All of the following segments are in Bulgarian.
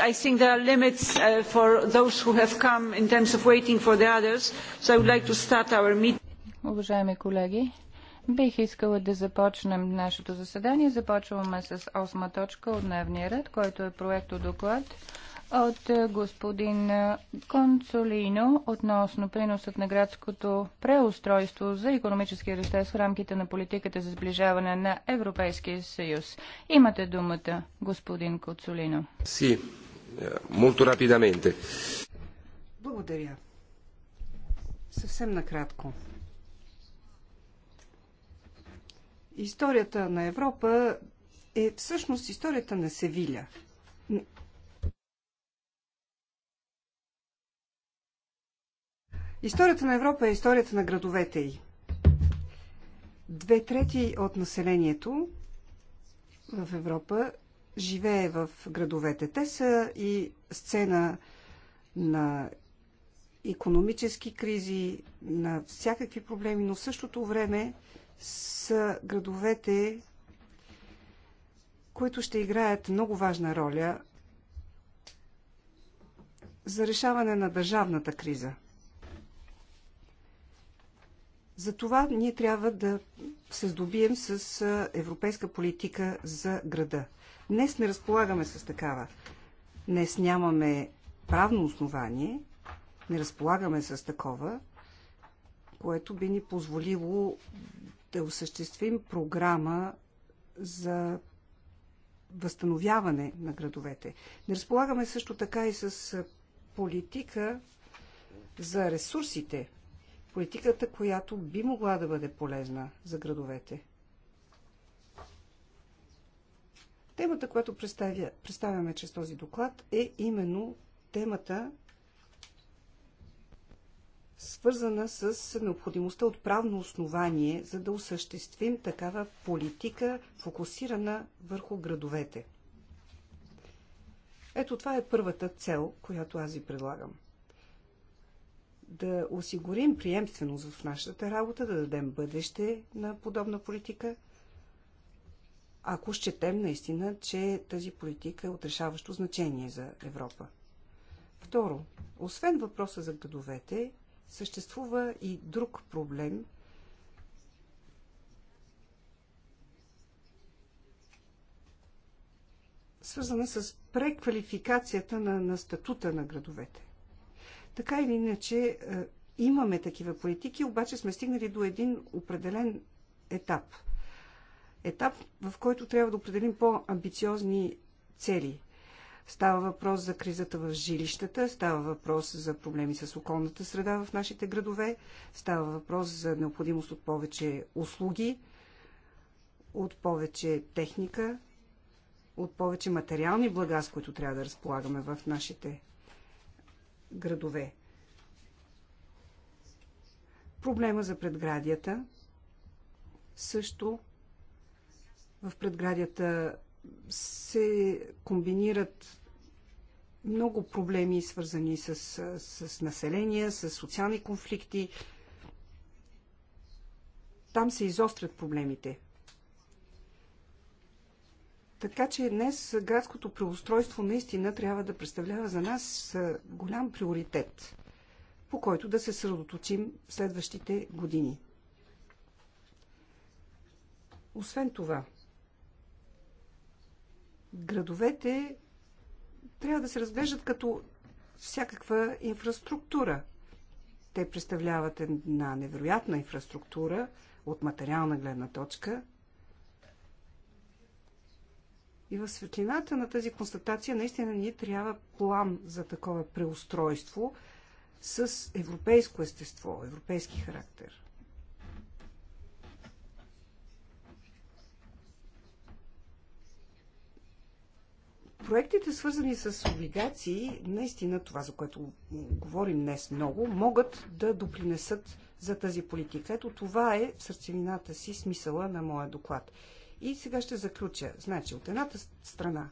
I think there are limits uh, for those who have come in terms of waiting for the others, so I would like to start our meeting. бих искала да започнем нашето заседание. Започваме с осма точка от дневния ред, който е проекто доклад от е, господин е, Консолино относно приносът на градското преустройство за економически растеж в рамките на политиката за сближаване на Европейския съюз. Имате думата, господин Консолино. Си. Sí. Е, molto рапидаменте. Благодаря. Съвсем накратко. Историята на Европа е всъщност историята на Севиля. Историята на Европа е историята на градовете й. Две трети от населението в Европа живее в градовете. Те са и сцена на економически кризи, на всякакви проблеми, но в същото време са градовете, които ще играят много важна роля за решаване на държавната криза. Затова ние трябва да се здобием с европейска политика за града. Днес не разполагаме с такава. Днес нямаме правно основание, не разполагаме с такова, което би ни позволило да осъществим програма за възстановяване на градовете. Не разполагаме също така и с политика за ресурсите. Политиката, която би могла да бъде полезна за градовете – Темата, която представя, представяме чрез този доклад, е именно темата свързана с необходимостта от правно основание, за да осъществим такава политика, фокусирана върху градовете. Ето това е първата цел, която аз ви предлагам. Да осигурим приемственост в нашата работа, да дадем бъдеще на подобна политика – ако щетем наистина, че тази политика е отрешаващо значение за Европа. Второ, освен въпроса за градовете, съществува и друг проблем, свързана е с преквалификацията на, на статута на градовете. Така или иначе, е, имаме такива политики, обаче сме стигнали до един определен етап – етап, в който трябва да определим по-амбициозни цели. Става въпрос за кризата в жилищата, става въпрос за проблеми с околната среда в нашите градове, става въпрос за необходимост от повече услуги, от повече техника, от повече материални блага, с които трябва да разполагаме в нашите градове. Проблема за предградията също в предградията се комбинират много проблеми, свързани с, с население, с социални конфликти. Там се изострят проблемите. Така че днес градското преустройство наистина трябва да представлява за нас голям приоритет, по който да се съсредоточим следващите години. Освен това, градовете трябва да се разглеждат като всякаква инфраструктура. Те представляват една невероятна инфраструктура от материална гледна точка. И в светлината на тази констатация наистина ни трябва план за такова преустройство с европейско естество, европейски характер. проектите, свързани с облигации, наистина това, за което говорим днес много, могат да допринесат за тази политика. Ето това е в сърцевината си смисъла на моя доклад. И сега ще заключа. Значи, от едната страна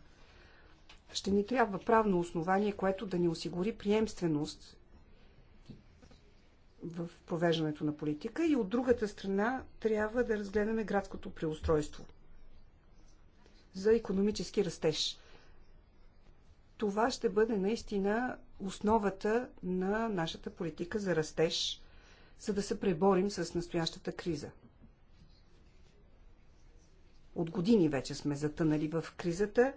ще ни трябва правно основание, което да ни осигури приемственост в провеждането на политика и от другата страна трябва да разгледаме градското преустройство за економически растеж това ще бъде наистина основата на нашата политика за растеж, за да се преборим с настоящата криза. От години вече сме затънали в кризата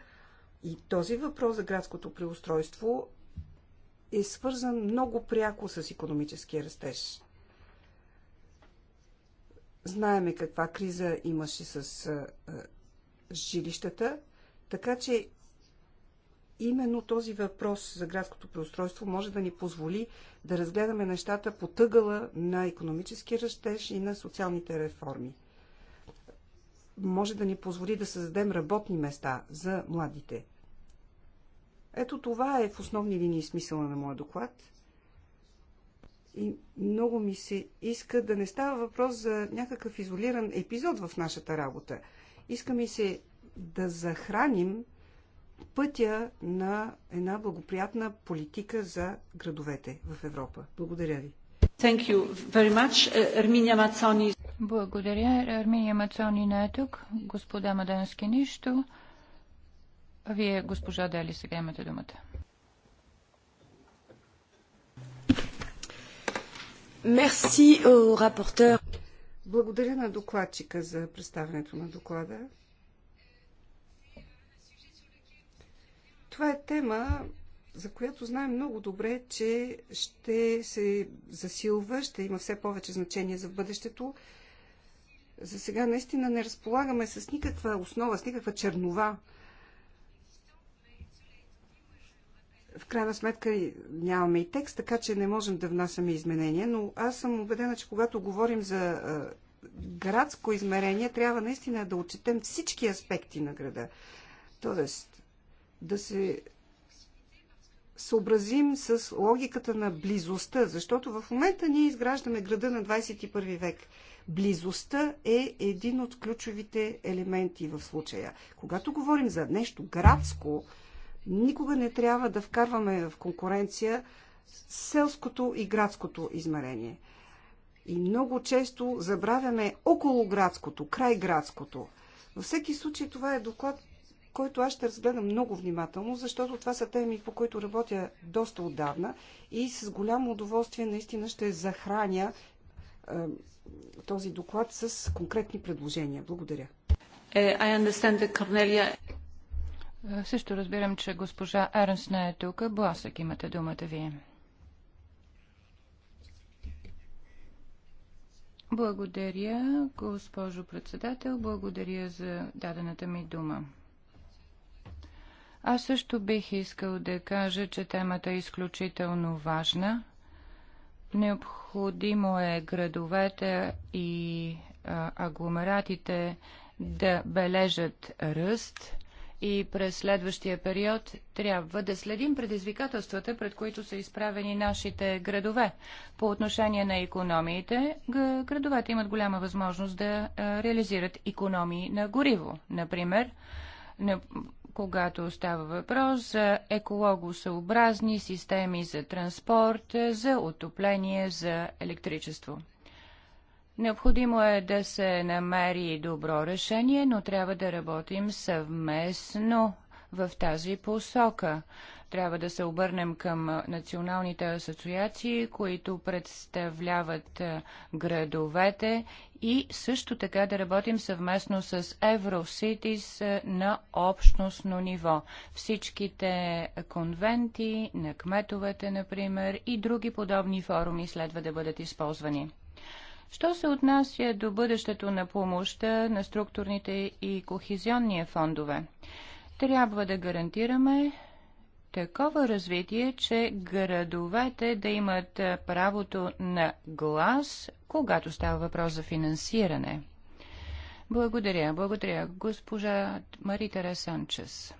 и този въпрос за градското преустройство е свързан много пряко с економическия растеж. Знаеме каква криза имаше с жилищата, така че именно този въпрос за градското преустройство може да ни позволи да разгледаме нещата по тъгъла на економически растеж и на социалните реформи. Може да ни позволи да създадем работни места за младите. Ето това е в основни линии смисъла на моя доклад. И много ми се иска да не става въпрос за някакъв изолиран епизод в нашата работа. Иска ми се да захраним пътя на една благоприятна политика за градовете в Европа. Благодаря ви. Thank you very much. Е, Ерминия Мацони. Благодаря. Арминия Мацони не е тук. Господа Мадански нищо. А вие, госпожа Дели, сега имате думата. Благодаря на докладчика за представянето на доклада. Това е тема, за която знаем много добре, че ще се засилва, ще има все повече значение за бъдещето. За сега наистина не разполагаме с никаква основа, с никаква чернова. В крайна сметка нямаме и текст, така че не можем да внасяме изменения, но аз съм убедена, че когато говорим за градско измерение, трябва наистина да отчетем всички аспекти на града. Тоест, да се съобразим с логиката на близостта, защото в момента ние изграждаме града на 21 век. Близостта е един от ключовите елементи в случая. Когато говорим за нещо градско, никога не трябва да вкарваме в конкуренция селското и градското измерение. И много често забравяме около градското, край градското. Във всеки случай това е доклад, който аз ще разгледам много внимателно, защото това са теми, по които работя доста отдавна и с голямо удоволствие наистина ще захраня е, този доклад с конкретни предложения. Благодаря. Е, I understand that Cornelia... Е, също разбирам, че госпожа Ернс не е тук. Бласък имате думата вие. Благодаря, госпожо председател. Благодаря за дадената ми дума. Аз също бих искал да кажа, че темата е изключително важна. Необходимо е градовете и а, агломератите да бележат ръст и през следващия период трябва да следим предизвикателствата, пред които са изправени нашите градове. По отношение на економиите, градовете имат голяма възможност да реализират економии на гориво. Например, когато става въпрос за екологосъобразни системи за транспорт, за отопление, за електричество. Необходимо е да се намери добро решение, но трябва да работим съвместно в тази посока. Трябва да се обърнем към националните асоциации, които представляват е, градовете и също така да работим съвместно с Eurocities е, на общностно ниво. Всичките конвенти на кметовете, например, и други подобни форуми следва да бъдат използвани. Що се отнася до бъдещето на помощта на структурните и кохезионния фондове? Трябва да гарантираме такова развитие, че градовете да имат правото на глас, когато става въпрос за финансиране. Благодаря, благодаря. Госпожа Маритера Санчес.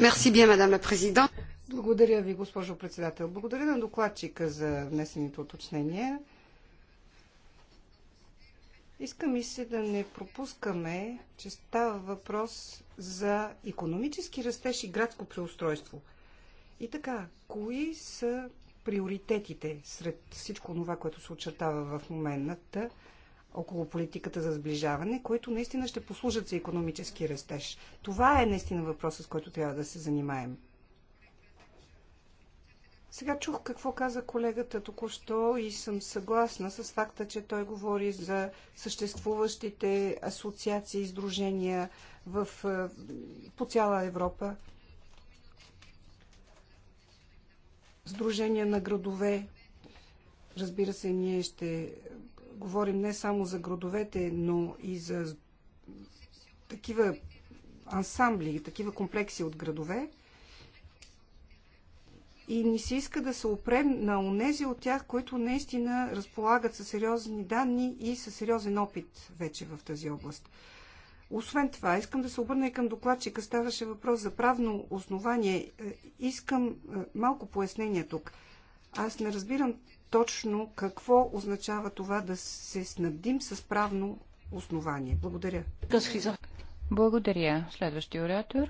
Мерси bien, мадам ла президент. Благодаря ви, госпожо председател. Благодаря на докладчика за внесените уточнения. Искам и се да не пропускаме, че става въпрос за економически растеж и градско преустройство. И така, кои са приоритетите сред всичко това, което се очертава в момента около политиката за сближаване, които наистина ще послужат за економически растеж? Това е наистина въпросът, с който трябва да се занимаем. Сега чух какво каза колегата току-що и съм съгласна с факта, че той говори за съществуващите асоциации, сдружения в, по цяла Европа. Сдружения на градове. Разбира се, ние ще говорим не само за градовете, но и за такива ансамбли, такива комплекси от градове – и ни се иска да се опрем на онези от тях, които наистина разполагат със сериозни данни и със сериозен опит вече в тази област. Освен това, искам да се обърна и към докладчика. Ставаше въпрос за правно основание. Е, искам е, малко пояснение тук. Аз не разбирам точно какво означава това да се снабдим с правно основание. Благодаря. Благодаря. Следващия оратор.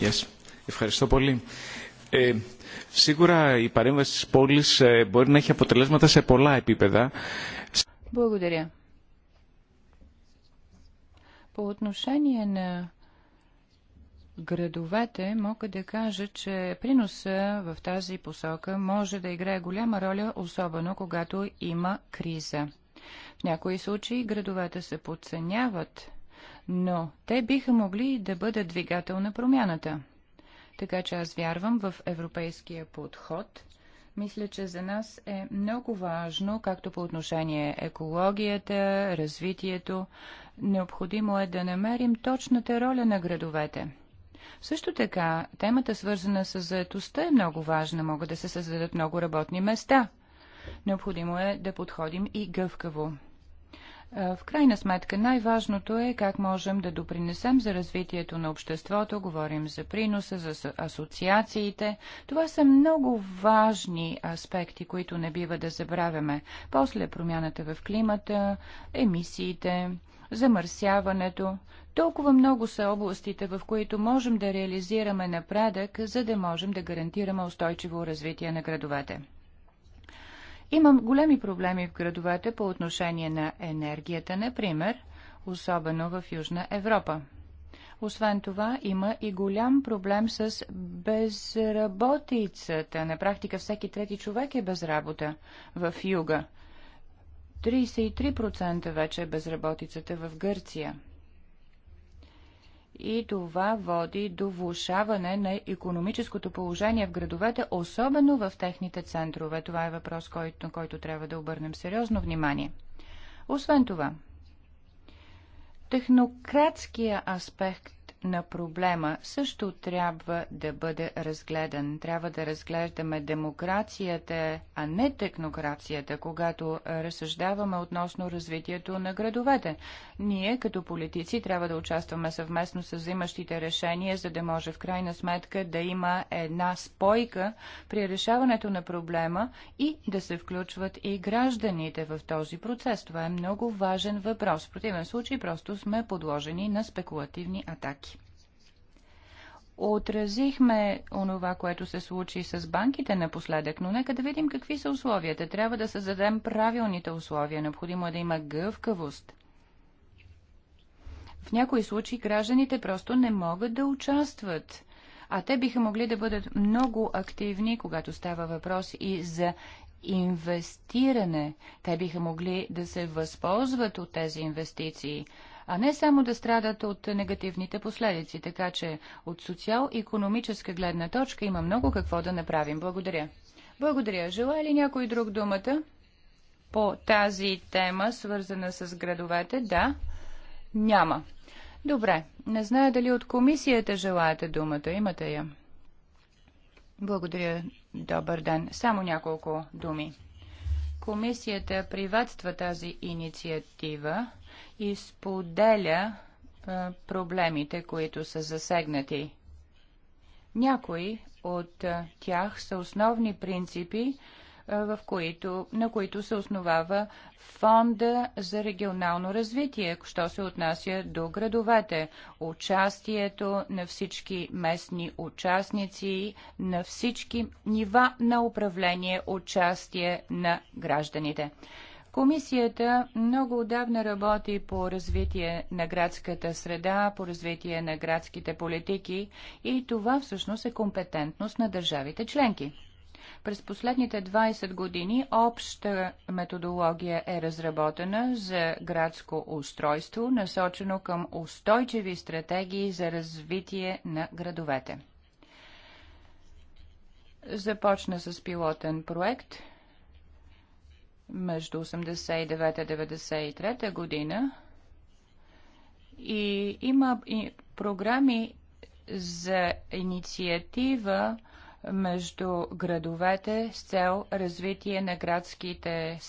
Yes. Ευχαριστώ πολύ. Ε, σίγουρα η παρέμβαση της πόλης ε, μπορεί να έχει αποτελέσματα σε πολλά επίπεδα. Благодаря. По отношение на градовете, мога да кажа, че приноса в тази посока може да играе голяма роля, особено когато има криза. В някои случаи градовете се подценяват но те биха могли да бъдат двигател на промяната. Така че аз вярвам в европейския подход. Мисля, че за нас е много важно, както по отношение екологията, развитието, необходимо е да намерим точната роля на градовете. Също така, темата свързана с заетостта е много важна. Могат да се създадат много работни места. Необходимо е да подходим и гъвкаво. В крайна сметка най-важното е как можем да допринесем за развитието на обществото, говорим за приноса, за асоциациите. Това са много важни аспекти, които не бива да забравяме. После промяната в климата, емисиите, замърсяването. Толкова много са областите, в които можем да реализираме напредък, за да можем да гарантираме устойчиво развитие на градовете. Имам големи проблеми в градовете по отношение на енергията, например, особено в Южна Европа. Освен това, има и голям проблем с безработицата. На практика всеки трети човек е без работа в юга. 33% вече е безработицата в Гърция и това води до влушаване на економическото положение в градовете, особено в техните центрове. Това е въпрос, който, на който трябва да обърнем сериозно внимание. Освен това, технократския аспект на проблема също трябва да бъде разгледан. Трябва да разглеждаме демокрацията, а не технокрацията, когато разсъждаваме относно развитието на градовете. Ние, като политици, трябва да участваме съвместно с взимащите решения, за да може в крайна сметка да има една спойка при решаването на проблема и да се включват и гражданите в този процес. Това е много важен въпрос. В противен случай просто сме подложени на спекулативни атаки отразихме онова, което се случи с банките напоследък, но нека да видим какви са условията. Трябва да създадем правилните условия. Необходимо е да има гъвкавост. В някои случаи гражданите просто не могат да участват. А те биха могли да бъдат много активни, когато става въпрос и за инвестиране. Те биха могли да се възползват от тези инвестиции а не само да страдат от негативните последици. Така че от социал-економическа гледна точка има много какво да направим. Благодаря. Благодаря. Желая ли някой друг думата по тази тема, свързана с градовете? Да. Няма. Добре. Не зная дали от комисията желаете думата. Имате я. Благодаря. Добър ден. Само няколко думи. Комисията приветства тази инициатива и споделя проблемите, които са засегнати. Някои от тях са основни принципи, в които, на които се основава Фонда за регионално развитие, що се отнася до градовете. Участието на всички местни участници, на всички нива на управление, участие на гражданите. Комисията много отдавна работи по развитие на градската среда, по развитие на градските политики и това всъщност е компетентност на държавите членки. През последните 20 години обща методология е разработена за градско устройство, насочено към устойчиви стратегии за развитие на градовете. Започна с пилотен проект – между 89-93 година и има и програми за инициатива между градовете с цел развитие на градските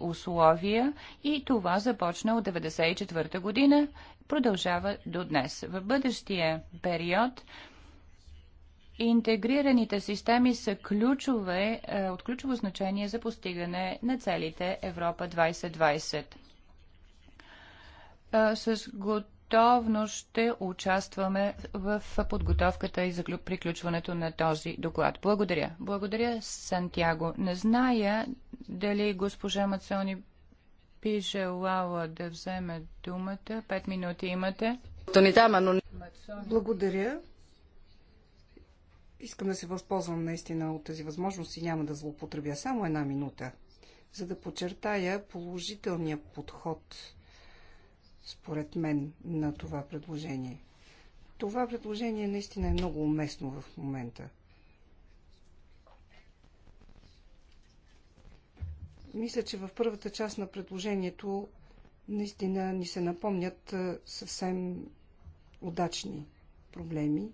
условия и това започна от 1994 година, продължава до днес. В бъдещия период Интегрираните системи са ключове, е, от ключово значение за постигане на целите Европа 2020. Е, с готовност ще участваме в подготовката и за приключването на този доклад. Благодаря. Благодаря, Сантьяго. Не зная дали госпожа Мацони би желала да вземе думата. Пет минути имате. Благодаря. Искам да се възползвам наистина от тази възможност и няма да злоупотребя само една минута, за да подчертая положителния подход, според мен, на това предложение. Това предложение наистина е много уместно в момента. Мисля, че в първата част на предложението наистина ни се напомнят съвсем удачни проблеми,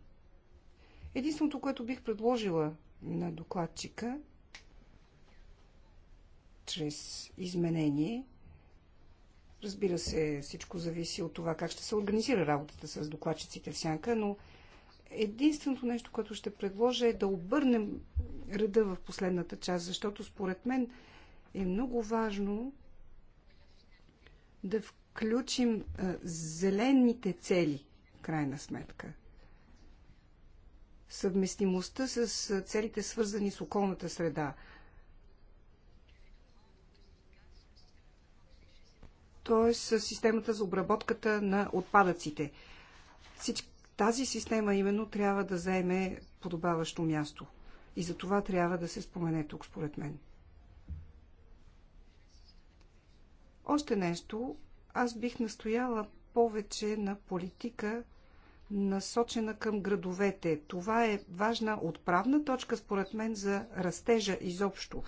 Единственото, което бих предложила на докладчика, чрез изменение, разбира се, всичко зависи от това как ще се организира работата с докладчиците в сянка, но единственото нещо, което ще предложа е да обърнем реда в последната част, защото според мен е много важно да включим зелените цели, в крайна сметка – съвместимостта с целите свързани с околната среда. Тоест системата за обработката на отпадъците. тази система именно трябва да заеме подобаващо място. И за това трябва да се спомене тук, според мен. Още нещо, аз бих настояла повече на политика насочена към градовете. Това е важна отправна точка, според мен, за растежа изобщо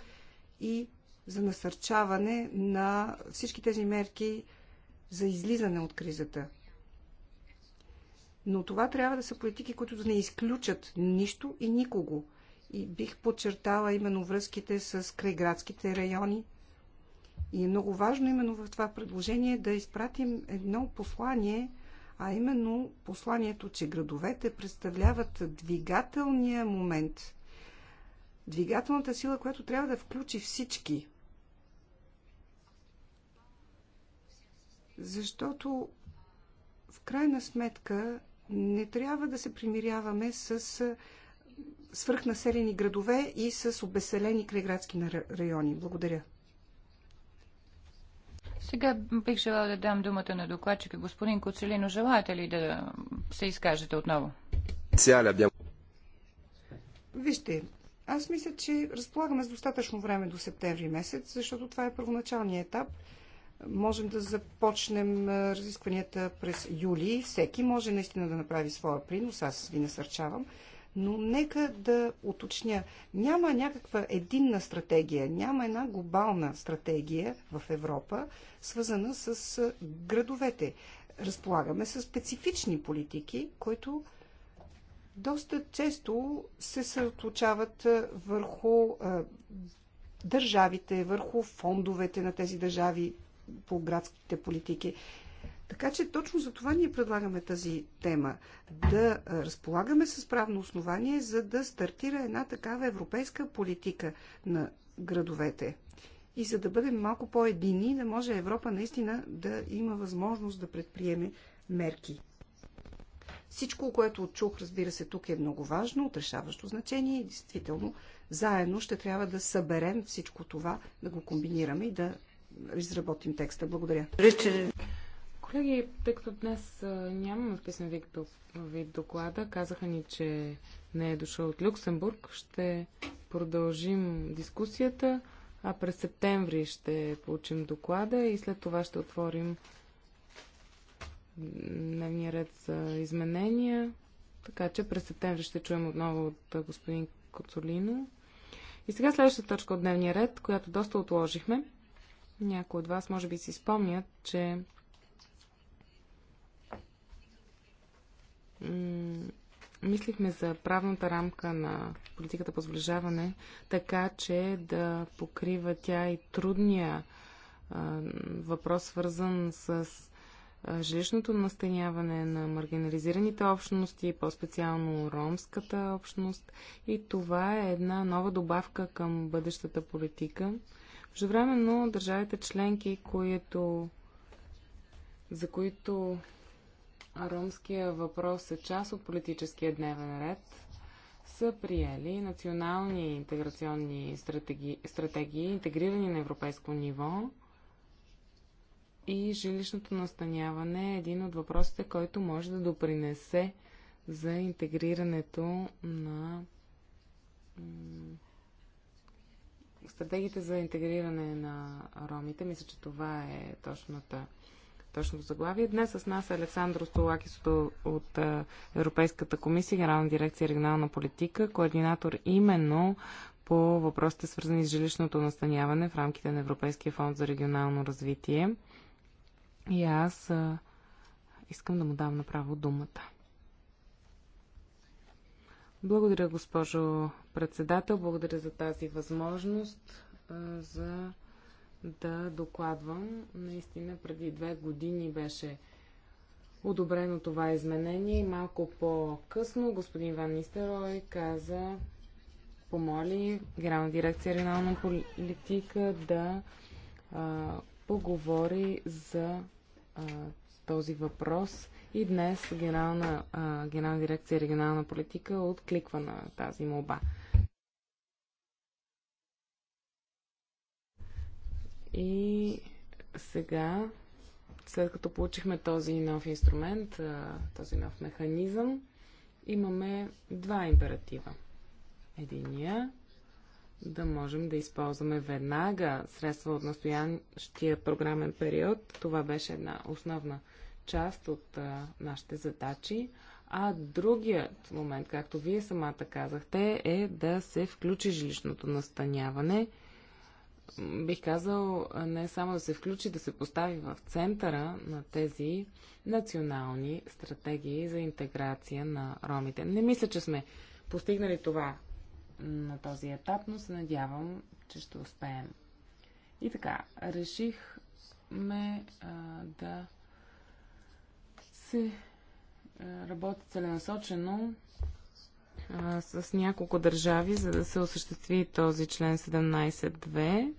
и за насърчаване на всички тези мерки за излизане от кризата. Но това трябва да са политики, които да не изключат нищо и никого. И бих подчертала именно връзките с крайградските райони. И е много важно именно в това предложение да изпратим едно послание – а именно посланието, че градовете представляват двигателния момент, двигателната сила, която трябва да включи всички. Защото в крайна сметка не трябва да се примиряваме с свръхнаселени градове и с обеселени крайградски райони. Благодаря. Сега бих желал да дам думата на докладчика. Господин Коцелино, желаете ли да се изкажете отново? Вижте, аз мисля, че разполагаме с достатъчно време до септември месец, защото това е първоначалният етап. Можем да започнем разискванията през юли. Всеки може наистина да направи своя принос. Аз ви насърчавам. Но нека да уточня. Няма някаква единна стратегия, няма една глобална стратегия в Европа, свързана с градовете. Разполагаме с специфични политики, които доста често се съотлучават върху държавите, върху фондовете на тези държави по градските политики. Така че точно за това ние предлагаме тази тема. Да разполагаме с правно основание, за да стартира една такава европейска политика на градовете. И за да бъдем малко по-едини, да може Европа наистина да има възможност да предприеме мерки. Всичко, което отчух, разбира се, тук е много важно, отрешаващо значение и действително заедно ще трябва да съберем всичко това, да го комбинираме и да изработим текста. Благодаря. Колеги, тъй като днес нямаме вписан вид, вид доклада, казаха ни, че не е дошъл от Люксембург, ще продължим дискусията, а през септември ще получим доклада и след това ще отворим дневния ред за изменения. Така че през септември ще чуем отново от господин Коцолино. И сега следващата точка от дневния ред, която доста отложихме. Някои от вас може би си спомнят, че мислихме за правната рамка на политиката по сближаване, така че да покрива тя и трудния а, въпрос, свързан с а, жилищното настаняване на маргинализираните общности, по-специално ромската общност. И това е една нова добавка към бъдещата политика. Вжевременно държавите членки, които, за които ромския въпрос е част от политическия дневен ред, са приели национални интеграционни стратегии, стратегии интегрирани на европейско ниво и жилищното настаняване е един от въпросите, който може да допринесе за интегрирането на стратегиите за интегриране на ромите. Мисля, че това е точната точното заглавие. Днес с нас е Александър Столакис от, от Европейската комисия, Генерална дирекция регионална политика, координатор именно по въпросите свързани с жилищното настаняване в рамките на Европейския фонд за регионално развитие. И аз а, искам да му дам направо думата. Благодаря, госпожо председател. Благодаря за тази възможност а, за да докладвам. Наистина преди две години беше одобрено това изменение и малко по-късно господин Ван Нистерой каза, помоли Генерална дирекция регионална политика да а, поговори за а, този въпрос и днес Генерална, а, Генерална дирекция регионална политика откликва на тази молба. И сега, след като получихме този нов инструмент, този нов механизъм, имаме два императива. Единия да можем да използваме веднага средства от настоящия програмен период. Това беше една основна част от а, нашите задачи. А другият момент, както вие самата казахте, е да се включи жилищното настаняване бих казал, не само да се включи, да се постави в центъра на тези национални стратегии за интеграция на ромите. Не мисля, че сме постигнали това на този етап, но се надявам, че ще успеем. И така, решихме а, да се а, работи целенасочено а, с няколко държави, за да се осъществи този член 17.2.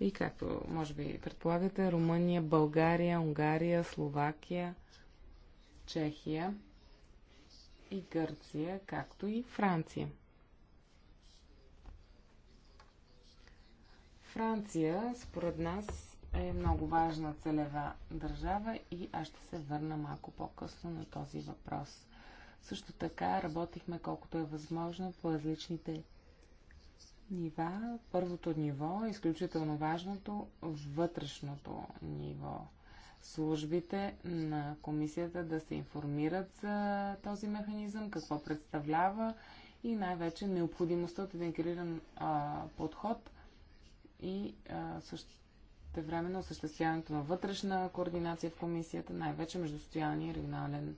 И както може би предполагате, Румъния, България, Унгария, Словакия, Чехия и Гърция, както и Франция. Франция, според нас, е много важна целева държава и аз ще се върна малко по-късно на този въпрос. Също така работихме колкото е възможно по различните нива. Първото ниво е изключително важното вътрешното ниво. Службите на комисията да се информират за този механизъм, какво представлява и най-вече необходимостта от интегриран а, подход и а, същевременно осъществяването на вътрешна координация в комисията, най-вече между социалния и регионален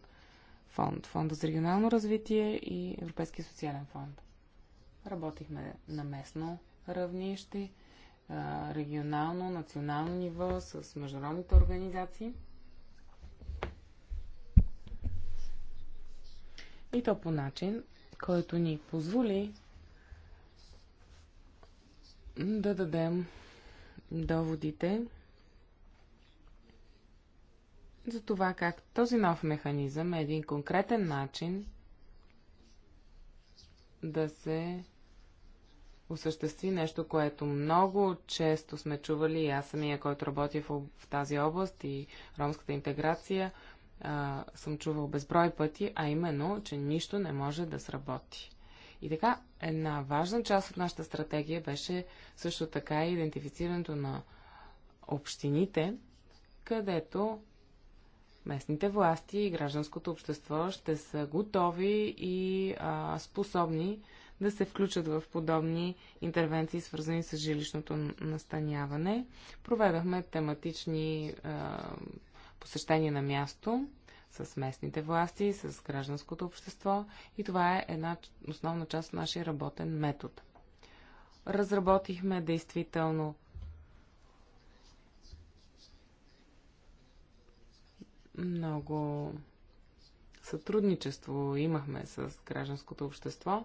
фонд, фонда за регионално развитие и Европейския социален фонд. Работихме на местно равнище, регионално, национално ниво с международните организации. И то по начин, който ни позволи да дадем доводите за това как този нов механизъм е един конкретен начин да се осъществи нещо, което много често сме чували и аз самия, който работи в, в тази област и ромската интеграция, а, съм чувал безброй пъти, а именно, че нищо не може да сработи. И така, една важна част от нашата стратегия беше също така и идентифицирането на общините, където местните власти и гражданското общество ще са готови и а, способни да се включат в подобни интервенции, свързани с жилищното настаняване. Проведахме тематични а, посещения на място с местните власти, с гражданското общество и това е една основна част от нашия работен метод. Разработихме действително много сътрудничество имахме с гражданското общество,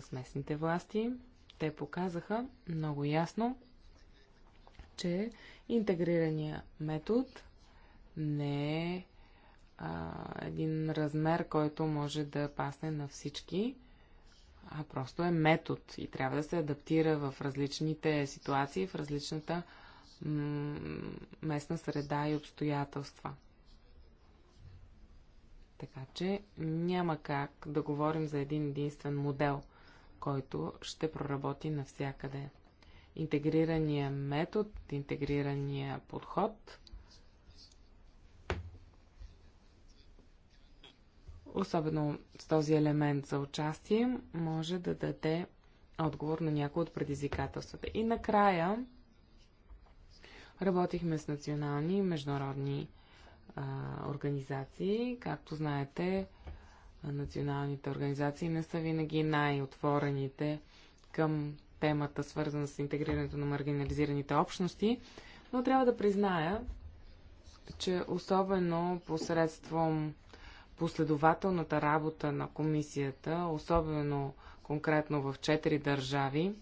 с местните власти. Те показаха много ясно, че интегрирания метод не е а, един размер, който може да пасне на всички, а просто е метод и трябва да се адаптира в различните ситуации, в различната местна среда и обстоятелства. Така че няма как да говорим за един единствен модел, който ще проработи навсякъде. Интегрирания метод, интегрирания подход особено с този елемент за участие, може да даде отговор на някои от предизвикателствата. И накрая работихме с национални и международни а, организации. Както знаете, националните организации не са винаги най-отворените към темата, свързана с интегрирането на маргинализираните общности, но трябва да призная, че особено посредством последователната работа на комисията, особено конкретно в четири държави,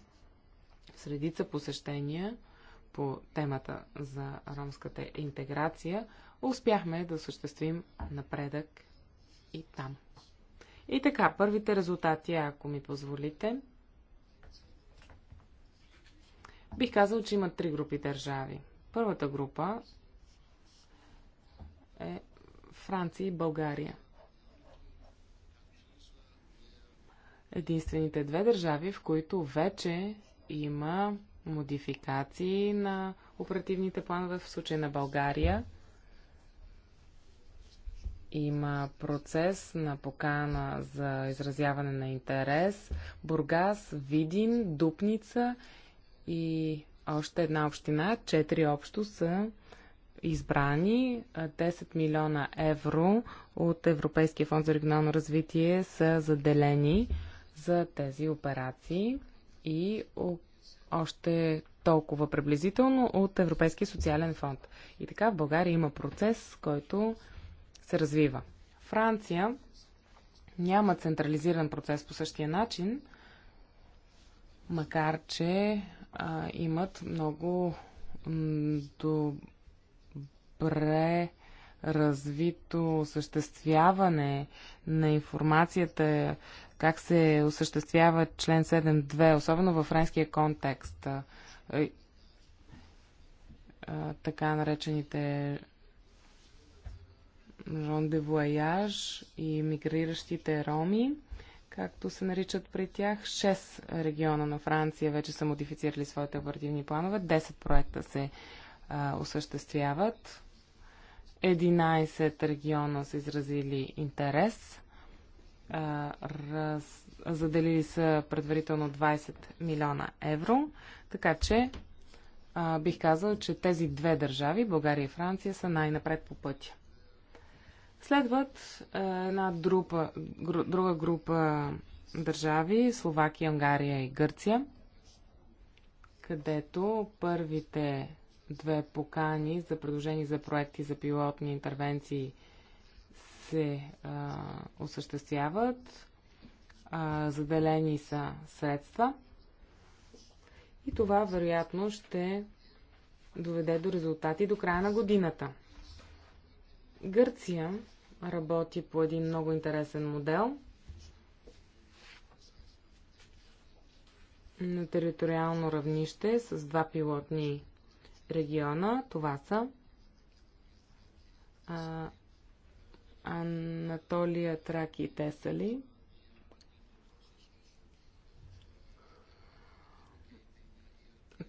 с редица посещения по темата за ромската интеграция, успяхме да осъществим напредък и там. И така, първите резултати, ако ми позволите, бих казал, че има три групи държави. Първата група е Франция и България. Единствените две държави, в които вече има модификации на оперативните планове в случай на България – има процес на покана за изразяване на интерес. Бургас, Видин, Дупница и още една община, четири общо са избрани. 10 милиона евро от Европейския фонд за регионално развитие са заделени за тези операции и още толкова приблизително от Европейския социален фонд. И така в България има процес, който се развива. Франция няма централизиран процес по същия начин, макар че а, имат много добре развито осъществяване на информацията, как се осъществява член 7.2, особено във френския контекст, така наречените Жон де Вояж и мигриращите роми, както се наричат при тях. Шест региона на Франция вече са модифицирали своите оперативни планове. 10 проекта се а, осъществяват. Единайсет региона са изразили интерес. А, раз, заделили са предварително 20 милиона евро. Така че а, бих казал, че тези две държави, България и Франция, са най-напред по пътя. Следват е, една друга, друга група държави Словакия, Унгария и Гърция, където първите две покани за предложения за проекти за пилотни интервенции се а, е, осъществяват. А, е, заделени са средства. И това, вероятно, ще доведе до резултати до края на годината. Гърция работи по един много интересен модел на териториално равнище с два пилотни региона. Това са а, Анатолия, Траки и Тесали.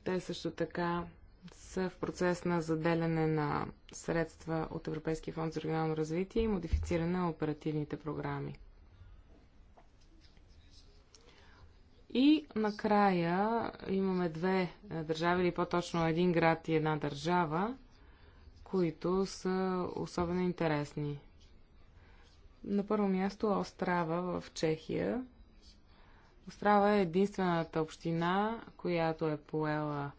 Те също така са в процес на заделяне на средства от Европейския фонд за регионално развитие и модифициране на оперативните програми. И накрая имаме две е, държави, или по-точно един град и една държава, които са особено интересни. На първо място Острава в Чехия. Острава е единствената община, която е поела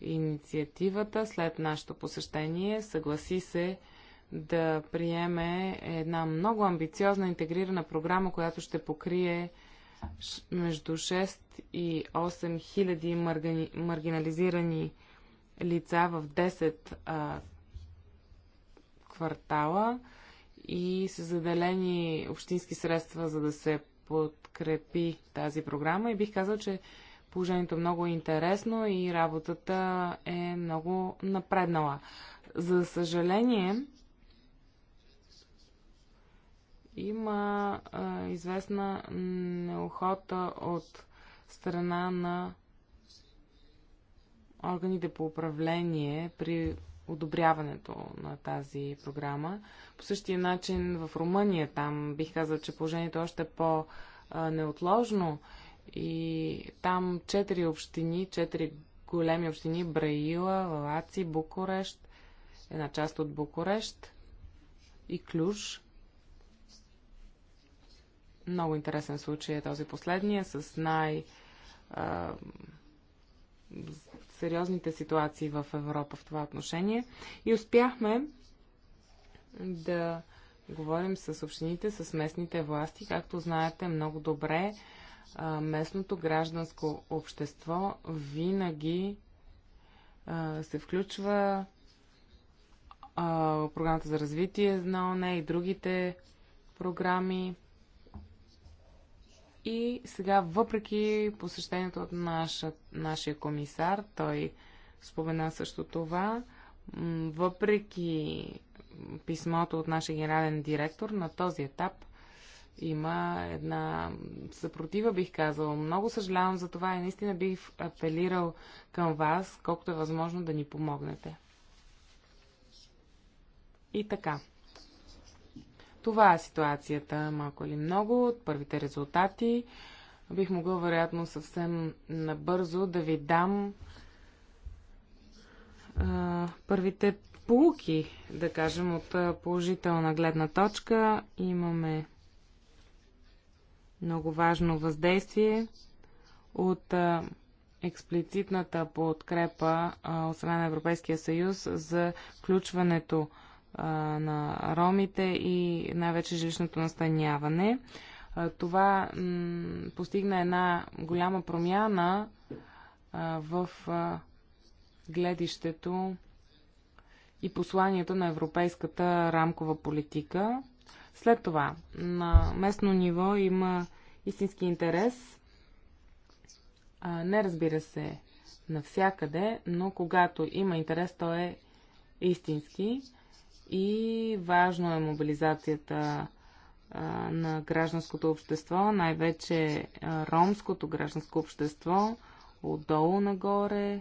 инициативата след нашето посещение съгласи се да приеме една много амбициозна интегрирана програма, която ще покрие между 6 и 8 хиляди маргани... маргинализирани лица в 10 а, квартала и са заделени общински средства, за да се подкрепи тази програма. И бих казал, че Положението е много е интересно и работата е много напреднала. За съжаление, има а, известна неохота от страна на органите по управление при одобряването на тази програма. По същия начин в Румъния там бих казал, че положението е още по-неотложно и там четири общини, четири големи общини, Браила, Лаци, Букурещ, една част от Букурещ и Клюж. Много интересен случай е този последния с най- сериозните ситуации в Европа в това отношение. И успяхме да говорим с общините, с местните власти. Както знаете много добре, местното гражданско общество винаги се включва а, програмата за развитие на ОНЕ и другите програми. И сега, въпреки посещението от наша, нашия комисар, той спомена също това, въпреки писмото от нашия генерален директор, на този етап има една съпротива, бих казала. Много съжалявам за това и наистина бих апелирал към вас, колкото е възможно да ни помогнете. И така. Това е ситуацията, малко или много, от първите резултати. Бих могъл, вероятно, съвсем набързо да ви дам а, първите полуки, да кажем, от положителна гледна точка. Имаме много важно въздействие от експлицитната подкрепа от страна на Европейския съюз за включването на ромите и най-вече жилищното настаняване. Това постигна една голяма промяна в гледището и посланието на европейската рамкова политика. След това, на местно ниво има истински интерес. А, не разбира се навсякъде, но когато има интерес, то е истински и важно е мобилизацията а, на гражданското общество, най-вече ромското гражданско общество, отдолу нагоре.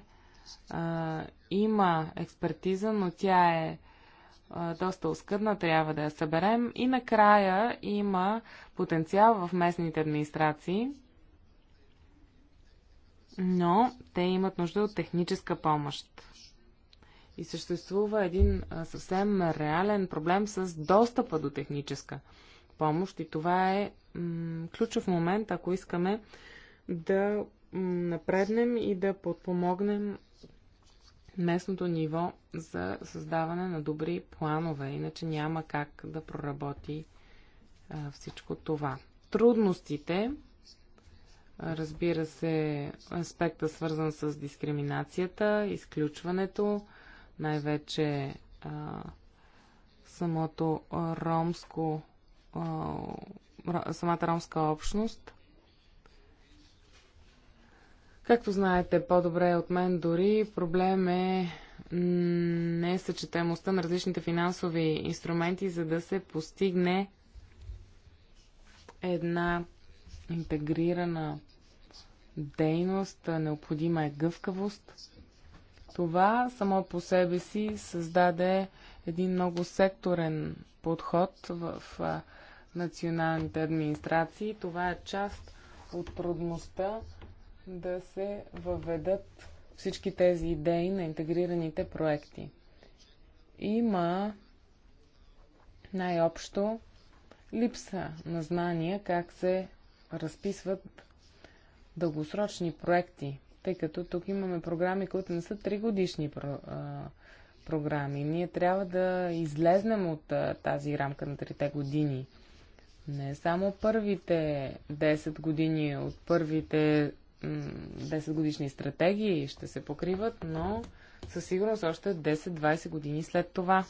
А, има експертиза, но тя е доста оскъдна, трябва да я съберем. И накрая има потенциал в местните администрации, но те имат нужда от техническа помощ. И съществува един съвсем реален проблем с достъпа до техническа помощ. И това е ключов момент, ако искаме да напреднем и да подпомогнем местното ниво за създаване на добри планове, иначе няма как да проработи а, всичко това. Трудностите, разбира се, аспекта свързан с дискриминацията, изключването, най-вече самото ромско, а, самата ромска общност, Както знаете по-добре от мен, дори проблем е съчетаемостта на различните финансови инструменти, за да се постигне една интегрирана дейност, необходима е гъвкавост. Това само по себе си създаде един много секторен подход в националните администрации. Това е част от трудността да се въведат всички тези идеи на интегрираните проекти. Има най-общо липса на знания как се разписват дългосрочни проекти, тъй като тук имаме програми, които не са тригодишни годишни програми. Ние трябва да излезнем от тази рамка на трите години. Не само първите 10 години от първите 10 годишни стратегии ще се покриват, но със сигурност още 10-20 години след това.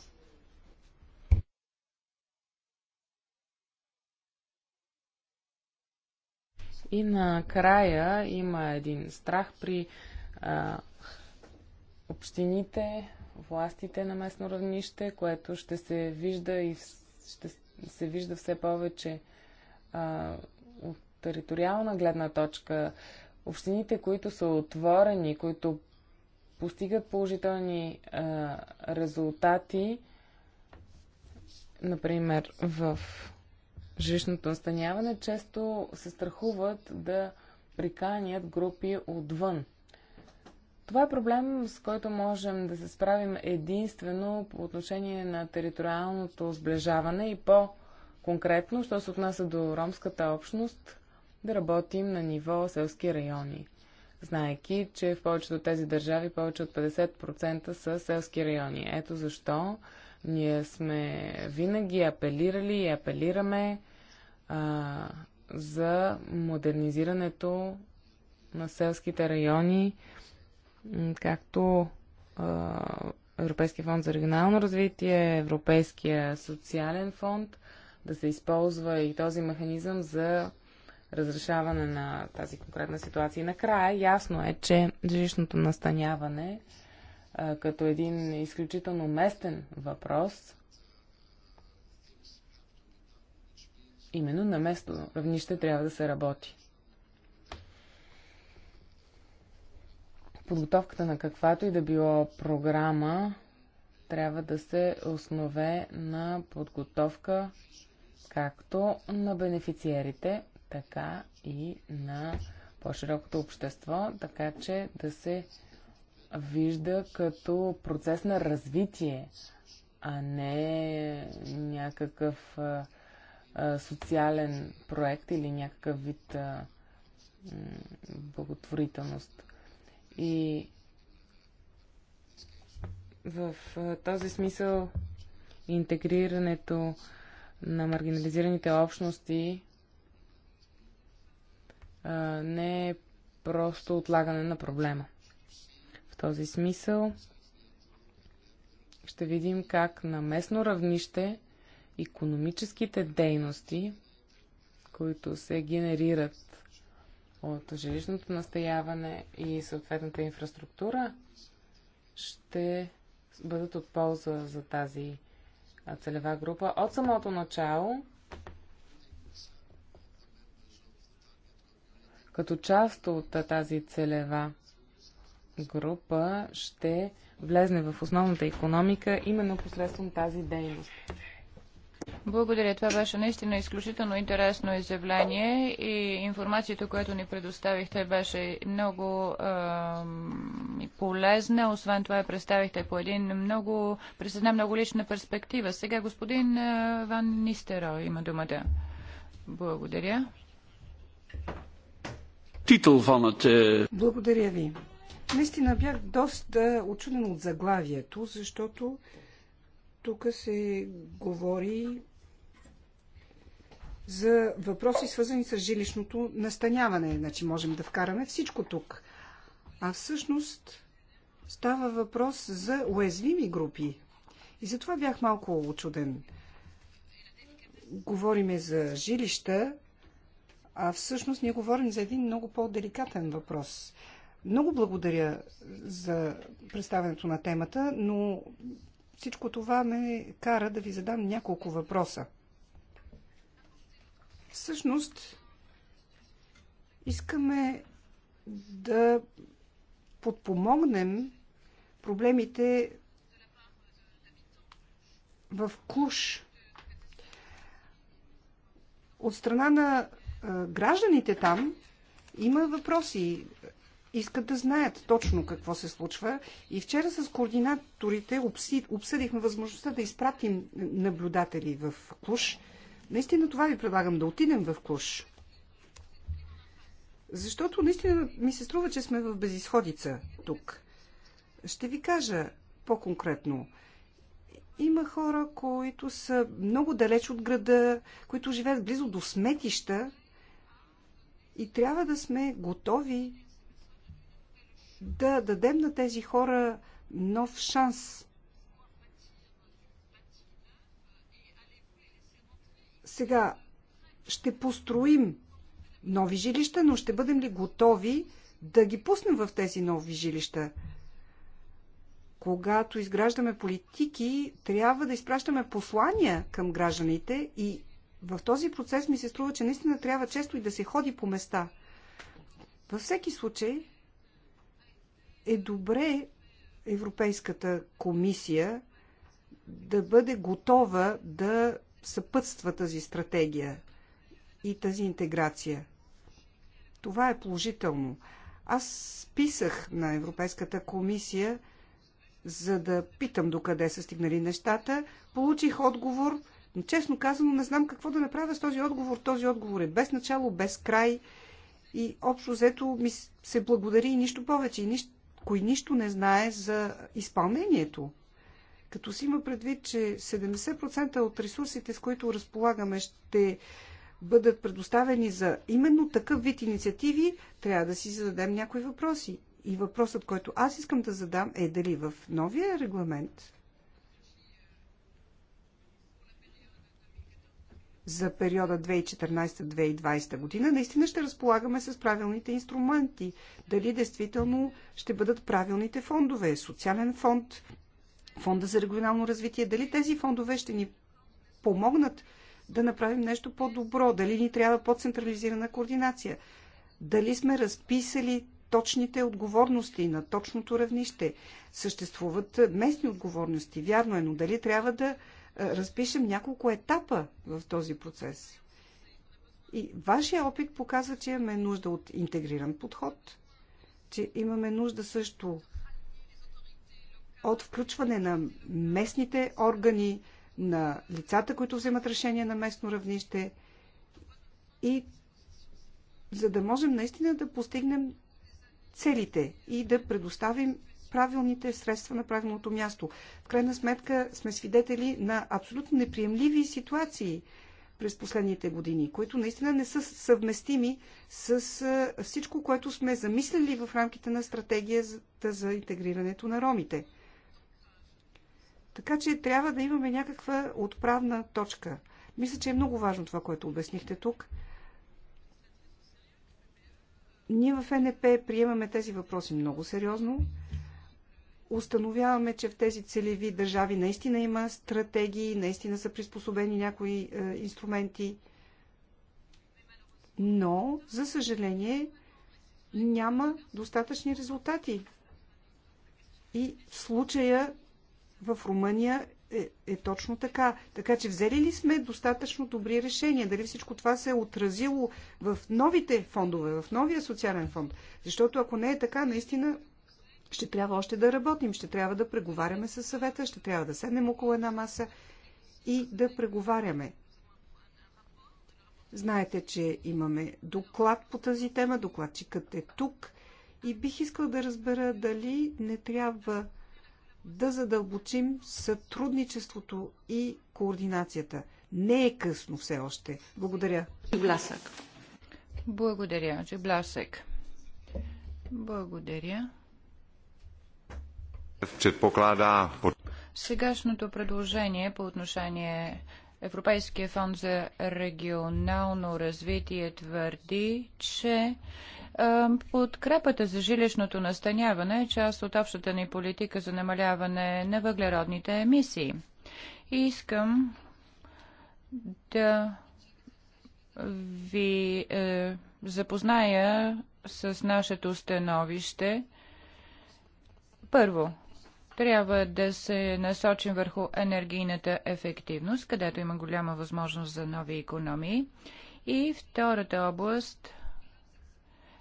И накрая има един страх при а, общините, властите на местно равнище, което ще се вижда и в, ще се вижда все повече а, от териториална гледна точка Общините, които са отворени, които постигат положителни а, резултати, например в жилищното настаняване, често се страхуват да приканят групи отвън. Това е проблем, с който можем да се справим единствено по отношение на териториалното сближаване и по-конкретно, що се отнася до ромската общност, да работим на ниво селски райони. Знаеки, че в повечето от тези държави повече от 50% са селски райони. Ето защо ние сме винаги апелирали и апелираме а, за модернизирането на селските райони, както а, Европейския фонд за регионално развитие, Европейския социален фонд, да се използва и този механизъм за разрешаване на тази конкретна ситуация. И накрая ясно е, че жилищното настаняване като един изключително местен въпрос именно на место равнище трябва да се работи. Подготовката на каквато и да било програма трябва да се основе на подготовка както на бенефициерите, така и на по-широкото общество, така че да се вижда като процес на развитие, а не някакъв а, а, социален проект или някакъв вид а, благотворителност. И в този смисъл интегрирането на маргинализираните общности не е просто отлагане на проблема. В този смисъл ще видим как на местно равнище економическите дейности, които се генерират от жилищното настояване и съответната инфраструктура, ще бъдат от полза за тази целева група от самото начало Като част от тази целева група ще влезне в основната економика именно посредством тази дейност. Благодаря. Това беше наистина изключително интересно изявление и информацията, която ни предоставихте, беше много е, полезна. Освен това, я представихте по един много, през една много лична перспектива. Сега господин е, Ван Нистеро има думата. Благодаря titel van het. Uh... Благодаря ви. Наистина бях доста очуден от заглавието, защото тук се говори за въпроси, свързани с жилищното настаняване. Значи можем да вкараме всичко тук. А всъщност става въпрос за уязвими групи. И затова бях малко очуден. Говориме за жилища, а всъщност ние говорим за един много по-деликатен въпрос. Много благодаря за представянето на темата, но всичко това ме кара да ви задам няколко въпроса. Всъщност, искаме да подпомогнем проблемите в Куш. От страна на гражданите там има въпроси. Искат да знаят точно какво се случва. И вчера с координаторите обсъдихме възможността да изпратим наблюдатели в Клуш. Наистина това ви предлагам да отидем в Клуш. Защото наистина ми се струва, че сме в безисходица тук. Ще ви кажа по-конкретно. Има хора, които са много далеч от града, които живеят близо до сметища и трябва да сме готови да дадем на тези хора нов шанс. Сега ще построим нови жилища, но ще бъдем ли готови да ги пуснем в тези нови жилища? когато изграждаме политики, трябва да изпращаме послания към гражданите и в този процес ми се струва, че наистина трябва често и да се ходи по места. Във всеки случай е добре Европейската комисия да бъде готова да съпътства тази стратегия и тази интеграция. Това е положително. Аз писах на Европейската комисия, за да питам докъде са стигнали нещата. Получих отговор – но честно казано, не знам какво да направя с този отговор. Този отговор е без начало, без край. И общо взето ми се благодари и нищо повече. И нищо, кой нищо не знае за изпълнението. Като си има предвид, че 70% от ресурсите, с които разполагаме, ще бъдат предоставени за именно такъв вид инициативи, трябва да си зададем някои въпроси. И въпросът, който аз искам да задам е дали в новия регламент за периода 2014-2020 година, наистина ще разполагаме с правилните инструменти. Дали действително ще бъдат правилните фондове, социален фонд, фонда за регионално развитие, дали тези фондове ще ни помогнат да направим нещо по-добро, дали ни трябва по-централизирана координация, дали сме разписали точните отговорности на точното равнище. Съществуват местни отговорности, вярно е, но дали трябва да разпишем няколко етапа в този процес. И вашия опит показва, че имаме нужда от интегриран подход, че имаме нужда също от включване на местните органи, на лицата, които вземат решение на местно равнище и за да можем наистина да постигнем целите и да предоставим правилните средства на правилното място. В крайна сметка сме свидетели на абсолютно неприемливи ситуации през последните години, които наистина не са съвместими с всичко, което сме замислили в рамките на стратегията за интегрирането на ромите. Така че трябва да имаме някаква отправна точка. Мисля, че е много важно това, което обяснихте тук. Ние в НП приемаме тези въпроси много сериозно установяваме, че в тези целеви държави наистина има стратегии, наистина са приспособени някои е, инструменти, но, за съжаление, няма достатъчни резултати. И в случая в Румъния е, е точно така. Така че взели ли сме достатъчно добри решения? Дали всичко това се е отразило в новите фондове, в новия социален фонд? Защото ако не е така, наистина ще трябва още да работим, ще трябва да преговаряме с съвета, ще трябва да седнем около една маса и да преговаряме. Знаете, че имаме доклад по тази тема, докладчикът е тук и бих искал да разбера дали не трябва да задълбочим сътрудничеството и координацията. Не е късно все още. Благодаря. Благодаря, Джебласък. Благодаря. Сегашното предложение по отношение Европейския фонд за регионално развитие твърди, че Подкрепата за жилищното настаняване е част от общата ни политика за намаляване на въглеродните емисии. И искам да ви е, запозная с нашето становище. Първо, трябва да се насочим върху енергийната ефективност, където има голяма възможност за нови економии. И втората област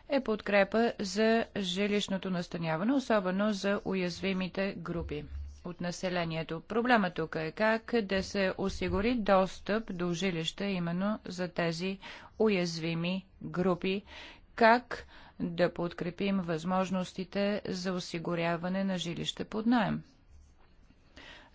е подкрепа за жилищното настаняване, особено за уязвимите групи от населението. Проблема тук е как да се осигури достъп до жилища именно за тези уязвими групи, как да подкрепим възможностите за осигуряване на жилище под найем.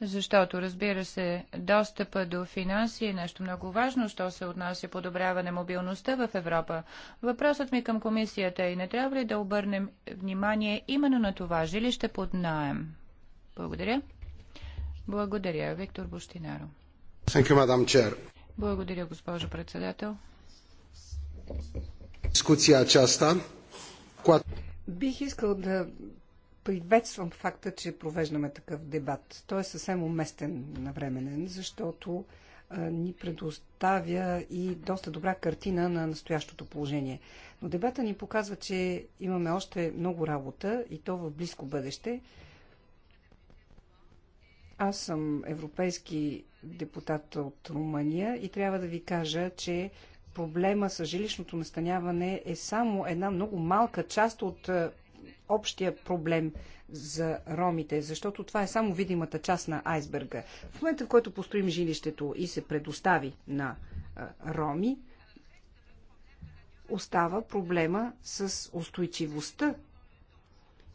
Защото, разбира се, достъпа до финанси е нещо много важно, що се отнася подобряване мобилността в Европа. Въпросът ми към комисията е, не трябва ли да обърнем внимание именно на това жилище под найем? Благодаря. Благодаря, Виктор Бощинаро. Благодаря, госпожо председател. Дискусия е часта Бих искал да приветствам факта, че провеждаме такъв дебат. Той е съвсем уместен навременен, защото ни предоставя и доста добра картина на настоящото положение. Но дебата ни показва, че имаме още много работа и то в близко бъдеще. Аз съм европейски депутат от Румъния и трябва да ви кажа, че проблема с жилищното настаняване е само една много малка част от е, общия проблем за ромите, защото това е само видимата част на айсберга. В момента, в който построим жилището и се предостави на е, роми, остава проблема с устойчивостта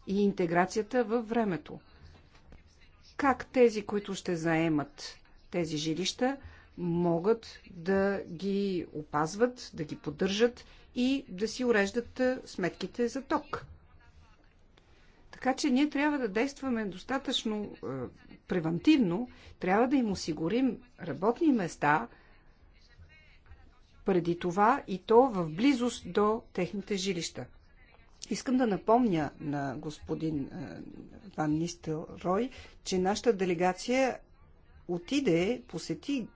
и интеграцията във времето. Как тези, които ще заемат тези жилища, могат да ги опазват, да ги поддържат и да си уреждат сметките за ток. Така че ние трябва да действаме достатъчно е, превентивно, трябва да им осигурим работни места преди това и то в близост до техните жилища. Искам да напомня на господин е, Ван Нистел Рой, че нашата делегация отиде, посети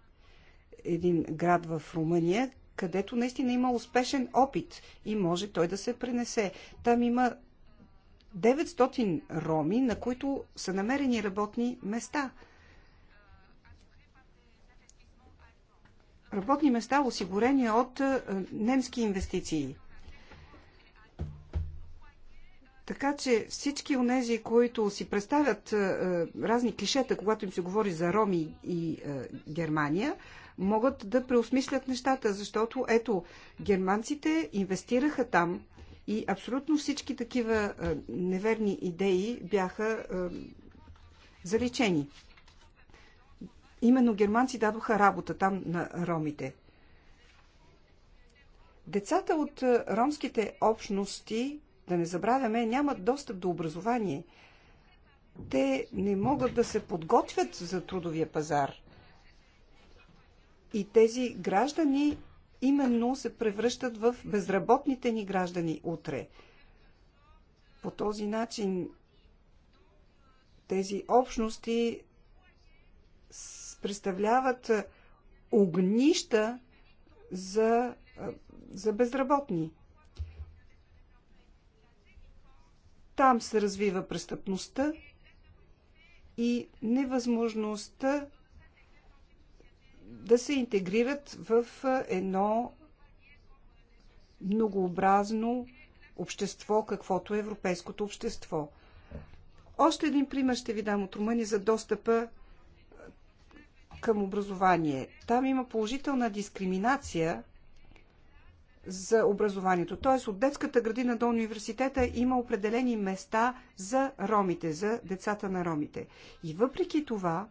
един град в Румъния, където наистина има успешен опит и може той да се пренесе. Там има 900 роми, на които са намерени работни места. Работни места, осигурени от е, немски инвестиции. Така че всички онези, които си представят е, е, разни клишета, когато им се говори за Роми и е, Германия, могат да преосмислят нещата, защото ето, германците инвестираха там и абсолютно всички такива неверни идеи бяха заличени. Именно германци дадоха работа там на ромите. Децата от ромските общности, да не забравяме, нямат достъп до образование. Те не могат да се подготвят за трудовия пазар. И тези граждани именно се превръщат в безработните ни граждани утре. По този начин тези общности представляват огнища за, за безработни. Там се развива престъпността и невъзможността да се интегрират в едно многообразно общество, каквото е европейското общество. Още един пример ще ви дам от Румъния за достъпа към образование. Там има положителна дискриминация за образованието. Т.е. от детската градина до университета има определени места за ромите, за децата на ромите. И въпреки това,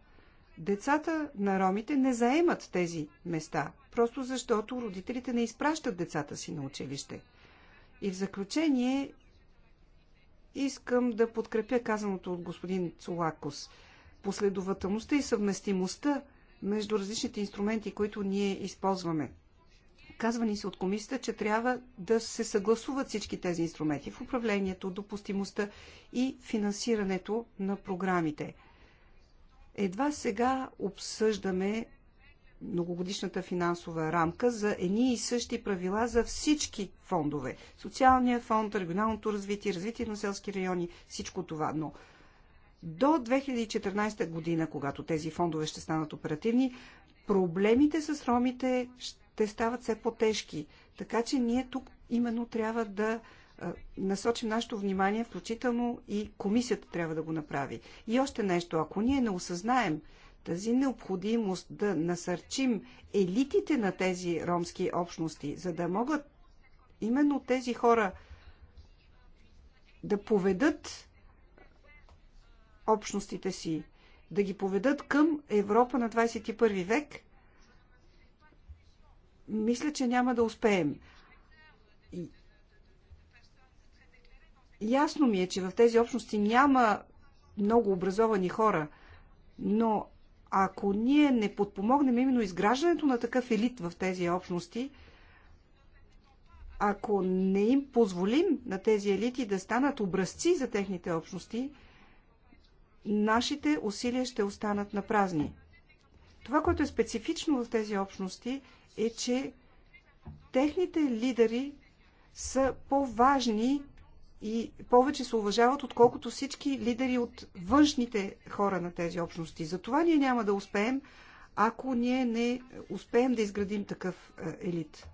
Децата на ромите не заемат тези места, просто защото родителите не изпращат децата си на училище. И в заключение искам да подкрепя казаното от господин Цулакос. Последователността и съвместимостта между различните инструменти, които ние използваме. Казва ни се от комисията, че трябва да се съгласуват всички тези инструменти в управлението, допустимостта и финансирането на програмите – едва сега обсъждаме многогодишната финансова рамка за едни и същи правила за всички фондове. Социалния фонд, регионалното развитие, развитие на селски райони, всичко това. Но до 2014 година, когато тези фондове ще станат оперативни, проблемите с ромите ще стават все по-тежки. Така че ние тук именно трябва да насочим нашето внимание, включително и комисията трябва да го направи. И още нещо, ако ние не осъзнаем тази необходимост да насърчим елитите на тези ромски общности, за да могат именно тези хора да поведат общностите си, да ги поведат към Европа на 21 век, мисля, че няма да успеем. Ясно ми е, че в тези общности няма много образовани хора, но ако ние не подпомогнем именно изграждането на такъв елит в тези общности, ако не им позволим на тези елити да станат образци за техните общности, нашите усилия ще останат на празни. Това, което е специфично в тези общности, е, че техните лидери са по-важни и повече се уважават, отколкото всички лидери от външните хора на тези общности. Затова ние няма да успеем, ако ние не успеем да изградим такъв е, елит.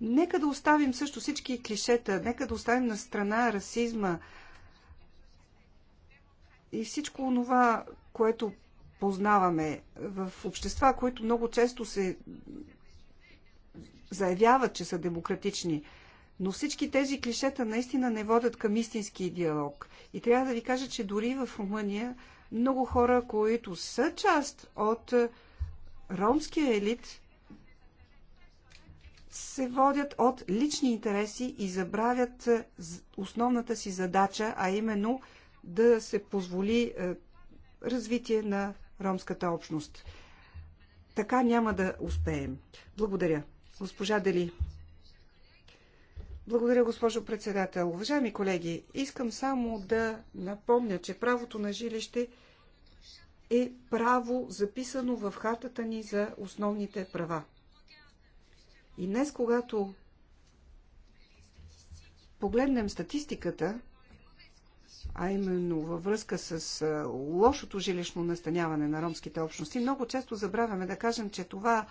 Нека да оставим също всички клишета, нека да оставим на страна расизма и всичко това, което познаваме в общества, които много често се заявяват, че са демократични – но всички тези клишета наистина не водят към истински диалог. И трябва да ви кажа, че дори в Румъния много хора, които са част от е, ромския елит, се водят от лични интереси и забравят е, основната си задача, а именно да се позволи е, развитие на ромската общност. Така няма да успеем. Благодаря. Госпожа Дели. Благодаря, госпожо председател. Уважаеми колеги, искам само да напомня, че правото на жилище е право записано в хартата ни за основните права. И днес, когато погледнем статистиката, а именно във връзка с лошото жилищно настаняване на ромските общности, много често забравяме да кажем, че това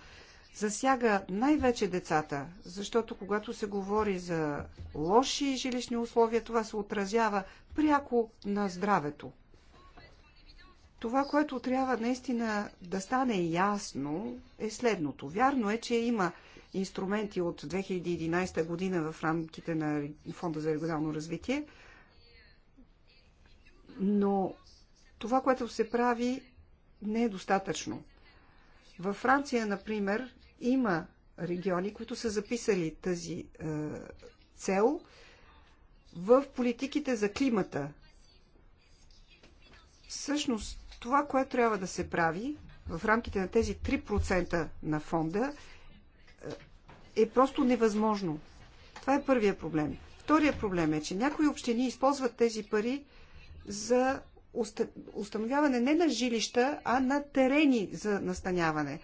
засяга най-вече децата, защото когато се говори за лоши жилищни условия, това се отразява пряко на здравето. Това, което трябва наистина да стане ясно, е следното. Вярно е, че има инструменти от 2011 година в рамките на Фонда за регионално развитие, но това, което се прави, не е достатъчно. Във Франция, например, има региони, които са записали тази е, цел в политиките за климата. Всъщност, това, което трябва да се прави в рамките на тези 3% на фонда, е, е просто невъзможно. Това е първия проблем. Втория проблем е, че някои общини използват тези пари за установяване не на жилища, а на терени за настаняване.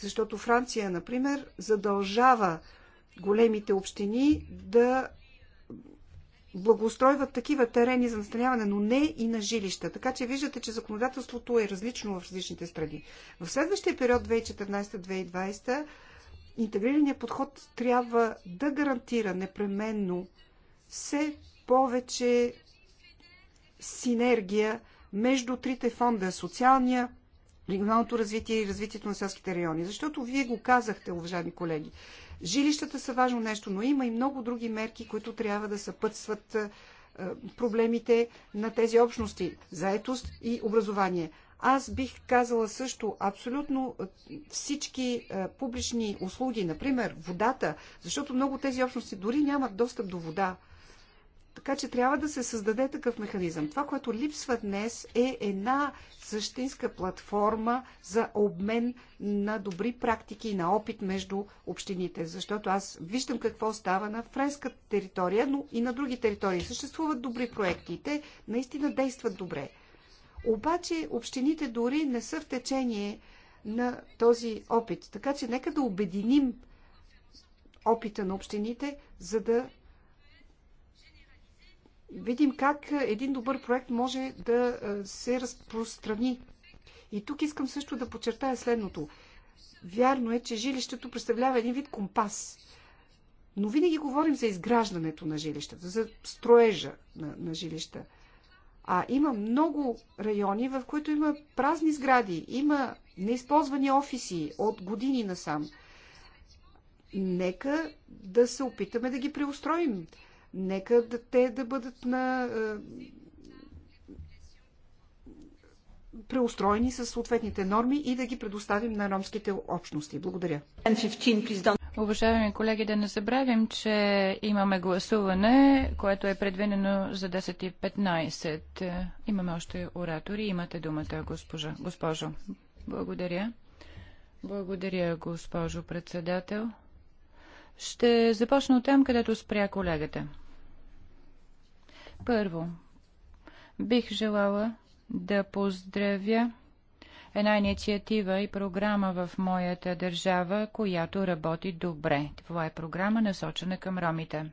Защото Франция, например, задължава големите общини да благоустройват такива терени за настаняване, но не и на жилища. Така че виждате, че законодателството е различно в различните страни. В следващия период 2014-2020 интегрираният подход трябва да гарантира непременно все повече синергия между трите фонда социалния, регионалното развитие и развитието на селските райони. Защото вие го казахте, уважаеми колеги. Жилищата са важно нещо, но има и много други мерки, които трябва да съпътстват е, проблемите на тези общности. Заетост и образование. Аз бих казала също абсолютно е, всички е, публични услуги, например водата, защото много тези общности дори нямат достъп до вода. Така че трябва да се създаде такъв механизъм. Това, което липсва днес е една същинска платформа за обмен на добри практики и на опит между общините. Защото аз виждам какво става на френска територия, но и на други територии. Съществуват добри проекти и те наистина действат добре. Обаче общините дори не са в течение на този опит. Така че нека да обединим опита на общините, за да видим как е, един добър проект може да е, се разпространи. И тук искам също да подчертая следното. Вярно е, че жилището представлява един вид компас. Но винаги говорим за изграждането на жилищата, за строежа на, на жилища. А има много райони, в които има празни сгради, има неизползвани офиси от години насам. Нека да се опитаме да ги преустроим. Нека да, те да бъдат на преустроени с съответните норми и да ги предоставим на ромските общности. Благодаря. Уважаеми колеги, да не забравим, че имаме гласуване, което е предвидено за 10.15. Имаме още оратори. Имате думата, госпожа. госпожо. Благодаря. Благодаря, госпожо председател. Ще започна от там, където спря колегата. Първо, бих желала да поздравя една инициатива и програма в моята държава, която работи добре. Това е програма насочена към ромите.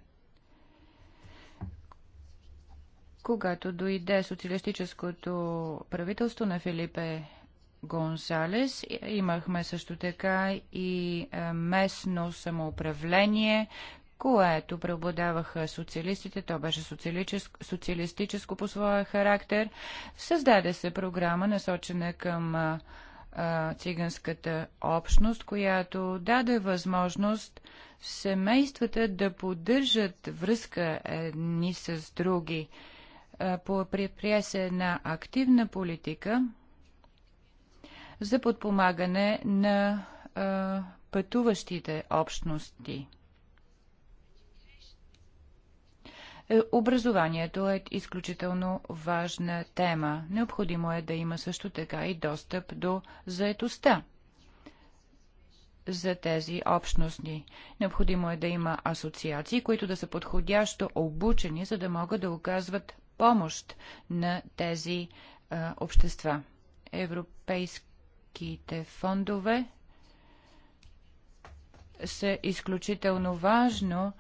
Когато дойде социалистическото правителство на Филипе Гонсалес. Имахме също така и е, местно самоуправление, което преобладаваха социалистите. То беше социалистическо, социалистическо по своя характер. Създаде се програма, насочена към е, е, циганската общност, която даде възможност семействата да поддържат връзка едни с други. По се една активна политика, за подпомагане на а, пътуващите общности. Е, образованието е изключително важна тема. Необходимо е да има също така и достъп до заетостта за тези общностни. Необходимо е да има асоциации, които да са подходящо обучени, за да могат да оказват помощ на тези а, общества. Европейски европейските фондове са изключително важно,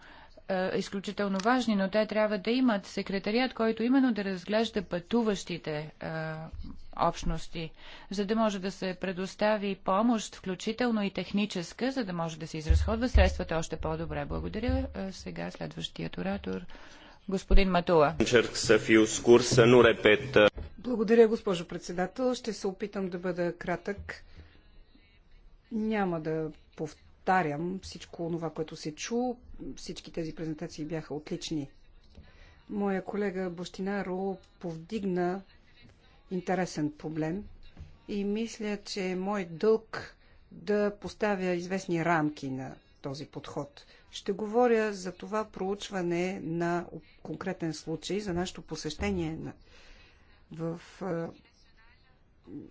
е, изключително важни, но те трябва да имат секретарият, който именно да разглежда пътуващите е, общности, за да може да се предостави помощ, включително и техническа, за да може да се изразходва средствата още по-добре. Благодаря. Е, сега следващият оратор. Господин Матула. Благодаря, госпожо председател. Ще се опитам да бъда кратък. Няма да повтарям всичко това, което се чу. Всички тези презентации бяха отлични. Моя колега Бощинаро повдигна интересен проблем и мисля, че е мой дълг да поставя известни рамки на този подход. Ще говоря за това проучване на конкретен случай, за нашето посещение в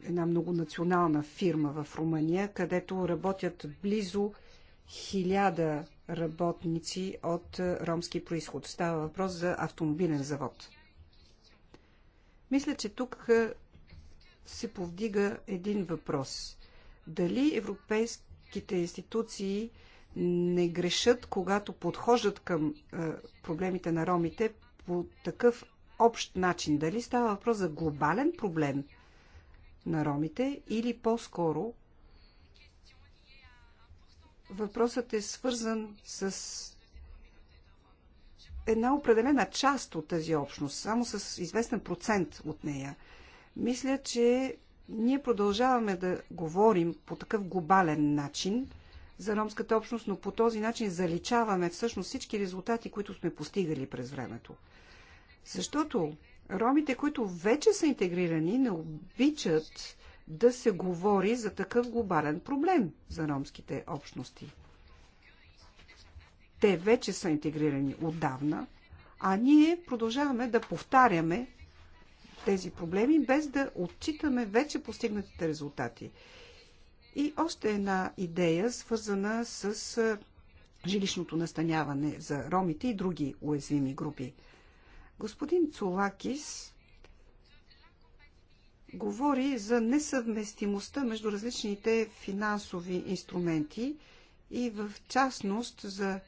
една многонационална фирма в Румъния, където работят близо хиляда работници от ромски происход. Става въпрос за автомобилен завод. Мисля, че тук се повдига един въпрос. Дали европейските институции не грешат, когато подхождат към е, проблемите на ромите по такъв общ начин. Дали става въпрос за глобален проблем на ромите или по-скоро въпросът е свързан с една определена част от тази общност, само с известен процент от нея. Мисля, че ние продължаваме да говорим по такъв глобален начин – за ромската общност, но по този начин заличаваме всъщност всички резултати, които сме постигали през времето. Защото ромите, които вече са интегрирани, не обичат да се говори за такъв глобален проблем за ромските общности. Те вече са интегрирани отдавна, а ние продължаваме да повтаряме тези проблеми, без да отчитаме вече постигнатите резултати. И още една идея, свързана с жилищното настаняване за ромите и други уязвими групи. Господин Цулакис говори за несъвместимостта между различните финансови инструменти и в частност за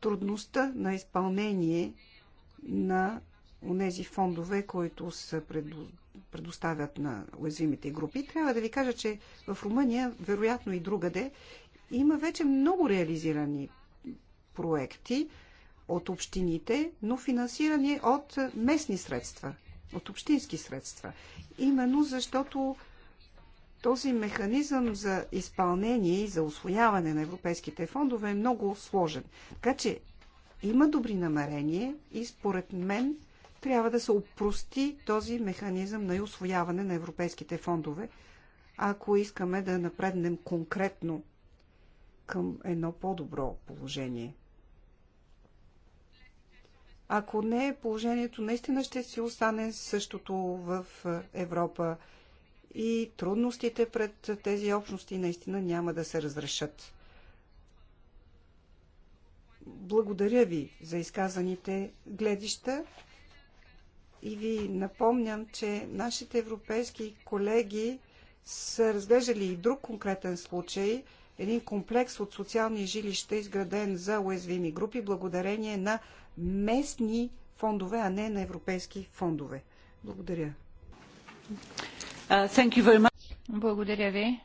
трудността на изпълнение на тези фондове, които са предоставят на уязвимите групи. Трябва да ви кажа, че в Румъния, вероятно и другаде, има вече много реализирани проекти от общините, но финансирани от местни средства, от общински средства. Именно защото този механизъм за изпълнение и за освояване на европейските фондове е много сложен. Така че има добри намерения и според мен трябва да се опрости този механизъм на освояване на европейските фондове, ако искаме да напреднем конкретно към едно по-добро положение. Ако не, положението наистина ще си остане същото в Европа и трудностите пред тези общности наистина няма да се разрешат. Благодаря ви за изказаните гледища и ви напомням, че нашите европейски колеги са разглеждали и друг конкретен случай, един комплекс от социални жилища, изграден за уязвими групи, благодарение на местни фондове, а не на европейски фондове. Благодаря. Uh, Благодаря ви.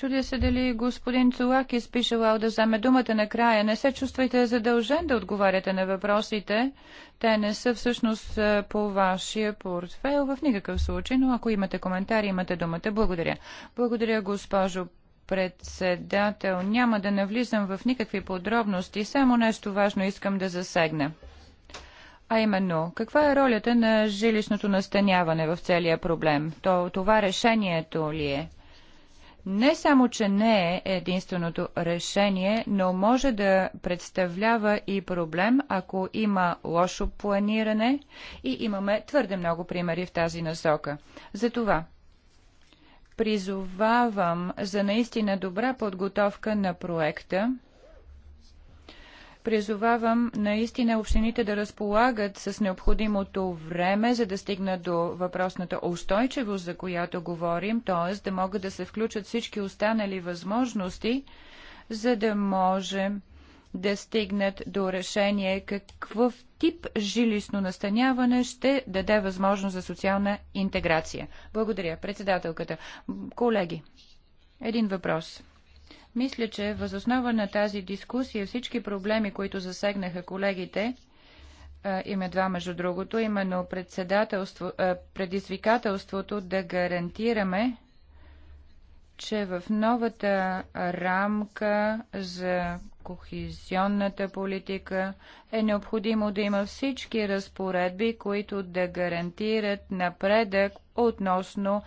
Чудя се дали господин Цулак е желал да вземе думата накрая. Не се чувствайте задължен да отговаряте на въпросите. Те не са всъщност е, по вашия портфел в никакъв случай, но ако имате коментари, имате думата. Благодаря. Благодаря, госпожо председател. Няма да навлизам в никакви подробности, само нещо важно искам да засегна. А именно, каква е ролята на жилищното настаняване в целия проблем? То, това решението ли е? не само, че не е единственото решение, но може да представлява и проблем, ако има лошо планиране и имаме твърде много примери в тази насока. Затова призовавам за наистина добра подготовка на проекта призовавам наистина общините да разполагат с необходимото време, за да стигнат до въпросната устойчивост, за която говорим, т.е. да могат да се включат всички останали възможности, за да можем да стигнат до решение какъв тип жилищно настаняване ще даде възможност за социална интеграция. Благодаря, председателката. Колеги, един въпрос. Мисля, че възоснова на тази дискусия всички проблеми, които засегнаха колегите, има два, между другото, именно председателство, предизвикателството да гарантираме, че в новата рамка за кохезионната политика е необходимо да има всички разпоредби, които да гарантират напредък относно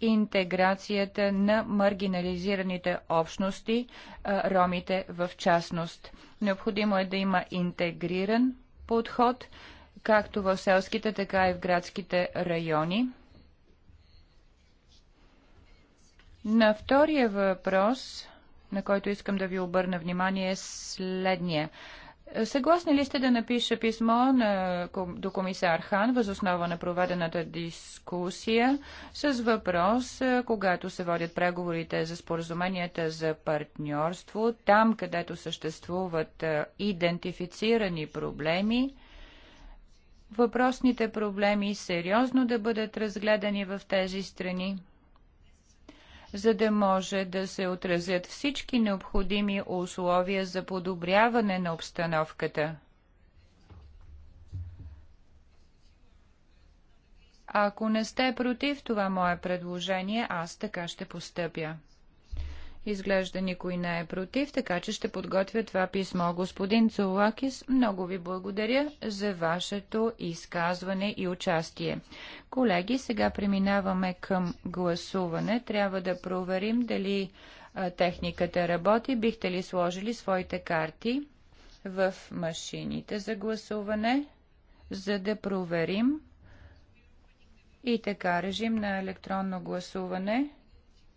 интеграцията на маргинализираните общности, ромите в частност. Необходимо е да има интегриран подход, както в селските, така и в градските райони. На втория въпрос, на който искам да ви обърна внимание, е следния. Съгласни ли сте да напиша писмо на, до комисар Хан възоснова на проведената дискусия с въпрос, е, когато се водят преговорите за споразуменията за партньорство, там където съществуват е, идентифицирани проблеми, въпросните проблеми сериозно да бъдат разгледани в тези страни? за да може да се отразят всички необходими условия за подобряване на обстановката. Ако не сте против това мое предложение, аз така ще постъпя. Изглежда никой не е против, така че ще подготвя това писмо. Господин Цулакис, много ви благодаря за вашето изказване и участие. Колеги, сега преминаваме към гласуване. Трябва да проверим дали а, техниката работи. Бихте ли сложили своите карти в машините за гласуване, за да проверим. И така, режим на електронно гласуване.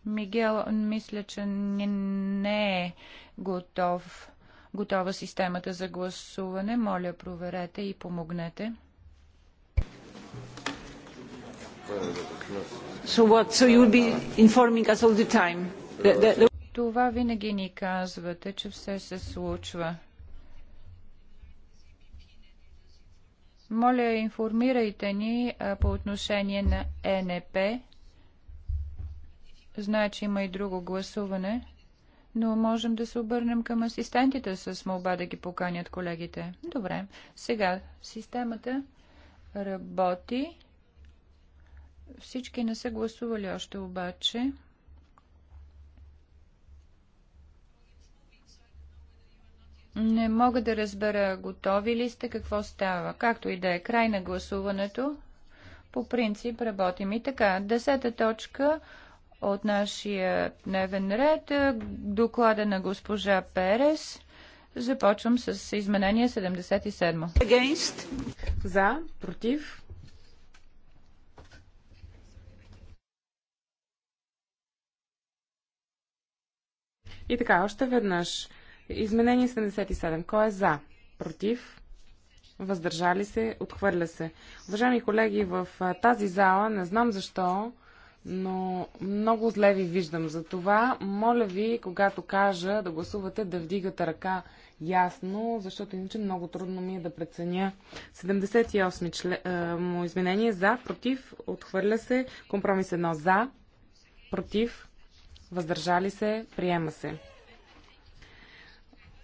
Мигел, мисля, че не е готов, готова системата за гласуване. Моля, проверете и помогнете. So what? So you'll be informing us all the time. The, the, the... Това винаги ни казвате, че все се случва. Моля, информирайте ни по отношение на ЕНП. Знае, че има и друго гласуване, но можем да се обърнем към асистентите с молба да ги поканят колегите. Добре. Сега системата работи. Всички не са гласували още обаче. Не мога да разбера готови ли сте, какво става. Както и да е край на гласуването, по принцип работим и така. Десета точка от нашия дневен ред. Е, доклада на госпожа Перес. Започвам с изменение 77. Against. За, против. И така, още веднъж. Изменение 77. Кой е за? Против? Въздържали се? Отхвърля се. Уважаеми колеги, в тази зала не знам защо но много зле ви виждам. това. моля ви, когато кажа да гласувате, да вдигате ръка ясно, защото иначе много трудно ми е да преценя. 78 чле, е, му изменение за, против, отхвърля се, компромис едно за, против, въздържали се, приема се.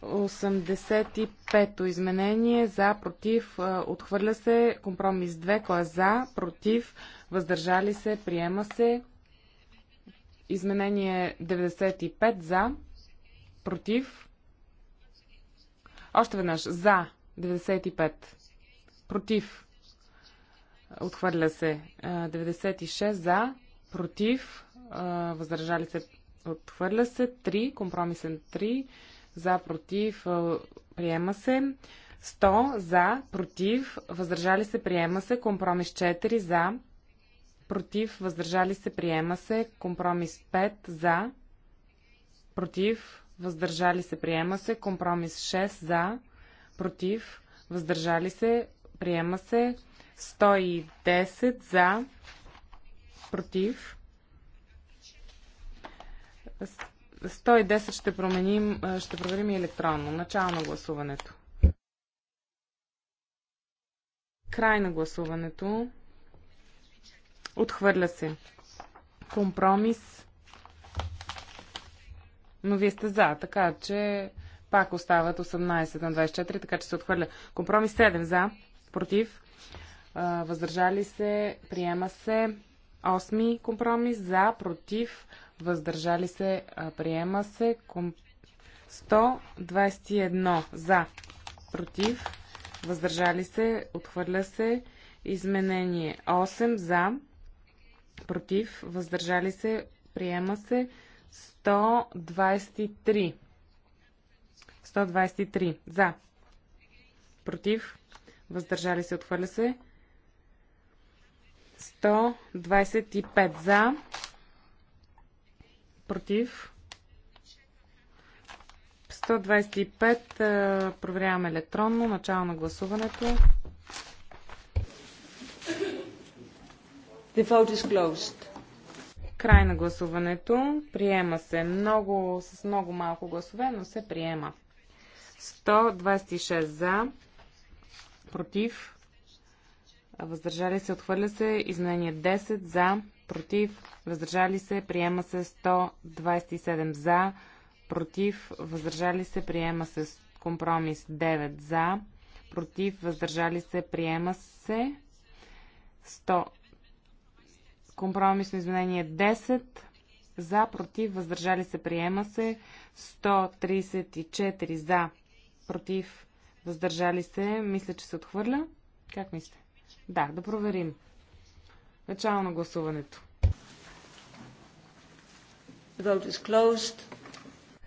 85-то изменение за, против, отхвърля се, компромис 2, кой е за, против, въздържали се, приема се. Изменение 95 за, против. Още веднъж, за 95, против, отхвърля се, 96 за, против, въздържали се, отхвърля се, 3, компромисен 3 за, против, приема се. 100 за, против, въздържали се, приема се. Компромис 4 за, против, въздържали се, приема се. Компромис 5 за, против, въздържали се, приема се. Компромис 6 за, против, въздържали се, приема се. 110 за, против. 110 ще променим, ще проверим и електронно. Начало на гласуването. Край на гласуването. Отхвърля се. Компромис. Но вие сте за, така че пак остават 18 на 24, така че се отхвърля. Компромис 7 за, против, въздържали се, приема се. Осми компромис за, против, въздържали се, приема се. 121 за, против, въздържали се, отхвърля се. Изменение 8 за, против, въздържали се, приема се. 123. 123 за, против, въздържали се, отхвърля се. 125 за, против. 125. Проверяваме електронно. Начало на гласуването. The vote is closed. Край на гласуването. Приема се много, с много малко гласове, но се приема. 126 за, против, въздържали се, отхвърля се, изменение 10 за, против, въздържали се, приема се 127 за, против, въздържали се, приема се компромис 9 за, против, въздържали се, приема се 100. Компромисно изменение 10 за, против, въздържали се, приема се 134 за, против, въздържали се, мисля, че се отхвърля. Как мисля? Да, да проверим. Начало на гласуването.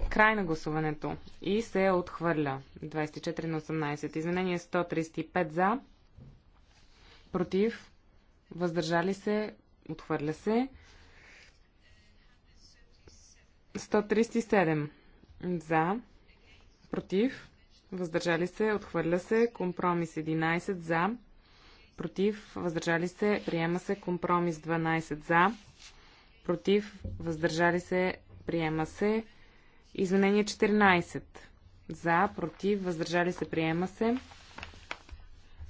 Край на гласуването. И се отхвърля. 24 на 18. Изменение 135 за. Против. Въздържали се. Отхвърля се. 137 за. Против. Въздържали се. Отхвърля се. Компромис 11 за против, въздържали се, приема се. Компромис 12 за, против, въздържали се, приема се. Изменение 14 за, против, въздържали се, приема се.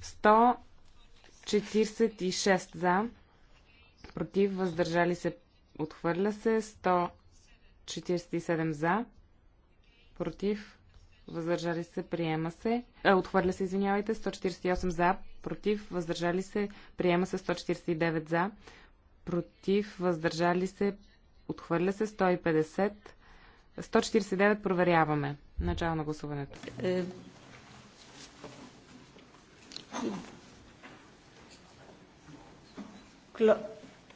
146 за, против, въздържали се, отхвърля се. 147 за, против, въздържали се, приема се. Е, отхвърля се, извинявайте. 148 за, против, въздържали се, приема се 149 за, против, въздържали се, отхвърля се 150. 149 проверяваме. Начало на гласуването. Е,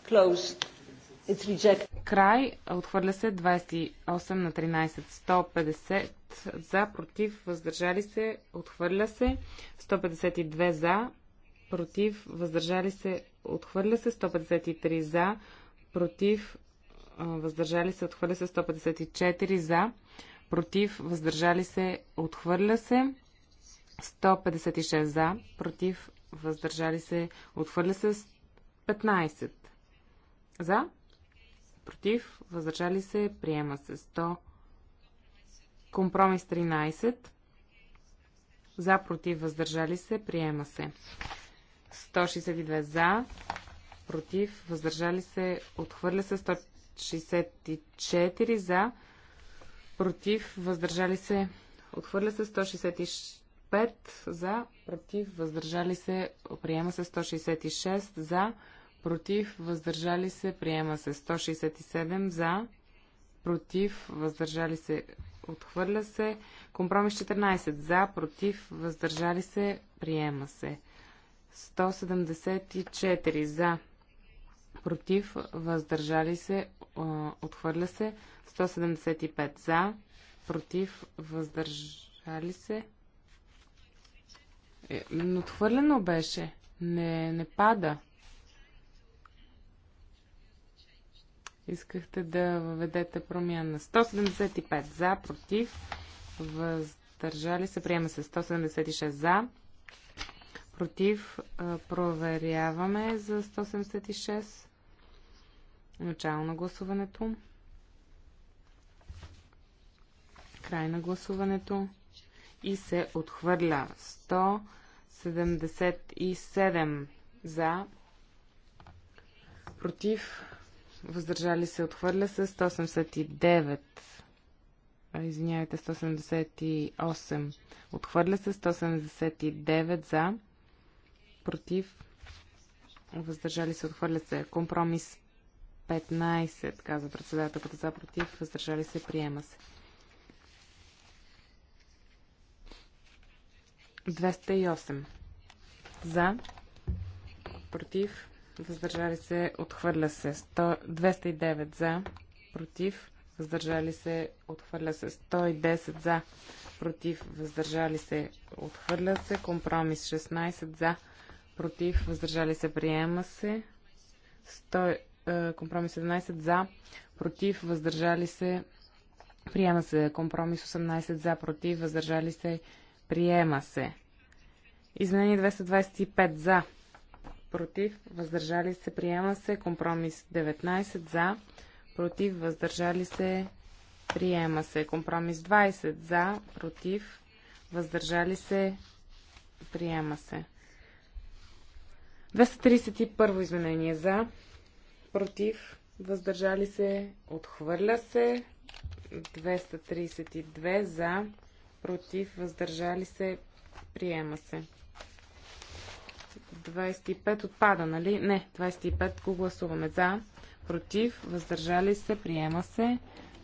closed. Край. Отхвърля се 28 на 13. 150 за, против, въздържали се. Отхвърля се. 152 за, против, въздържали се. Отхвърля се. 153 за, против, въздържали се. Отхвърля се. 154 за, против, въздържали се. Отхвърля се. 156 за, против, въздържали се. Отхвърля се. 15 за, против, въздържали се, приема се 100. Компромис 13, за, против, въздържали се, приема се. 162 за, против, въздържали се, отхвърля се 164 за, против, въздържали се, отхвърля се 165 за, против, въздържали се, приема се 166 за, против, въздържали се, приема се 167 за, против, въздържали се, отхвърля се. Компромис 14 за, против, въздържали се, приема се. 174 за, против, въздържали се, отхвърля се. 175 за, против, въздържали се. Е, отхвърлено беше. Не, не пада. искахте да въведете промяна. 175 за, против, въздържали се, приема се 176 за, против, проверяваме за 176, начало на гласуването, край на гласуването и се отхвърля 177 за, против, въздържали се, отхвърля се. 179, извинявайте, 178, отхвърля се. 179 за, против, въздържали се, отхвърля се. Компромис 15, каза председателката за, против, въздържали се, приема се. 208 за, против, въздържали се, отхвърля се. 100, 209 за, против, въздържали се, отхвърля се. 110 за, против, въздържали се, отхвърля се. Компромис 16 за, против, въздържали се, приема се. 100, е, компромис 17 за, против, въздържали се, приема се. Компромис 18 за, против, въздържали се, приема се. Изменение 225 за, против, въздържали се, приема се. Компромис 19 за, против, въздържали се, приема се. Компромис 20 за, против, въздържали се, приема се. 231 изменение за, против, въздържали се, отхвърля се. 232 за, против, въздържали се, приема се. 25 отпада, нали? Не, 25 го гласуваме за, против, въздържали се, приема се.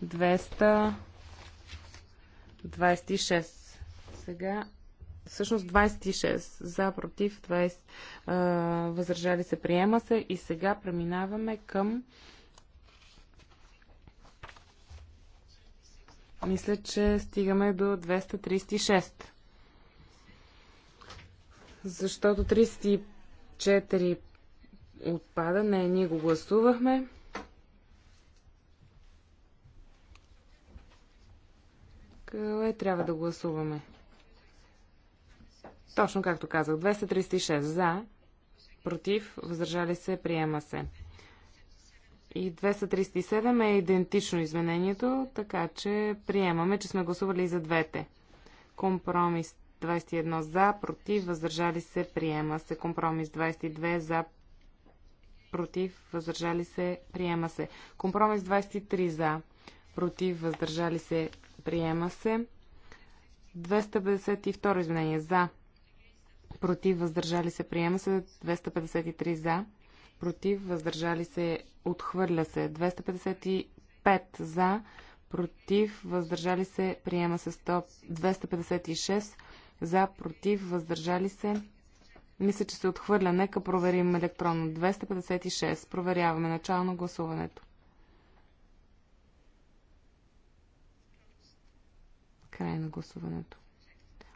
226. Сега, всъщност 26 за, против, 20 въздържали се, приема се. И сега преминаваме към мисля, че стигаме до 236 защото 34 отпада. Не, ние го гласувахме. Къде трябва да гласуваме? Точно както казах, 236 за, против, въздържали се, приема се. И 237 е идентично изменението, така че приемаме, че сме гласували и за двете. Компромис 21 за, против, въздържали се, приема се. Компромис 22 за, против, въздържали се, приема се. Компромис 23 за, против, въздържали се, приема се. 252 изменение за, против, въздържали се, приема се. 253 за, против, въздържали се, отхвърля се. 255 за, против, въздържали се, приема се. 100, 256 за, против, въздържали се. Мисля, че се отхвърля. Нека проверим електронно. 256. Проверяваме начално гласуването. Край на гласуването.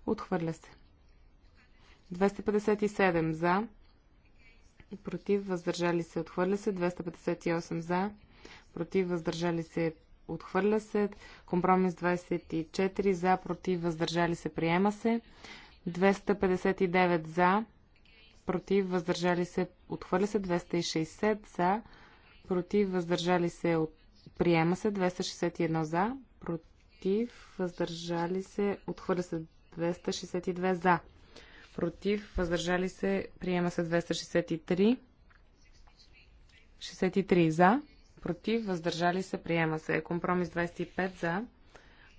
Отхвърля се. 257 за. Против, въздържали се. Отхвърля се. 258 за. Против, въздържали се. Отхвърля се. Компромис 24 за, против, въздържали се, приема се. 259 за, против, въздържали се, отхвърля се. 260 за, против, въздържали се, от... приема се. 261 за, против, въздържали се, отхвърля се. 262 за, против, въздържали се, приема се. 263 63 за против, въздържали се, приема се. Компромис 25 за,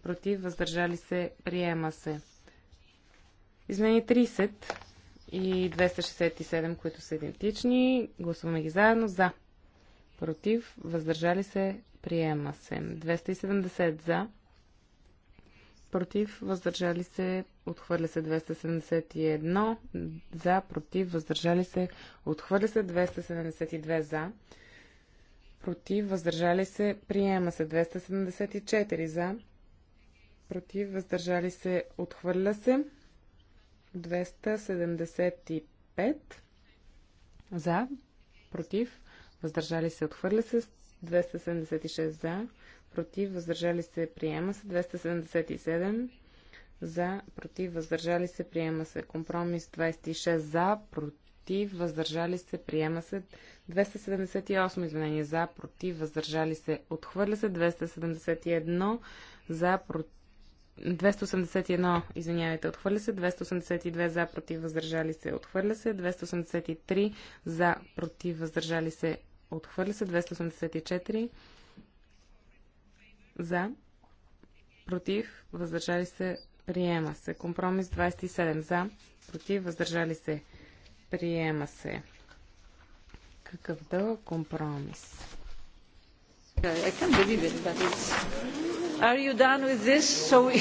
против, въздържали се, приема се. Измени 30 и 267, които са идентични. Гласуваме ги заедно за, против, въздържали се, приема се. 270 за, против, въздържали се, отхвърля се 271, за, против, въздържали се, отхвърля се 272 за, против, въздържали се, приема се. 274 за, против, въздържали се, отхвърля се. 275 за, против, въздържали се, отхвърля се. 276 за, против, въздържали се, приема се. 277 за, против, въздържали се, приема се. Компромис 26 за, против против, въздържали се, приема се. 278 извинения за, против, въздържали се, отхвърля се. 271 за, против. 281, извинявайте, отхвърля се, 282 за, против, въздържали се, отхвърля се, 283 за, против, въздържали се, отхвърля се, 284 за, против, въздържали се, приема се. Компромис 27 за, против, въздържали се, Приема се. Какъв дълъг компромис. so...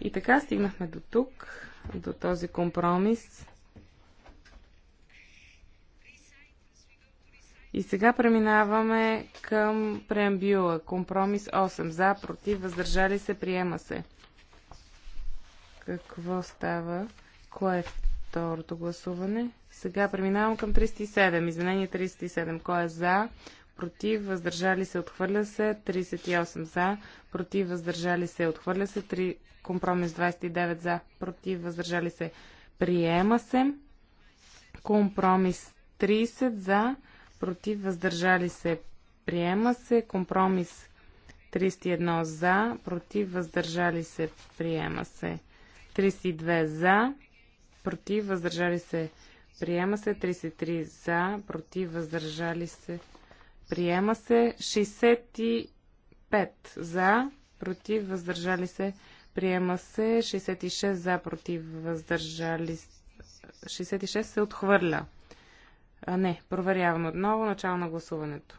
И така стигнахме до тук, до този компромис. И сега преминаваме към преамбюла. Компромис 8. За, против, въздържали се, приема се. Какво става? Кое е второто гласуване. Сега преминавам към 37. Изменение 37. Кой е за? Против, въздържали се, отхвърля се. 38 за. Против, въздържали се, отхвърля се. 3... Компромис 29 за. Против, въздържали се, приема се. Компромис 30 за. Против, въздържали се, приема се. Компромис 31 за. Против, въздържали се, приема се. 32 за против, въздържали се, приема се. 33 за, против, въздържали се, приема се. 65 за, против, въздържали се, приема се. 66 за, против, въздържали се. 66 се отхвърля. А, не, проверявам отново начало на гласуването.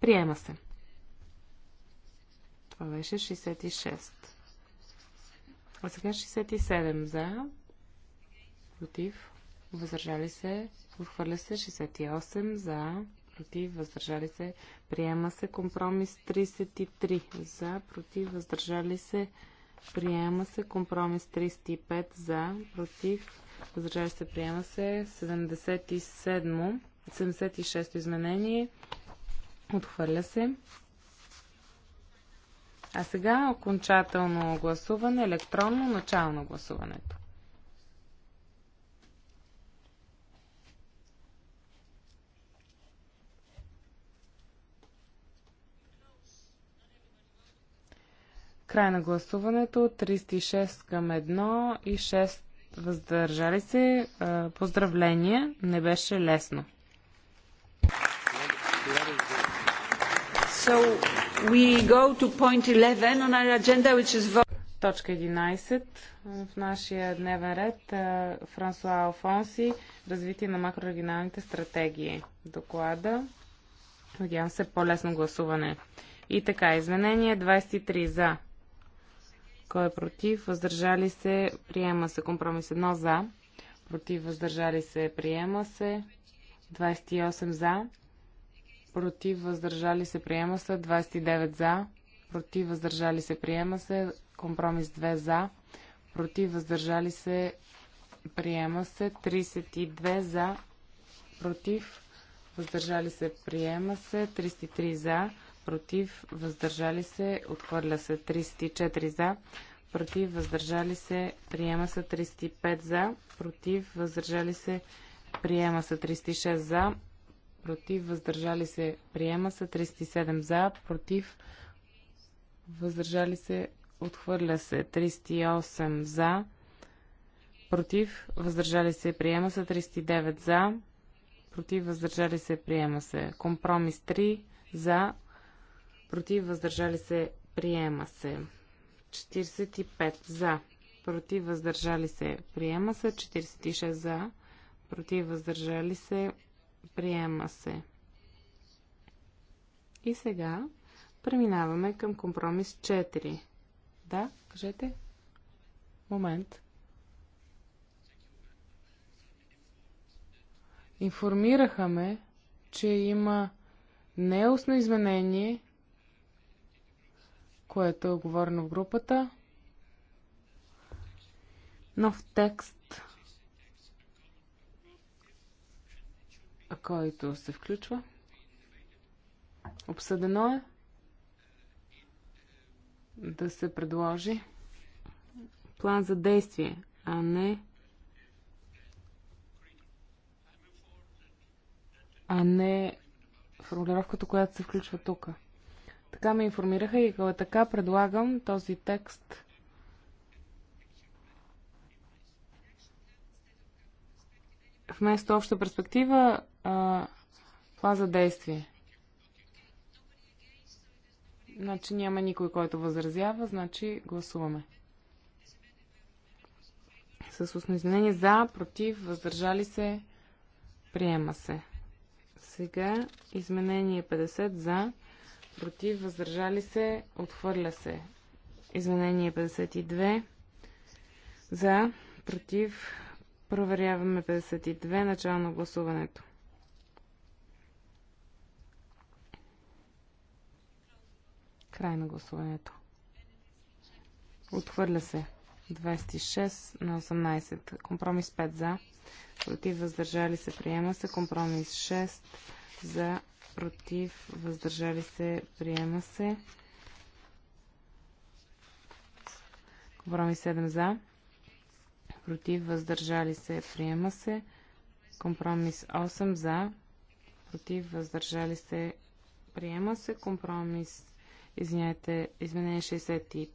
Приема се. Това беше 66. А сега 67 за, против, въздържали се, отхвърля се 68 за, против, въздържали се, приема се компромис 33 за, против, въздържали се, приема се компромис 35 за, против, въздържали се, приема се 77, 76 изменение, отхвърля се. А сега окончателно гласуване, електронно начално гласуването. Край на гласуването 36 към 1 и 6 въздържали се. Поздравление, не беше лесно. So, Точка 11 в нашия дневен ред Франсуа Алфонси развитие на макрорегионалните стратегии. Доклада. Надявам се по-лесно гласуване. И така, изменение 23 за. Кой е против? Въздържали се. Приема се компромис 1 за. Против въздържали се. Приема се. 28 за против, въздържали се, приема се. 29 за, против, въздържали се, приема се. Компромис 2 за, против, въздържали се, приема се. 32 за, против, въздържали се, приема се. 33 за, против, въздържали се, отхвърля се. 34 за, против, въздържали се, приема се. 35 за, против, въздържали се, приема се. 36 за, против, въздържали се, приема се. 37 за, против, въздържали се, отхвърля се. 38 за, против, въздържали се, приема се. 39 за, против, въздържали се, приема се. Компромис 3 за, против, въздържали се, приема се. 45 за, против, въздържали се, приема се. 46 за, против, въздържали се, Приема се. И сега преминаваме към компромис 4. Да, кажете. Момент. Информираха ме, че има неосно изменение, което е оговорено в групата, но в текст който се включва. Обсъдено е да се предложи план за действие, а не а не формулировката, която се включва тук. Така ме информираха и така предлагам този текст вместо обща перспектива а, план за действие. Значи няма никой, който възразява, значи гласуваме. С устно изменение за, против, въздържали се, приема се. Сега изменение 50 за, против, въздържали се, отхвърля се. Изменение 52 за, против, проверяваме 52, начало на гласуването. Край на гласуването. Отхвърля се. 26 на 18. Компромис 5 за. Против въздържали се. Приема се. Компромис 6 за. Против въздържали се. Приема се. Компромис 7 за. Против въздържали се. Приема се. Компромис 8 за. Против въздържали се. Приема се. Компромис Извинете, изменение 65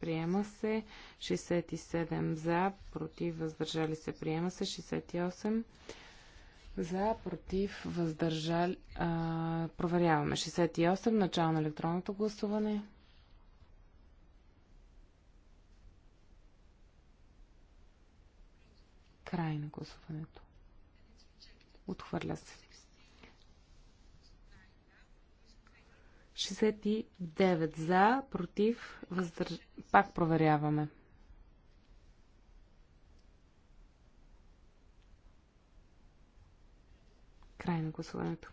приема се. 67 за, против, въздържали се, приема се. 68 за, против, въздържали. А, проверяваме. 68 начало на електронното гласуване. Край на гласуването. Отхвърля се. 69 за, против, въздърж... Пак проверяваме. Край на гласуването.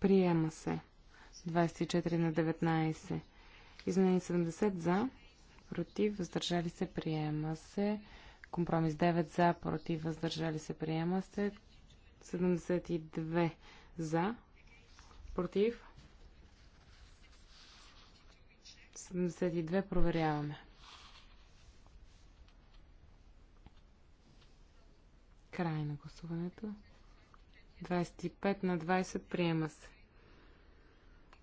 Приема се. 24 на 19. Измени 70 за, против, въздържали се, приема се. Компромис 9 за, против, въздържали се, приема се. 72 за, Против. 72 проверяваме. Край на гласуването. 25 на 20 приема се.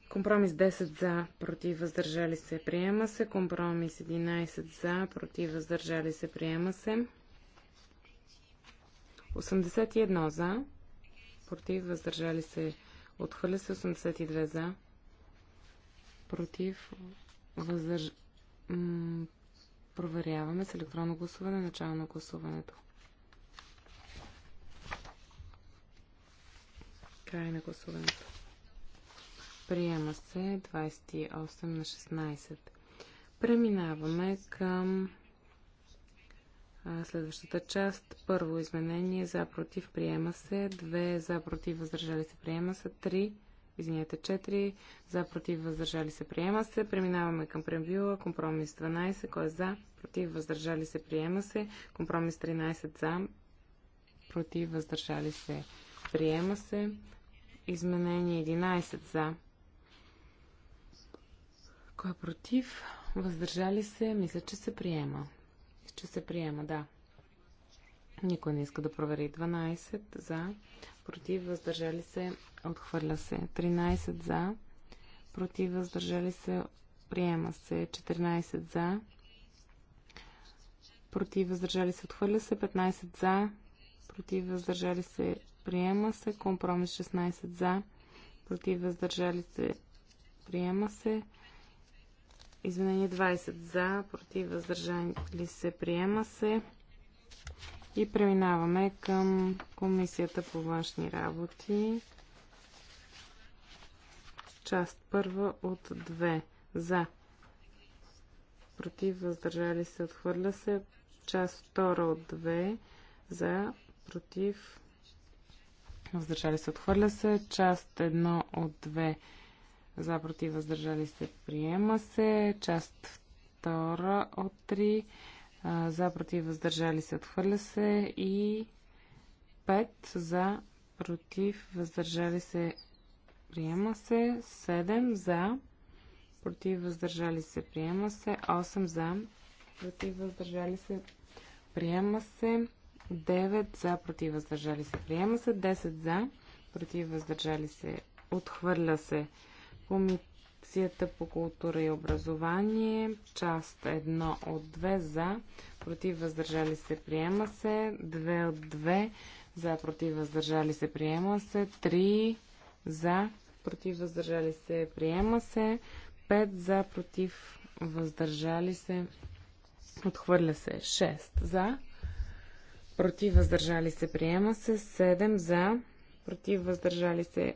Компромис 10 за, против въздържали се, приема се. Компромис 11 за, против въздържали се, приема се. 81 за, против въздържали се, приема се. Отхвърля се 82 за. Против. Въздърж... М- проверяваме с електронно гласуване начало на гласуването. Край на гласуването. Приема се 28 на 16. Преминаваме към Следващата част. Първо изменение за против приема се. Две за против въздържали се приема се. Три. Извинете, 4. За против въздържали се приема се. Преминаваме към превюа. Компромис 12. Кой е за? Против въздържали се приема се. Компромис 13 за. Против въздържали се приема се. Изменение 11 за. Кой е против? Въздържали се? Мисля, че се приема. Мисля, че се приема, да. Никой не иска да провери. 12 за, против, въздържали се, отхвърля се. 13 за, против, въздържали се, приема се. 14 за, против, въздържали се, отхвърля се. 15 за, против, въздържали се, приема се. Компромис 16 за, против, въздържали се, приема се. Извинение 20 за, против, въздържали се, приема се. И преминаваме към Комисията по външни работи. Част първа от 2 за, против, въздържали се, отхвърля се. Част втора от 2 за, против, въздържали се, отхвърля се. Част 1 от 2 за против въздържали се приема се. Част втора от 3 за против въздържали се отхвърля се и 5 за против въздържали се приема се. 7 за против въздържали се приема се. 8 за против въздържали се приема се. 9 за против въздържали се приема се. 10 за против въздържали се отхвърля се. Комисията по култура и образование, част 1 от 2 за, против въздържали се, приема се, 2 от 2 за, против въздържали се, приема се, 3 за, против въздържали се, приема се, 5 за, против въздържали се, отхвърля се, 6 за, против въздържали се, приема се, 7 за, против въздържали се,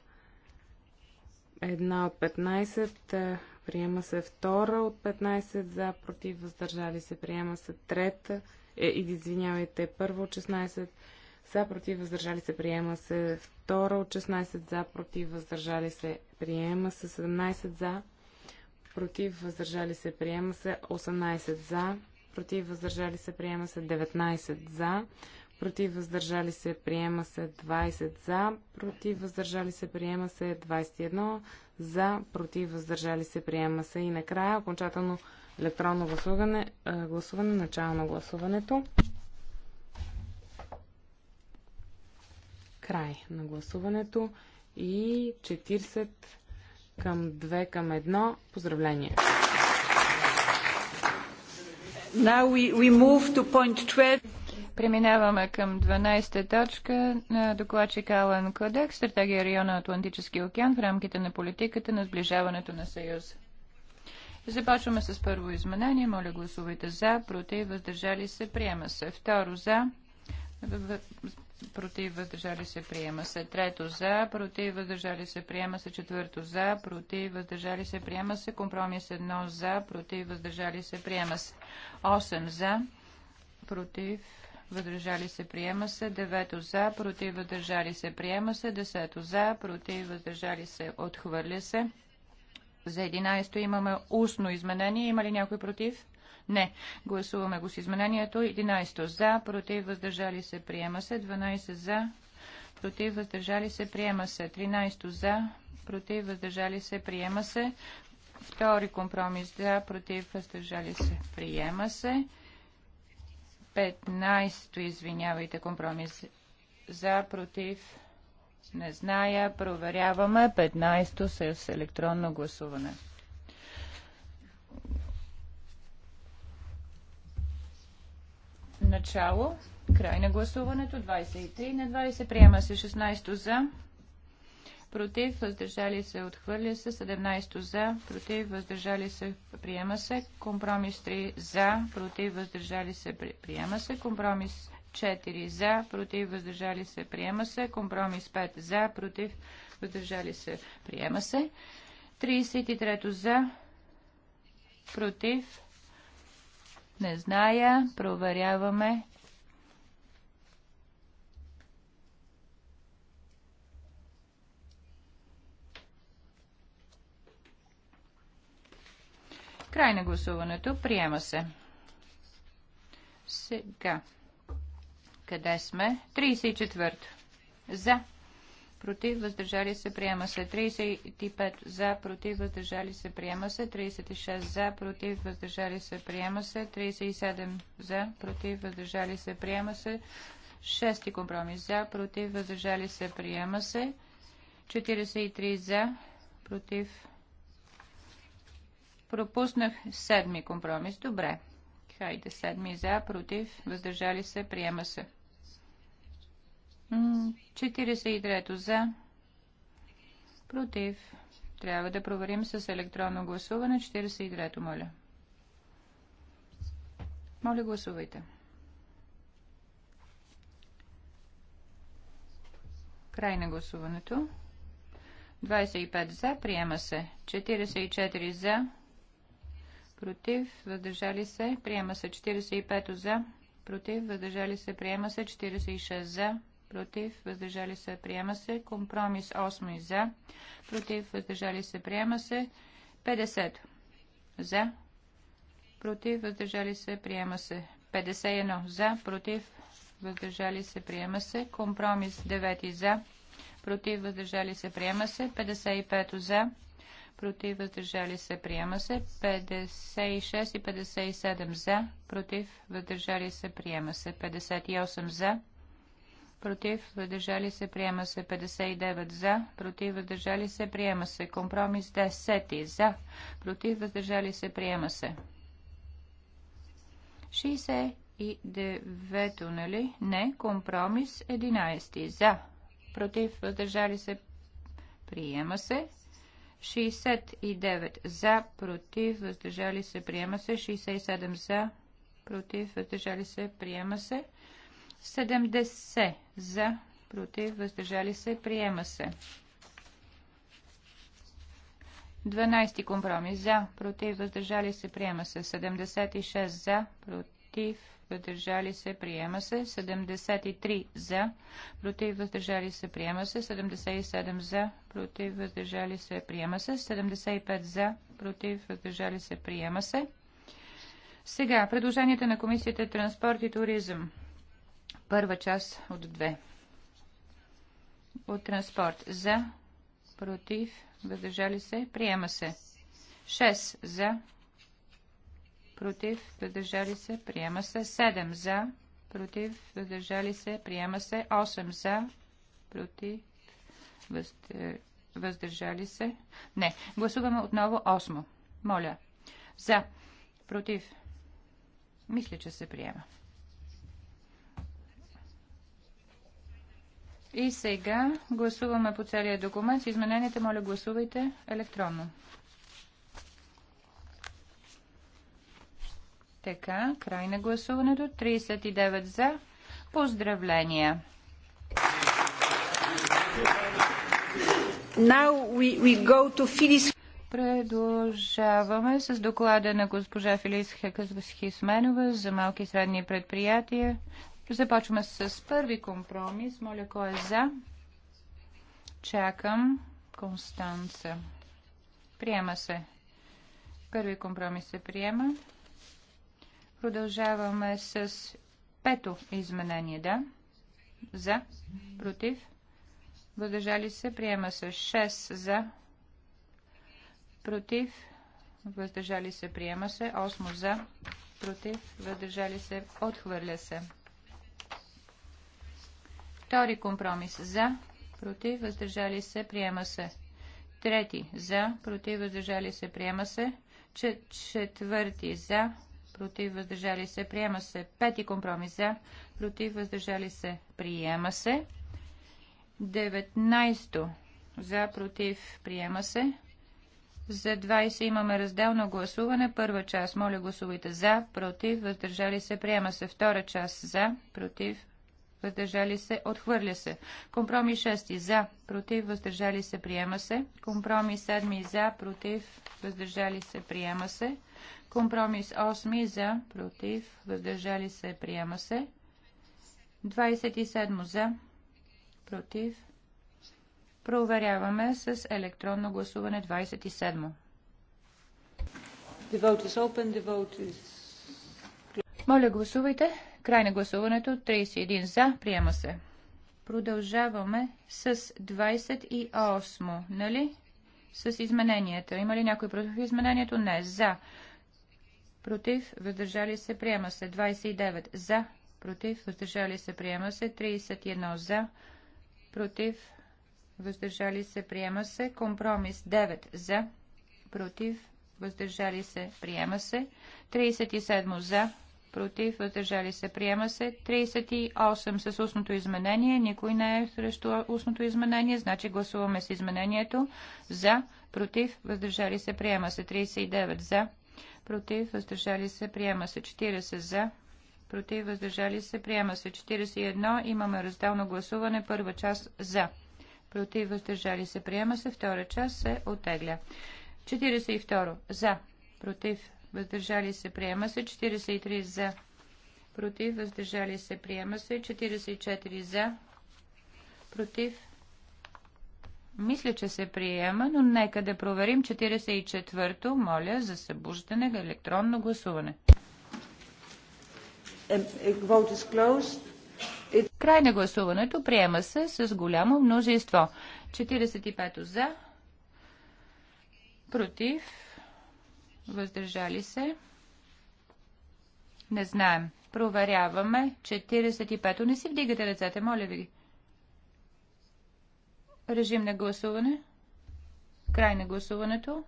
Една от 15, е, приема се втора от 15, за, против, въздържали се, приема се трета, е, извинявайте, първа от 16, за, против, въздържали се, приема се втора от 16, за, против, въздържали се, приема се 17, за, против, въздържали се, приема се 18, за, против, въздържали се, приема се 19, за, против въздържали се, приема се 20 за, против въздържали се, приема се 21 за, против въздържали се, приема се и накрая окончателно електронно гласуване, гласуване начало на гласуването. Край на гласуването и 40 към 2 към 1. Поздравление! Now we, we move to point 12. Преминаваме към 12-та точка на е, докладчик Алан Кодек, стратегия района Атлантически океан в рамките на политиката на сближаването на съюз. Започваме с първо изменение. Моля гласувайте за, против, въздържали се, приема се. Второ за, против, въздържали се, приема се. Трето за, против, въздържали се, приема се. Четвърто за, против, въздържали се, приема се. Компромис едно за, против, въздържали се, приема се. Осем за, против, въздържали се, приема се. 9 за, против, въздържали се, приема се. 10 за, против, въздържали се, отхвърля се. За 11 имаме устно изменение. Има ли някой против? Не. Гласуваме го с изменението. 11 за, против, въздържали се, приема се. 12 за, против, въздържали се, приема се. 13 за, против, въздържали се, приема се. Втори компромис за, против, въздържали се, приема се. 15-то, извинявайте, компромис. За, против, не зная. Проверяваме 15-то с електронно гласуване. Начало. Край на гласуването. 23 на 20. Приема се 16 за против, въздържали се, отхвърля се, 17 за, против, въздържали се, приема се, компромис 3 за, против, въздържали се, приема се, компромис 4 за, против, въздържали се, приема се, компромис 5 за, против, въздържали се, приема се, 33 за, против, не зная, проверяваме Край на гласуването. Приема се. Сега. Къде сме? 34. За. Против. Въздържали се. Приема се. 35. За. Против. Въздържали се. Приема се. 36. За. Против. Въздържали се. Приема се. 37. За. Против. Въздържали се. Приема се. Шести компромис. За. Против. Въздържали се. Приема се. 43. За. Против Пропуснах седми компромис. Добре. Хайде, седми за, против, въздържали се, приема се. 43 за, против. Трябва да проверим с електронно гласуване. 43 то моля. Моля, гласувайте. Край на гласуването. 25 за, приема се. 44 за, против, въздържали се, приема се 45 за, против, въздържали се, приема се 46 за, против, въздържали се, приема се, компромис 8 за, против, въздържали се, приема се 50 за, против, въздържали се, приема се 51 за, против, въздържали се, приема се, компромис 9 за, против, въздържали се, приема се 55 за, против, въздържали се, приема се. 56 и 57 за, против, въздържали се, приема се. 58 за, против, въздържали се, приема се. 59 за, против, въздържали се, приема се. Компромис 10 за, против, въздържали се, приема се. 69, нали? Не, компромис 11 за, против, въздържали се, приема се. 69 за, против, въздържали се, приема се. 67 за, против, въздържали се, приема се. 70 за, против, въздържали се, приема се. 12 компромис за, против, въздържали се, приема се. 76 за, против против, въздържали се, приема се. 73 за, против, въздържали се, приема се. 77 за, против, въздържали се, приема се. 75 за, против, въздържали се, приема се. Сега, предложенията на Комисията Транспорт и туризъм. Първа част от две. От транспорт. За, против, въздържали се, приема се. 6 за, против, въздържали се, приема се 7 за, против, въздържали се, приема се 8 за, против, въздържали се. Не, гласуваме отново 8. Моля. За, против. Мисля, че се приема. И сега гласуваме по целия документ. С измененията, моля, гласувайте електронно. Така, край на гласуването. 39 за. Поздравления! Now we, we go to Phyllis. Продължаваме с доклада на госпожа Филис Хисменова за малки и средни предприятия. Започваме с първи компромис. Моля, кой е за? Чакам. Констанца. Приема се. Първи компромис се приема. Продължаваме с пето изменение, да? За, против, въздържали се, приема се 6 за, против, въздържали се, приема се 8 за, против, въздържали се, отхвърля се. Втори компромис за, против, въздържали се, приема се. Трети за, против, въздържали се, приема се. Четвърти за, против, въздържали се, приема се. Пети компромис за, против, въздържали се, приема се. 19 за, против, приема се. За 20 имаме разделно гласуване. Първа част, моля гласувайте за, против, въздържали се, приема се. Втора част за, против, въздържали се, отхвърля се. Компромис 6 за, против, въздържали се, приема се. Компромис 7 за, против, въздържали се, приема се. Компромис 8 за, против, въздържали се, приема се. 27 за, против. Проверяваме с електронно гласуване 27. The vote is open, the vote is... Моля, гласувайте. Край на гласуването. 31 за. Приема се. Продължаваме с 28, нали? с измененията. Има ли някой против изменението? Не. За. Против. Въздържали се. Приема се. 29. За. Против. Въздържали се. Приема се. 31. За. Против. Въздържали се. Приема се. Компромис. 9. За. Против. Въздържали се. Приема се. 37. За против, въздържали се, приема се. 38 с устното изменение, никой не е срещу устното изменение, значи гласуваме с изменението. За, против, въздържали се, приема се. 39 за, против, въздържали се, приема се. 40 за, против, въздържали се, приема се. 41 имаме разделно гласуване, първа част за, против, въздържали се, приема се, втора част се отегля. 42 за, против, въздържали се, приема се. 43 за, против, въздържали се, приема се. 44 за, против. Мисля, че се приема, но нека да проверим 44-то, моля, за събуждане, на електронно гласуване. Е, Край на гласуването приема се с голямо множество. 45 за, против, въздържали се. Не знаем. Проверяваме. 45 Не си вдигате ръцете, моля ви. Режим на гласуване. Край на гласуването.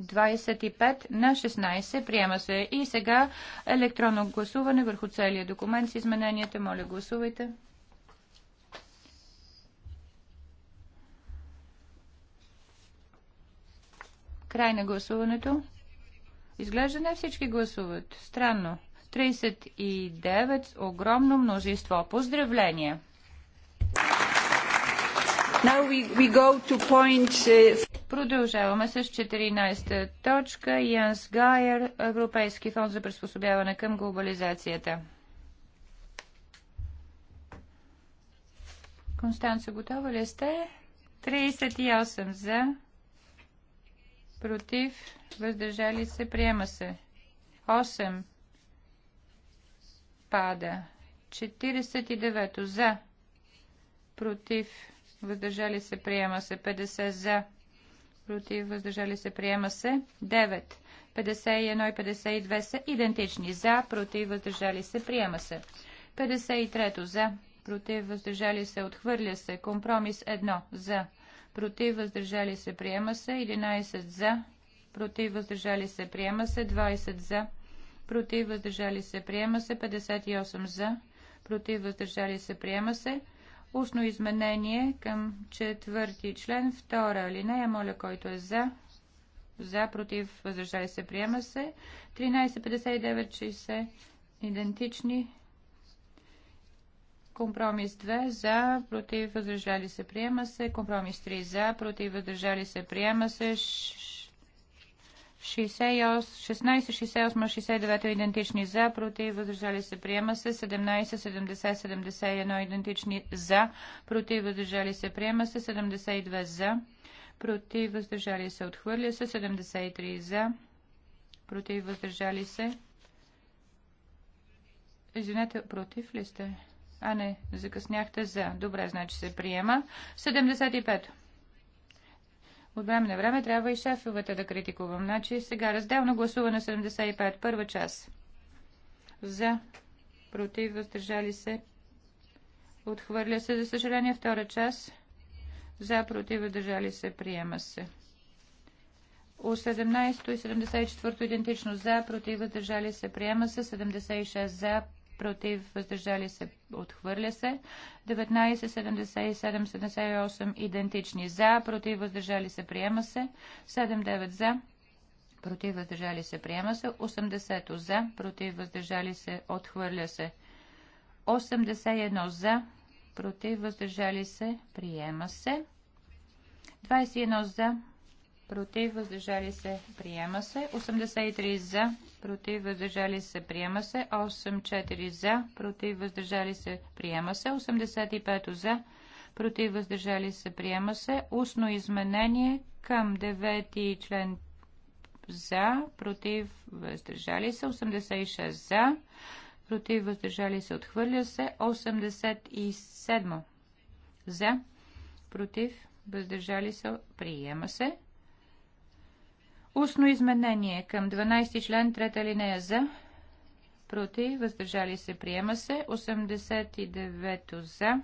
25 на 16. Приема се. И сега електронно гласуване върху целия документ с измененията. Моля, гласувайте. Край на гласуването. Изглежда не всички гласуват. Странно. 39 огромно множество. Поздравления! We, we point... Uh, Продължаваме с 14-та точка. Янс Гайер, Европейски фонд за приспособяване към глобализацията. Констанца, готова ли сте? 38 за, против, въздържали се, приема се. 8 пада. 49 за, против, въздържали се, приема се. 50 за, против, въздържали се, приема се. 9. 51 и 52 са идентични. За, против, въздържали се, приема се. 53 за, против, въздържали се, отхвърля се. Компромис 1 за, против, въздържали се, приема се. 11 за, против, въздържали се, приема се. 20 за, против, въздържали се, приема се. 58 за, против, въздържали се, приема се. Устно изменение към четвърти член, втора алинея. Моля, който е за, за, против, въздържали се, приема се. 13, 59, 60, идентични. Компромис 2 за, против, въздържали се, приема се. Компромис 3 за, против, въздържали се, приема се. 16, 68, 69 идентични за, против, въздържали се, приема се. 17, 70, 71 идентични за, против, въздържали се, приема се. 72 за, против, въздържали се, отхвърля се. 73 за, против, въздържали се. Извинете, против ли сте? А не, закъсняхте за. Добре, значи се приема. 75. От време на време трябва и шефовете да критикувам. Значи сега разделно гласуване 75. Първа час. За. Против. Въздържали се. Отхвърля се. За съжаление, втора час. За. Против. Въздържали се. Приема се. О 17 и 74 идентично за, против въздържали се, приема се, 76 за, против, въздържали се, отхвърля се. 19, 77, 78 идентични за, против, въздържали се, приема се. 79 за, против, въздържали се, приема се. 80 за, против, въздържали се, отхвърля се. 81 за, против, въздържали се, приема се. 21 за, против, въздържали се, приема се. 83 за, против, въздържали се, приема се. 8-4 за, против, въздържали се, приема се. 85 за, против, въздържали се, приема се. Устно изменение към 9 член за, против, въздържали се. 86 за, против, въздържали се, отхвърля се. 87 за, против, въздържали се, приема се. Устно изменение към 12 член, трета линия за, против, въздържали се, приема се. 89 то за,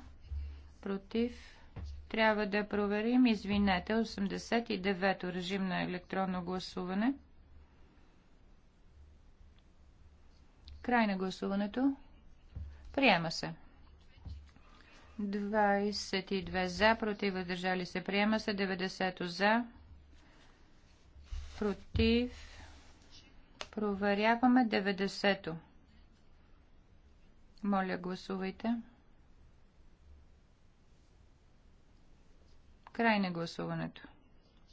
против, трябва да проверим, извинете, 89 то режим на електронно гласуване. Край на гласуването. Приема се. 22 за, против въздържали се. Приема се. 90 за, против, проверяваме 90-то. Моля, гласувайте. Край на гласуването.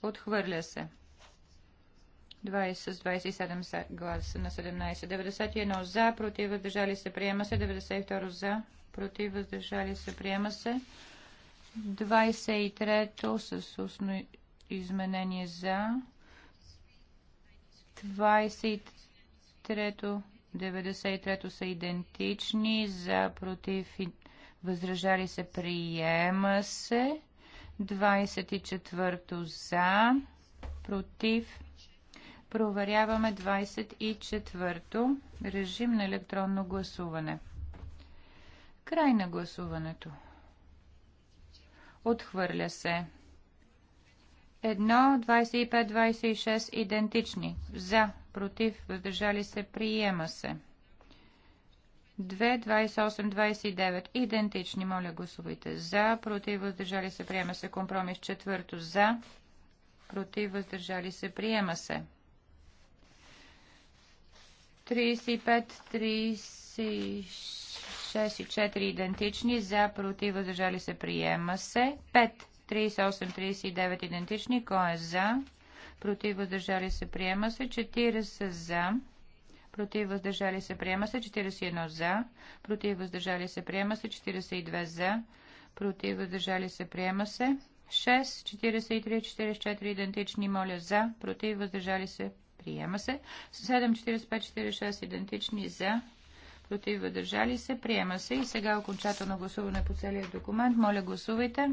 Отхвърля се. 20 с 27 гласа на 17. 91 за, против, въздържали се, приема се. 92 за, против, въздържали се, приема се. 23 с устно изменение за, 23 93-то са идентични, за, против и въздържали се, приема се. 24-то за, против. Проверяваме 24-то. Режим на електронно гласуване. Край на гласуването. Отхвърля се. Едно, 25, 26 идентични. За, против, въздържали се, приема се. 2, 28, 29 идентични. Моля, гласувайте. За, против, въздържали се, приема се. Компромис четвърто. За, против, въздържали се, приема се. 35, 36 и 4 идентични. За, против, въздържали се, приема се. 5 38-39 идентични. Кой е за? Против въздържали се приема се. 40 за. Против въздържали се приема се. 41 за. Против въздържали се приема се. 42 за. Против въздържали се приема се. 6, 43, 44 идентични. Моля за. Против въздържали се приема се. 7, 45, 46 идентични за против въздържали се. Приема се и сега окончателно гласуване по целия документ. Моля гласувайте.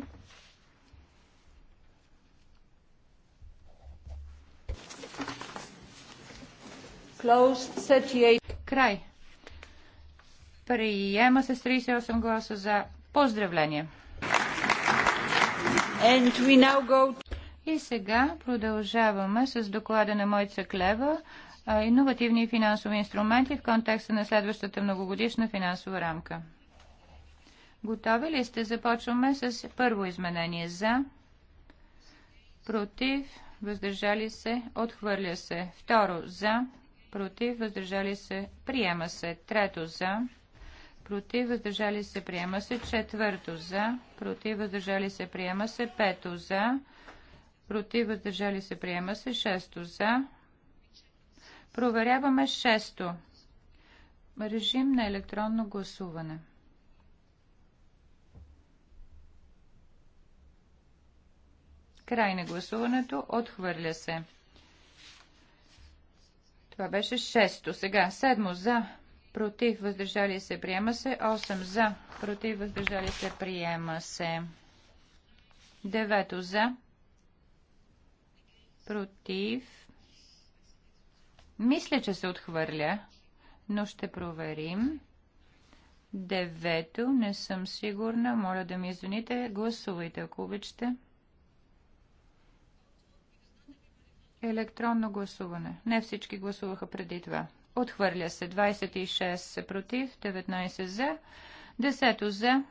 Край. Приема се с 38 гласа за поздравление. And we now go И сега продължаваме с доклада на Мойца Клева иновативни финансови инструменти в контекста на следващата многогодишна финансова рамка. Готови ли сте? Започваме с първо изменение за, против, въздържали се, отхвърля се. Второ за, против, въздържали се, приема се. Трето за, против, въздържали се, приема се. Четвърто за, против, въздържали се, приема се. Пето за, против, въздържали се, приема се. Шесто за. Проверяваме шесто. Режим на електронно гласуване. Край на гласуването. Отхвърля се. Това беше 6. Сега 7 за, против, въздържали се, приема се. 8 за, против, въздържали се, приема се. 9 за, против. Мисля, че се отхвърля, но ще проверим. Девето, не съм сигурна. Моля да ми извините. Гласувайте, ако обичате. Електронно гласуване. Не всички гласуваха преди това. Отхвърля се. 26 против, 19 за, 10 за,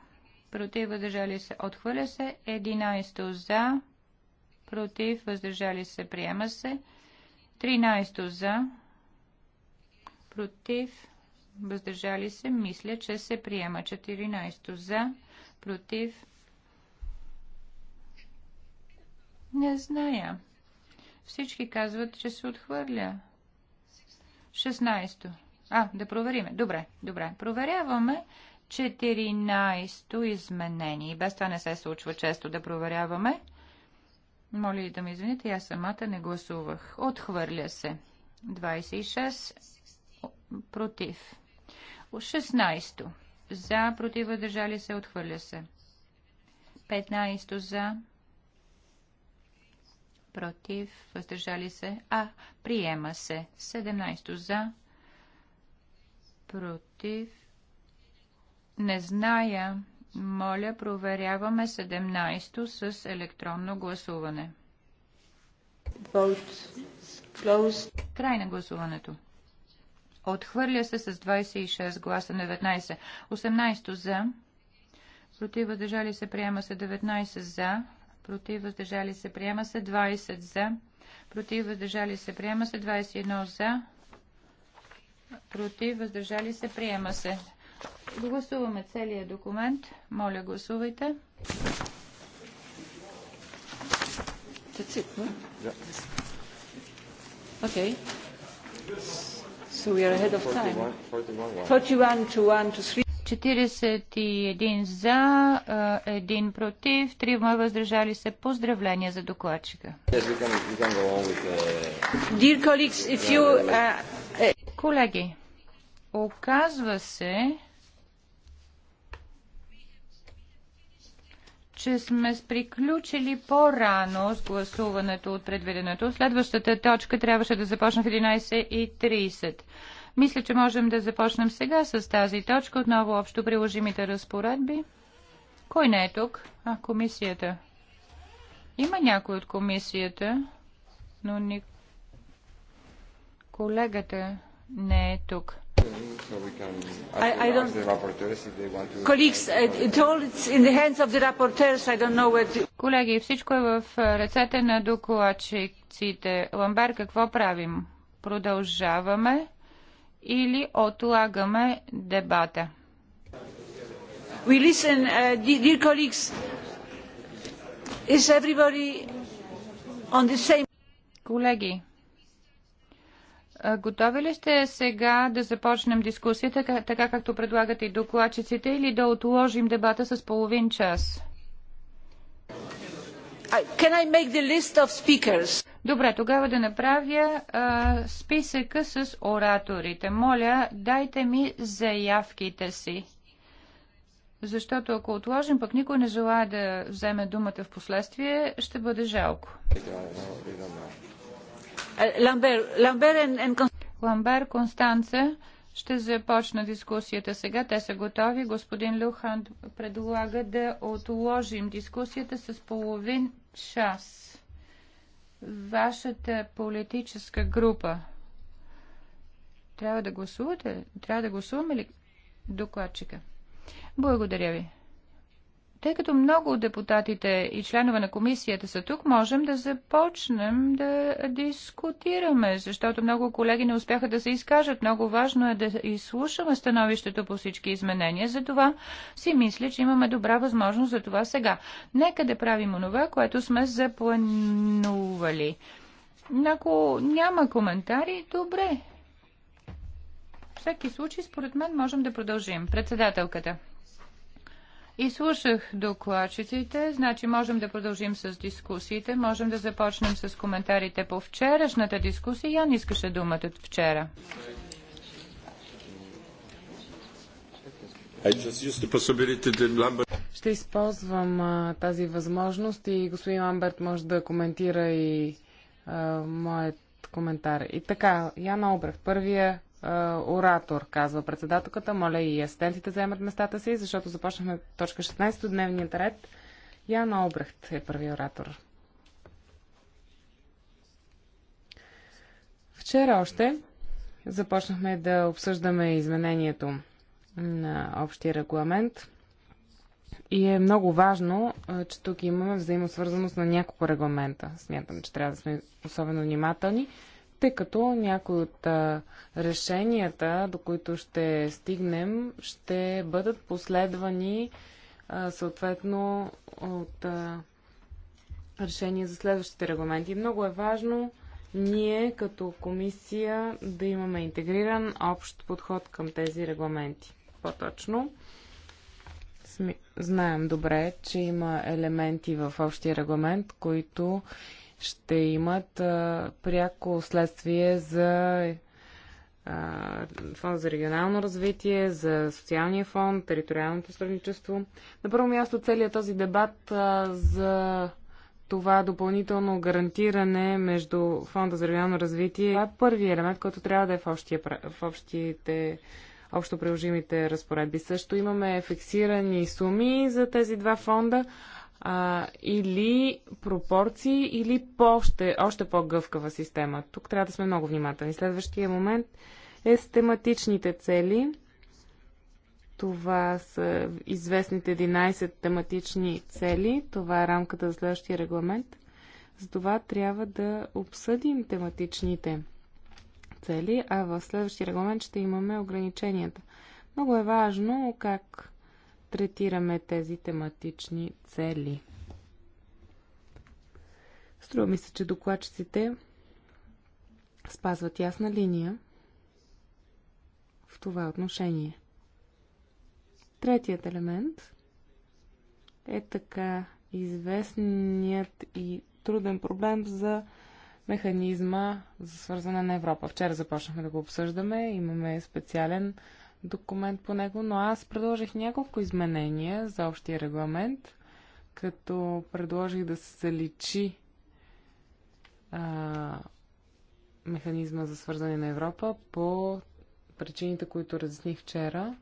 против, въздържали се, отхвърля се, 11 за, против, въздържали се, приема се, 13 за, против, въздържали се, мисля, че се приема, 14 за, против, не зная. Всички казват, че се отхвърля. 16. А, да провериме. Добре, добре. Проверяваме 14-то изменение. без това не се случва често да проверяваме. Моля да ми извините, аз самата не гласувах. Отхвърля се. 26 против. 16 за, против, въздържали се, отхвърля се. 15 за, против, въздържали се, а, приема се. 17 за, против, не зная, моля, проверяваме 17 с електронно гласуване. Край на гласуването. Отхвърля се с 26 гласа 19. 18 за. Против въздържали се приема се 19 за против, въздържали се, приема се 20 за, против, въздържали се, приема се 21 за, против, въздържали се, приема се. Гласуваме целия документ. Моля, гласувайте. That's it, no? Yeah. Okay. So we are ahead of time. 41, 41, 41 to 1 to 3. 41 за, 1 против, 3 въздържали се. Поздравления за докладчика. Колеги, оказва се, че сме приключили по-рано с гласуването от предвиденото. Следващата точка трябваше да започне в 11.30. Мисля, че можем да започнем сега с тази точка. Отново общо приложимите разпоредби. Кой не е тук? А, комисията. Има някой от комисията, но ни... колегата не е тук. Uh, Колеги, всичко е в ръцете на докладчиците. Ламбер, какво правим? Продължаваме или отлагаме дебата. We listen, uh, dear colleagues. Is everybody on the same? Колеги, готови ли сте сега да започнем дискусията, така както предлагат и докладчиците, или да отложим дебата с половин час? Can I make the list of speakers? Добре, тогава да направя а, списъка с ораторите. Моля, дайте ми заявките си. Защото ако отложим, пък никой не желая да вземе думата в последствие, ще бъде жалко. Ламбер, Ламбер, Констанца, ще започна дискусията сега. Те са готови. Господин Люхан предлага да отложим дискусията с половин час вашата политическа група. Трябва да гласувате? Трябва да гласуваме ли докладчика? Благодаря ви. Тъй като много от депутатите и членове на комисията са тук, можем да започнем да дискутираме, защото много колеги не успяха да се изкажат. Много важно е да изслушаме становището по всички изменения. Затова си мисля, че имаме добра възможност за това сега. Нека да правим онова, което сме запланували. Ако няма коментари, добре. В всеки случай, според мен, можем да продължим. Председателката. И слушах докладчиците, значи можем да продължим с дискусиите, можем да започнем с коментарите по вчерашната дискусия. Ян искаше думата от вчера. Ще използвам а, тази възможност и господин Ламберт може да коментира и а, моят коментар. И така, Яна Обрех, първия оратор, казва председателката. Моля и асистентите заемат местата си, защото започнахме точка 16 от дневният ред. Яна Обрехт е първи оратор. Вчера още започнахме да обсъждаме изменението на общия регламент. И е много важно, че тук имаме взаимосвързаност на няколко регламента. Смятам, че трябва да сме особено внимателни тъй като някои от решенията, до които ще стигнем, ще бъдат последвани съответно от решения за следващите регламенти. Много е важно ние като комисия да имаме интегриран общ подход към тези регламенти. По-точно, знаем добре, че има елементи в общия регламент, които ще имат а, пряко следствие за а, фонд за регионално развитие, за социалния фонд, териториалното сътрудничество. На първо място целият този дебат а, за това допълнително гарантиране между фонда за регионално развитие. Това е първият елемент, който трябва да е в, общия, в общите общо приложимите разпоредби. Също имаме фиксирани суми за тези два фонда, а, или пропорции, или по още, още по-гъвкава система. Тук трябва да сме много внимателни. Следващия момент е с тематичните цели. Това са известните 11 тематични цели. Това е рамката за следващия регламент. Затова това трябва да обсъдим тематичните цели, а в следващия регламент ще имаме ограниченията. Много е важно как третираме тези тематични цели. Струва ми се, че докладчиците спазват ясна линия в това отношение. Третият елемент е така известният и труден проблем за механизма за свързване на Европа. Вчера започнахме да го обсъждаме. Имаме специален документ по него, но аз предложих няколко изменения за общия регламент, като предложих да се заличи а, механизма за свързане на Европа по причините, които разясних вчера,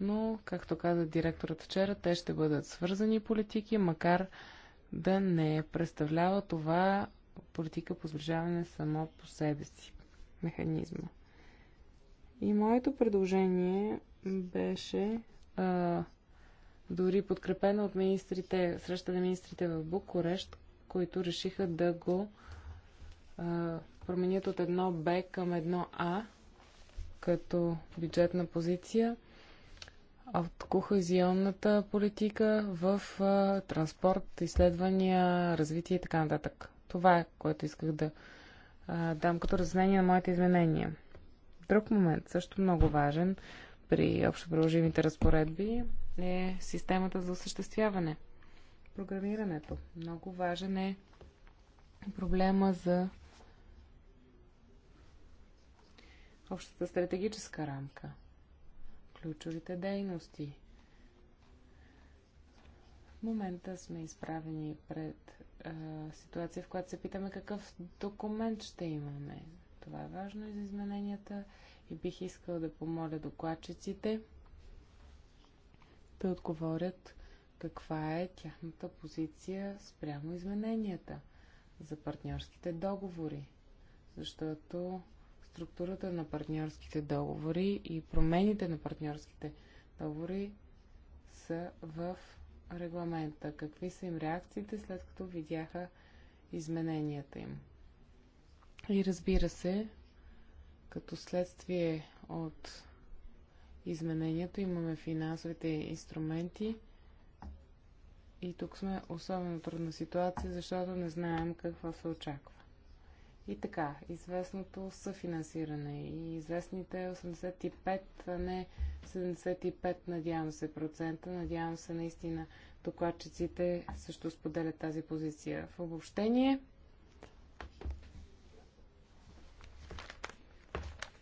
но, както каза директорът вчера, те ще бъдат свързани политики, макар да не представлява това политика по сближаване само по себе си механизма. И моето предложение беше а, дори подкрепено от министрите, среща на министрите в Букурещ, които решиха да го а, променят от едно Б към едно А като бюджетна позиция от кохезионната политика в а, транспорт, изследвания, развитие и така нататък. Това е, което исках да а, дам като разяснение на моите изменения. Друг момент, също много важен при общоприложимите разпоредби, е системата за осъществяване. Програмирането. Много важен е проблема за общата стратегическа рамка, ключовите дейности. В момента сме изправени пред а, ситуация, в която се питаме какъв документ ще имаме, това е важно за измененията и бих искал да помоля докладчиците да отговорят каква е тяхната позиция спрямо измененията за партньорските договори. Защото структурата на партньорските договори и промените на партньорските договори са в регламента. Какви са им реакциите след като видяха измененията им? И разбира се, като следствие от изменението имаме финансовите инструменти. И тук сме особено трудна ситуация, защото не знаем какво се очаква. И така, известното съфинансиране и известните 85, е а не 75, надявам се, процента. Надявам се наистина докладчиците също споделят тази позиция. В обобщение,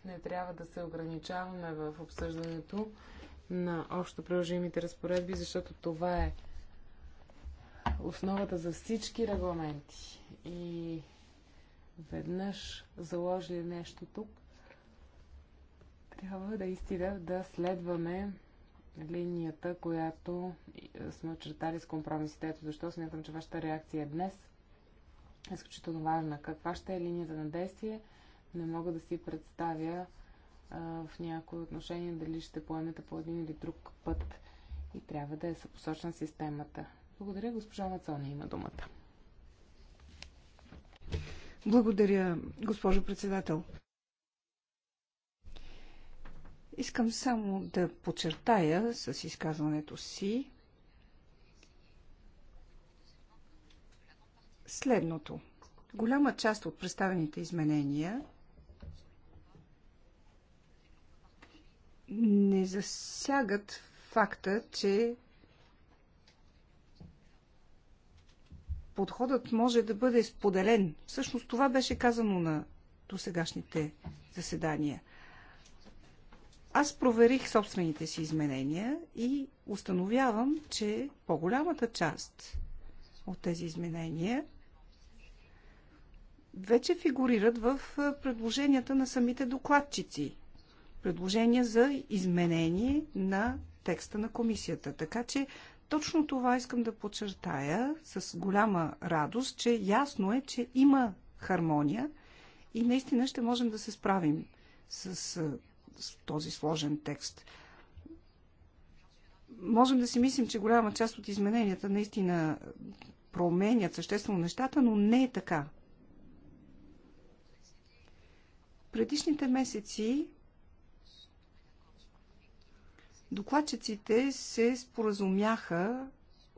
Не трябва да се ограничаваме в обсъждането на общо приложимите разпоредби, защото това е основата за всички регламенти. И веднъж заложили нещо тук, трябва да истина да следваме линията, която сме очертали с компромисите. Ето защо смятам, че вашата реакция е днес изключително важна. Каква ще е линията на действие не мога да си представя а, в някои отношения дали ще поемете по един или друг път и трябва да е съпосочна системата. Благодаря, госпожа Мацони има думата. Благодаря, госпожо председател. Искам само да подчертая с изказването си следното. Голяма част от представените изменения не засягат факта, че подходът може да бъде споделен. Всъщност това беше казано на досегашните заседания. Аз проверих собствените си изменения и установявам, че по-голямата част от тези изменения вече фигурират в предложенията на самите докладчици предложения за изменение на текста на комисията. Така че точно това искам да подчертая с голяма радост, че ясно е, че има хармония и наистина ще можем да се справим с, с този сложен текст. Можем да си мислим, че голяма част от измененията наистина променят съществено нещата, но не е така. Предишните месеци Докладчиците се споразумяха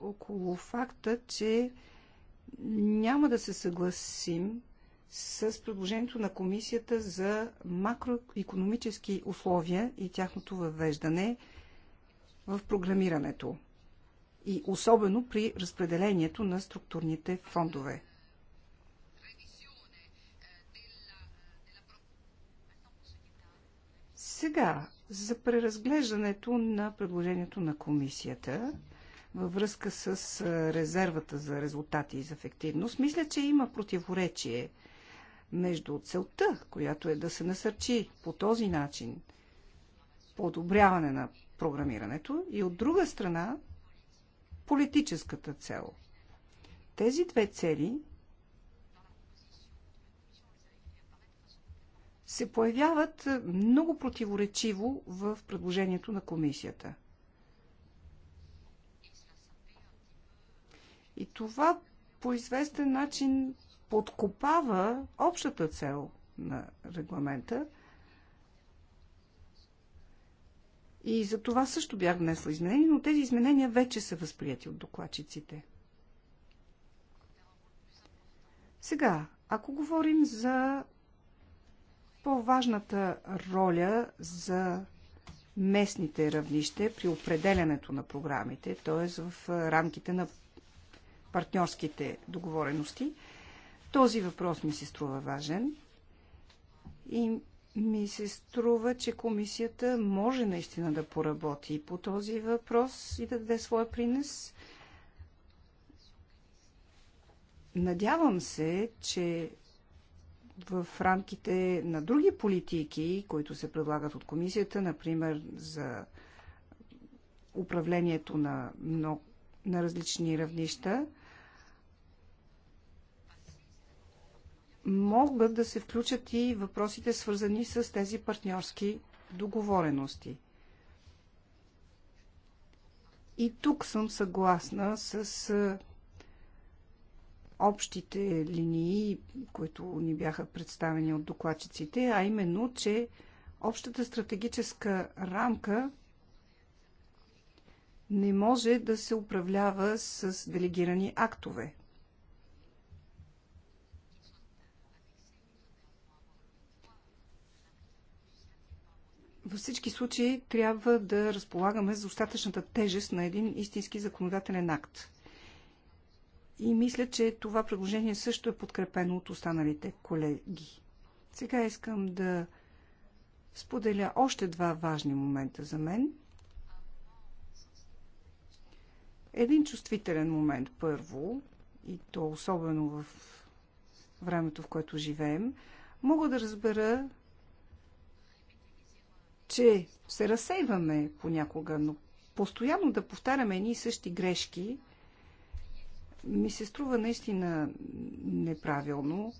около факта, че няма да се съгласим с предложението на комисията за макроекономически условия и тяхното въвеждане в програмирането и особено при разпределението на структурните фондове. Сега, за преразглеждането на предложението на комисията във връзка с резервата за резултати и за ефективност. Мисля, че има противоречие между целта, която е да се насърчи по този начин подобряване на програмирането и от друга страна политическата цел. Тези две цели се появяват много противоречиво в предложението на комисията. И това по известен начин подкопава общата цел на регламента. И за това също бях внесла изменения, но тези изменения вече са възприяти от докладчиците. Сега, ако говорим за по-важната роля за местните равнище при определенето на програмите, т.е. в рамките на партньорските договорености. Този въпрос ми се струва важен и ми се струва, че комисията може наистина да поработи по този въпрос и да даде своя принес. Надявам се, че в рамките на други политики, които се предлагат от комисията, например за управлението на, много, на различни равнища, могат да се включат и въпросите свързани с тези партньорски договорености. И тук съм съгласна с общите линии, които ни бяха представени от докладчиците, а именно, че общата стратегическа рамка не може да се управлява с делегирани актове. Във всички случаи трябва да разполагаме за остатъчната тежест на един истински законодателен акт. И мисля, че това предложение също е подкрепено от останалите колеги. Сега искам да споделя още два важни момента за мен. Един чувствителен момент първо, и то особено в времето, в което живеем, мога да разбера, че се разсейваме понякога, но постоянно да повтаряме едни и същи грешки – ми се струва наистина неправилно.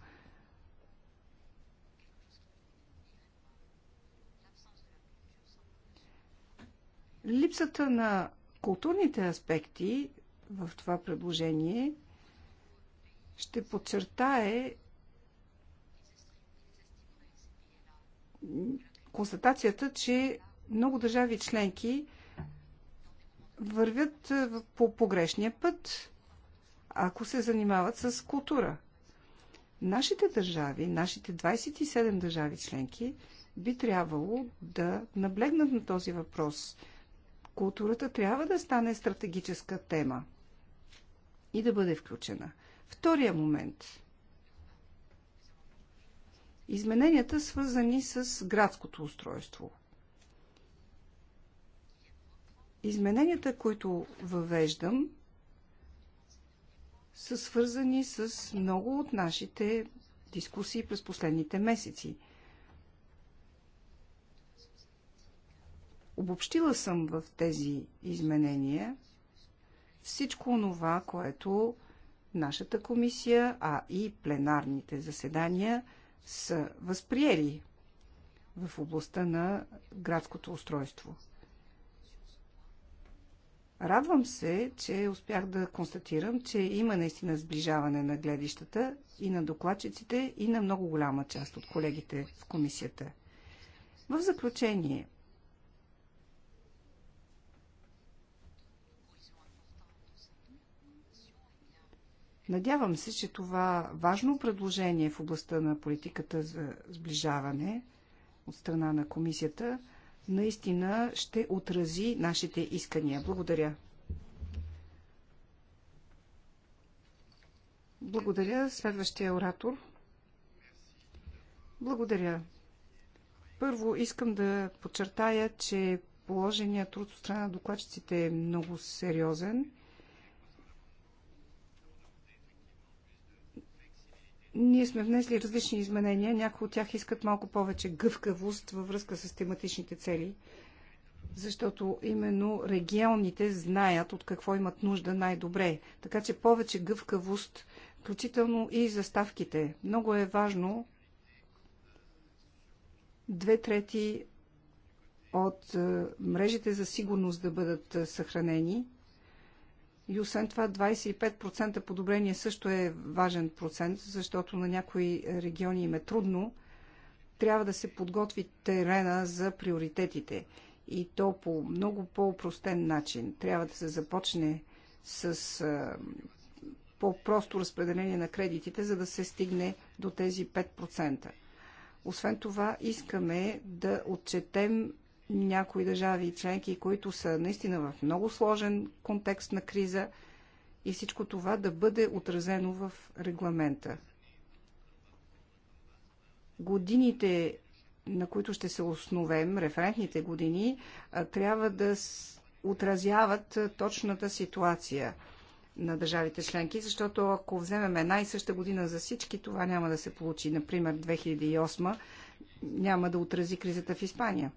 Липсата на културните аспекти в това предложение ще подчертае констатацията, че много държави членки вървят по погрешния път ако се занимават с култура. Нашите държави, нашите 27 държави членки, би трябвало да наблегнат на този въпрос. Културата трябва да стане стратегическа тема и да бъде включена. Втория момент. Измененията свързани с градското устройство. Измененията, които въвеждам, са свързани с много от нашите дискусии през последните месеци. Обобщила съм в тези изменения всичко онова, което нашата комисия, а и пленарните заседания са възприели в областта на градското устройство. Радвам се, че успях да констатирам, че има наистина сближаване на гледищата и на докладчиците, и на много голяма част от колегите в комисията. В заключение, Надявам се, че това важно предложение в областта на политиката за сближаване от страна на комисията – наистина ще отрази нашите искания. Благодаря. Благодаря. Следващия оратор. Благодаря. Първо искам да подчертая, че положения труд от страна на докладчиците е много сериозен Ние сме внесли различни изменения. Някои от тях искат малко повече гъвкавост във връзка с тематичните цели, защото именно регионите знаят от какво имат нужда най-добре. Така че повече гъвкавост, включително и заставките. Много е важно две трети от е, мрежите за сигурност да бъдат е, съхранени и освен това 25% подобрение също е важен процент, защото на някои региони им е трудно. Трябва да се подготви терена за приоритетите. И то по много по-простен начин. Трябва да се започне с по-просто разпределение на кредитите, за да се стигне до тези 5%. Освен това, искаме да отчетем някои държави и членки, които са наистина в много сложен контекст на криза и всичко това да бъде отразено в регламента. Годините, на които ще се основем, референтните години, трябва да отразяват точната ситуация на държавите членки, защото ако вземем една и съща година за всички, това няма да се получи. Например, 2008 няма да отрази кризата в Испания.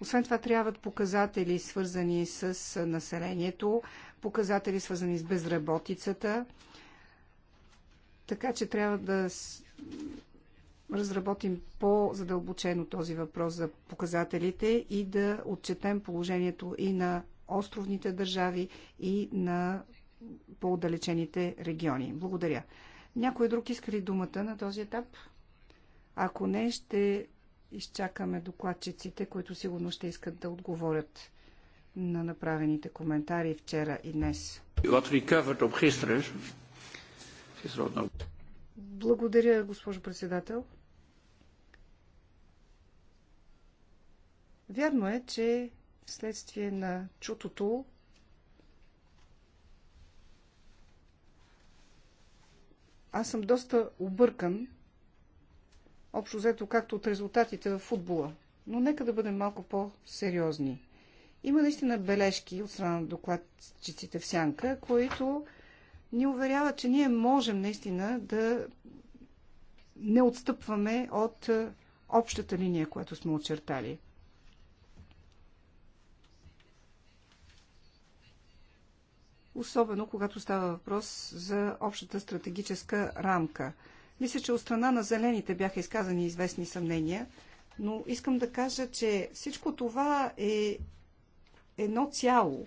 Освен това трябват показатели, свързани с населението, показатели, свързани с безработицата. Така че трябва да разработим по-задълбочено този въпрос за показателите и да отчетем положението и на островните държави и на по-отдалечените региони. Благодаря. Някой друг иска ли думата на този етап? Ако не, ще изчакаме докладчиците, които сигурно ще искат да отговорят на направените коментари вчера и днес. Er Благодаря, госпожо председател. Вярно е, че вследствие на чутото аз съм доста объркан общо взето както от резултатите в футбола. Но нека да бъдем малко по-сериозни. Има наистина бележки от страна на докладчиците в Сянка, които ни уверяват, че ние можем наистина да не отстъпваме от е, общата линия, която сме очертали. Особено когато става въпрос за общата стратегическа рамка – мисля, че от страна на зелените бяха изказани известни съмнения, но искам да кажа, че всичко това е едно цяло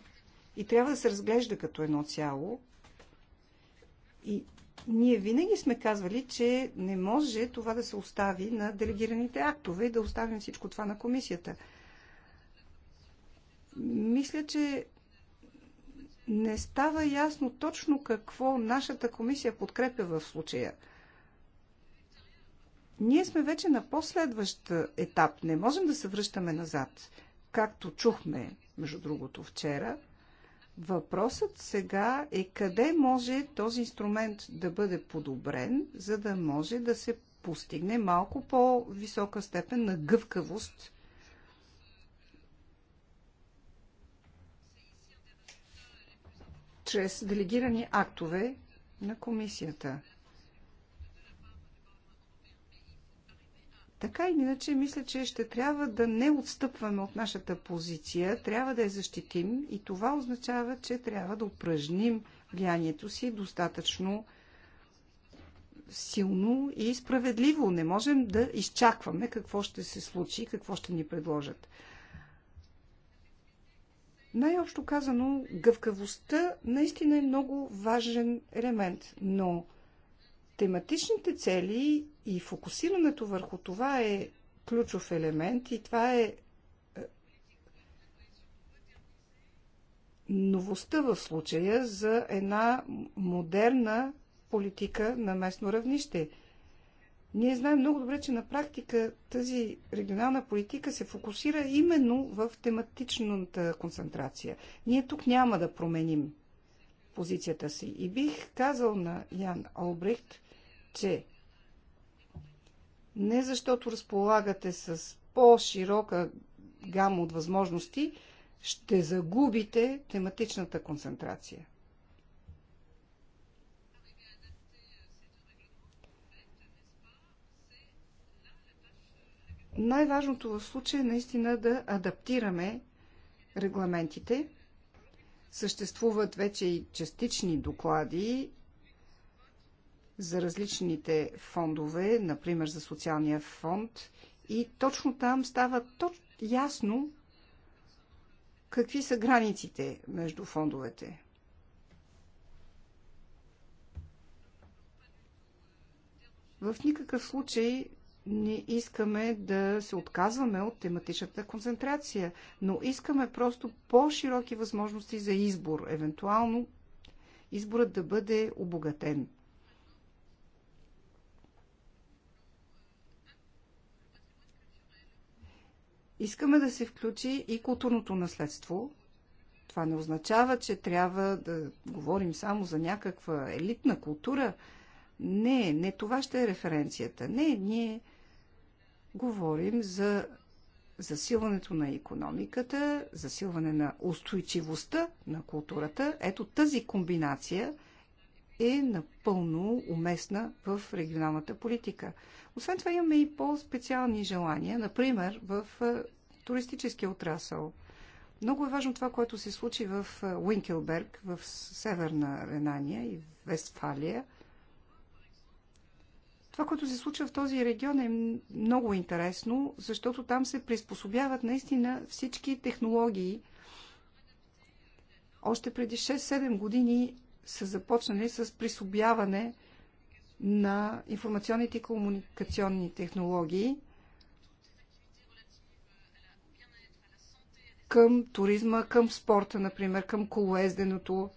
и трябва да се разглежда като едно цяло. И ние винаги сме казвали, че не може това да се остави на делегираните актове и да оставим всичко това на комисията. Мисля, че не става ясно точно какво нашата комисия подкрепя в случая – ние сме вече на последващ е, етап. Не можем да се връщаме назад. Както чухме, между другото, вчера, въпросът сега е къде може този инструмент да бъде подобрен, за да може да се постигне малко по-висока степен на гъвкавост чрез делегирани актове на комисията. Така или иначе, мисля, че ще трябва да не отстъпваме от нашата позиция, трябва да я защитим и това означава, че трябва да упражним влиянието си достатъчно силно и справедливо. Не можем да изчакваме какво ще се случи, какво ще ни предложат. Най-общо казано, гъвкавостта наистина е много важен елемент, но Тематичните цели и фокусирането върху това е ключов елемент и това е, е новостта в случая за една модерна политика на местно равнище. Ние знаем много добре, че на практика тази регионална политика се фокусира именно в тематичната концентрация. Ние тук няма да променим позицията си. И бих казал на Ян Олбрехт, че не защото разполагате с по-широка гама от възможности, ще загубите тематичната концентрация. Най-важното в случая е наистина да адаптираме регламентите. Съществуват вече и частични доклади за различните фондове, например за социалния фонд. И точно там става точно ясно какви са границите между фондовете. В никакъв случай не искаме да се отказваме от тематичната концентрация, но искаме просто по-широки възможности за избор, евентуално изборът да бъде обогатен. Искаме да се включи и културното наследство. Това не означава, че трябва да говорим само за някаква елитна култура. Не, не това ще е референцията. Не, ние говорим за засилването на економиката, засилване на устойчивостта на културата. Ето тази комбинация – е напълно уместна в регионалната политика. Освен това имаме и по-специални желания, например в е, туристическия отрасъл. Много е важно това, което се случи в е, Уинкелберг, в Северна Ренания и Вестфалия. Това, което се случва в този регион е много интересно, защото там се приспособяват наистина всички технологии. Още преди 6-7 години са започнали с присобяване на информационните и комуникационни технологии към туризма, към спорта, например, към колоезденото,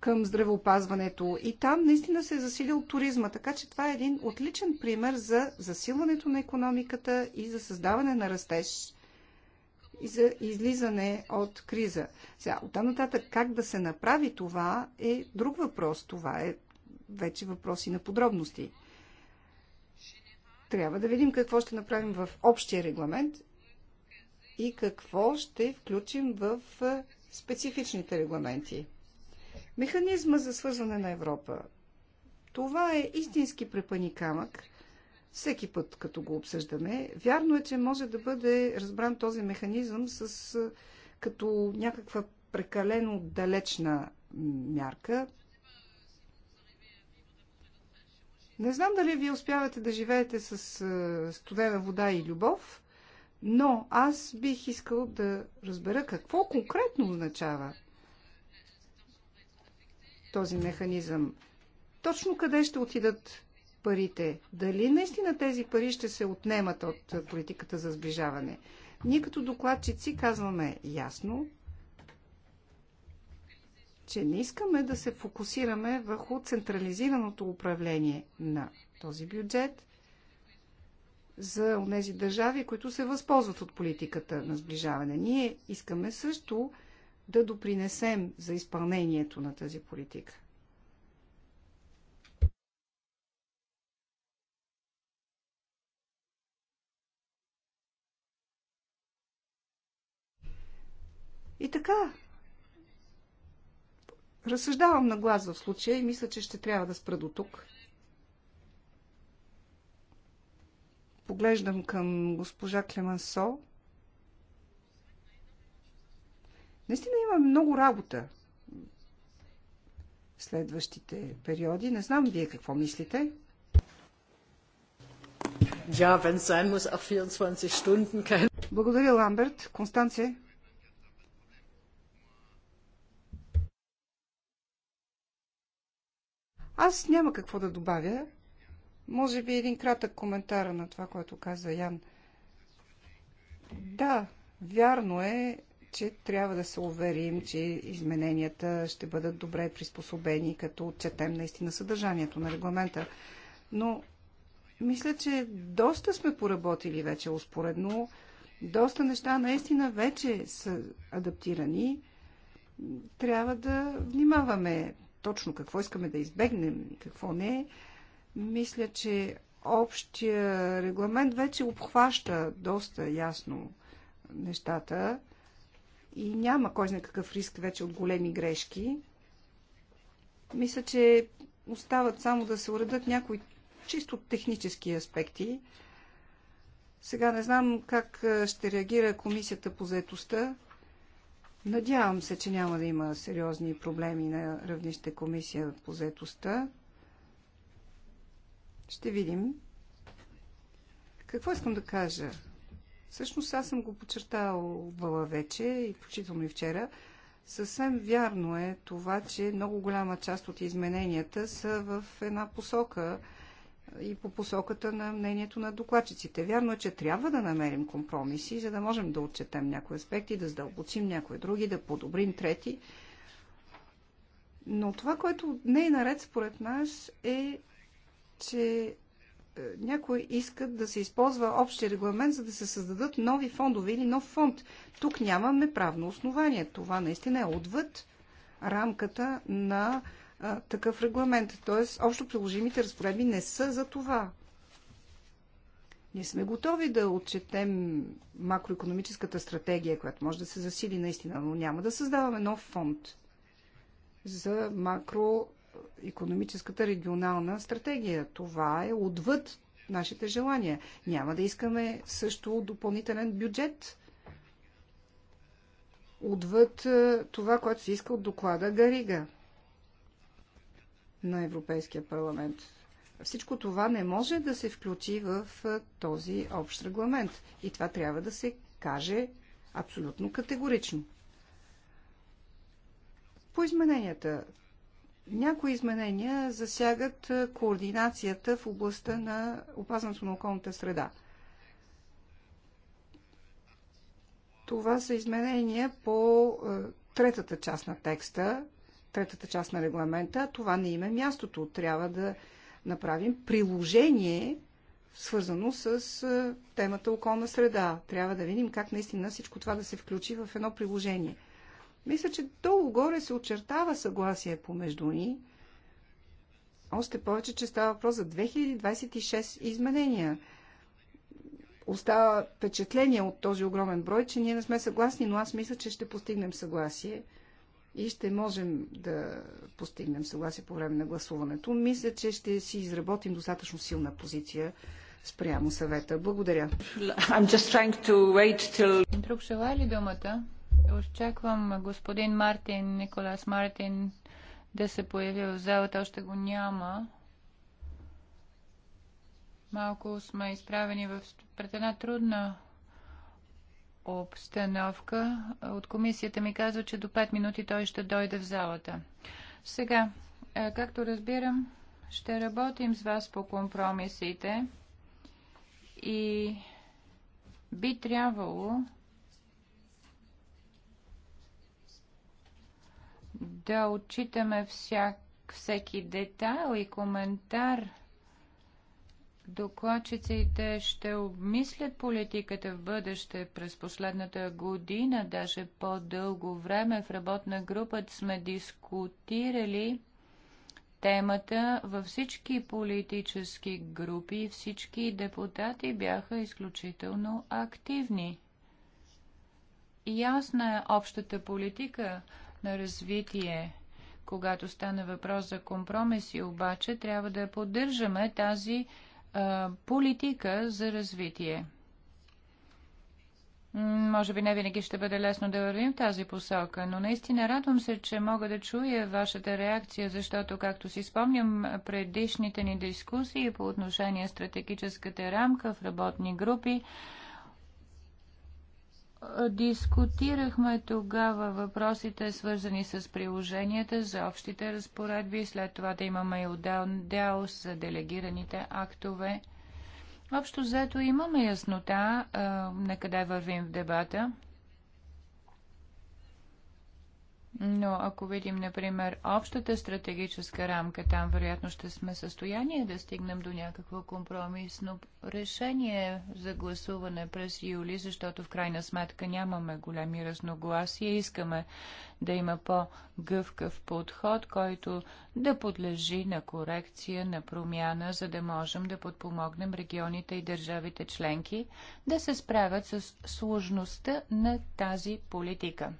към здравеопазването. И там наистина се е засилил туризма. Така че това е един отличен пример за засилването на економиката и за създаване на растеж и за излизане от криза. Сега, оттам нататък как да се направи това е друг въпрос. Това е вече въпроси на подробности. Трябва да видим какво ще направим в общия регламент и какво ще включим в специфичните регламенти. Механизма за свързване на Европа. Това е истински препани камък – всеки път, като го обсъждаме. Вярно е, че може да бъде разбран този механизъм с, като някаква прекалено далечна мярка. Не знам дали вие успявате да живеете с студена вода и любов, но аз бих искал да разбера какво конкретно означава този механизъм. Точно къде ще отидат парите. Дали наистина тези пари ще се отнемат от политиката за сближаване? Ние като докладчици казваме ясно, че не искаме да се фокусираме върху централизираното управление на този бюджет за тези държави, които се възползват от политиката на сближаване. Ние искаме също да допринесем за изпълнението на тази политика. И така, разсъждавам на глаз в случая и мисля, че ще трябва да спра до тук. Поглеждам към госпожа Клемансо. Наистина има много работа в следващите периоди. Не знам вие какво мислите. Ja, wenn es sein muss, auch 24 Stunden. Благодаря, Ламберт. Констанция? Аз няма какво да добавя. Може би един кратък коментар на това, което каза Ян. Да, вярно е, че трябва да се уверим, че измененията ще бъдат добре приспособени, като отчетем наистина съдържанието на регламента. Но мисля, че доста сме поработили вече успоредно. Доста неща наистина вече са адаптирани. Трябва да внимаваме точно какво искаме да избегнем и какво не, мисля, че общия регламент вече обхваща доста ясно нещата и няма кой знае какъв риск вече от големи грешки. Мисля, че остават само да се уредат някои чисто технически аспекти. Сега не знам как ще реагира комисията по заетостта. Надявам се, че няма да има сериозни проблеми на равнище комисия по заетостта. Ще видим. Какво искам да кажа? Всъщност аз съм го подчертавала вече, и включително и вчера. Съвсем вярно е това, че много голяма част от измененията са в една посока – и по посоката на мнението на докладчиците. Вярно е, че трябва да намерим компромиси, за да можем да отчетем някои аспекти, да задълбочим някои други, да подобрим трети. Но това, което не е наред според нас е, че е, някои искат да се използва общия регламент, за да се създадат нови фондове или нов фонд. Тук нямаме правно основание. Това наистина е отвъд рамката на а, такъв регламент. Тоест, общо приложимите разпоредби не са за това. Ние сме готови да отчетем макроекономическата стратегия, която може да се засили наистина, но няма да създаваме нов фонд за макроекономическата регионална стратегия. Това е отвъд нашите желания. Няма да искаме също допълнителен бюджет отвъд това, което се иска от доклада Гарига на Европейския парламент. Всичко това не може да се включи в този общ регламент. И това трябва да се каже абсолютно категорично. По измененията. Някои изменения засягат координацията в областта на опазването на околната среда. Това са изменения по третата част на текста, третата част на регламента, това не има е мястото. Трябва да направим приложение, свързано с е, темата околна среда. Трябва да видим как наистина всичко това да се включи в едно приложение. Мисля, че долу-горе се очертава съгласие помежду ни. Още повече, че става въпрос за 2026 изменения. Остава впечатление от този огромен брой, че ние не сме съгласни, но аз мисля, че ще постигнем съгласие и ще можем да постигнем съгласие по време на гласуването. Мисля, че ще си изработим достатъчно силна позиция спрямо съвета. Благодаря. Till... Друг желая ли думата? Очаквам господин Мартин, Николас Мартин да се появи в залата. Още го няма. Малко сме изправени в... пред една трудна обстановка. От комисията ми казва, че до 5 минути той ще дойде в залата. Сега, е, както разбирам, ще работим с вас по компромисите и би трябвало да отчитаме всяк, всеки детайл и коментар – Докладчиците ще обмислят политиката в бъдеще през последната година, даже по-дълго време в работна група сме дискутирали темата във всички политически групи и всички депутати бяха изключително активни. Ясна е общата политика на развитие. Когато стане въпрос за компромиси, обаче трябва да поддържаме тази политика за развитие. Може би не винаги ще бъде лесно да вървим в тази посока, но наистина радвам се, че мога да чуя вашата реакция, защото, както си спомням, предишните ни дискусии по отношение стратегическата рамка в работни групи, Дискутирахме тогава въпросите, свързани с приложенията за общите разпоредби, след това да имаме и отделен дел за делегираните актове. Общо взето имаме яснота на къде вървим в дебата. Но ако видим, например, общата стратегическа рамка, там вероятно ще сме в състояние да стигнем до някакво компромисно решение за гласуване през юли, защото в крайна сметка нямаме големи разногласия. Искаме да има по-гъвкав подход, който да подлежи на корекция, на промяна, за да можем да подпомогнем регионите и държавите членки да се справят с сложността на тази политика.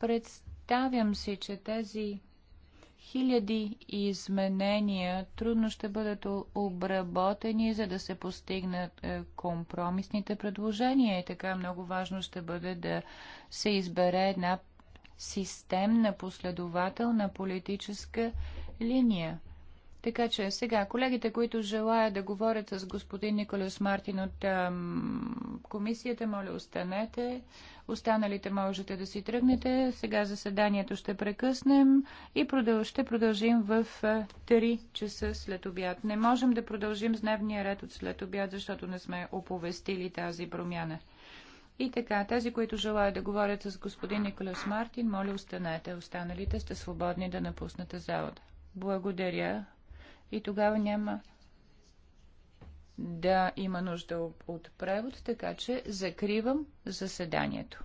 Представям си, че тези хиляди изменения трудно ще бъдат обработени, за да се постигнат е, компромисните предложения. И така много важно ще бъде да се избере една системна, последователна политическа линия. Така че сега колегите, които желаят да говорят с господин Николас Мартин от ам, комисията, моля останете. Останалите можете да си тръгнете. Сега заседанието ще прекъснем и продъл... ще продължим в 3 часа след обяд. Не можем да продължим с дневния ред от след обяд, защото не сме оповестили тази промяна. И така, тези, които желаят да говорят с господин Николас Мартин, моля останете. Останалите сте свободни да напуснете залата. Благодаря и тогава няма да има нужда от превод, така че закривам заседанието.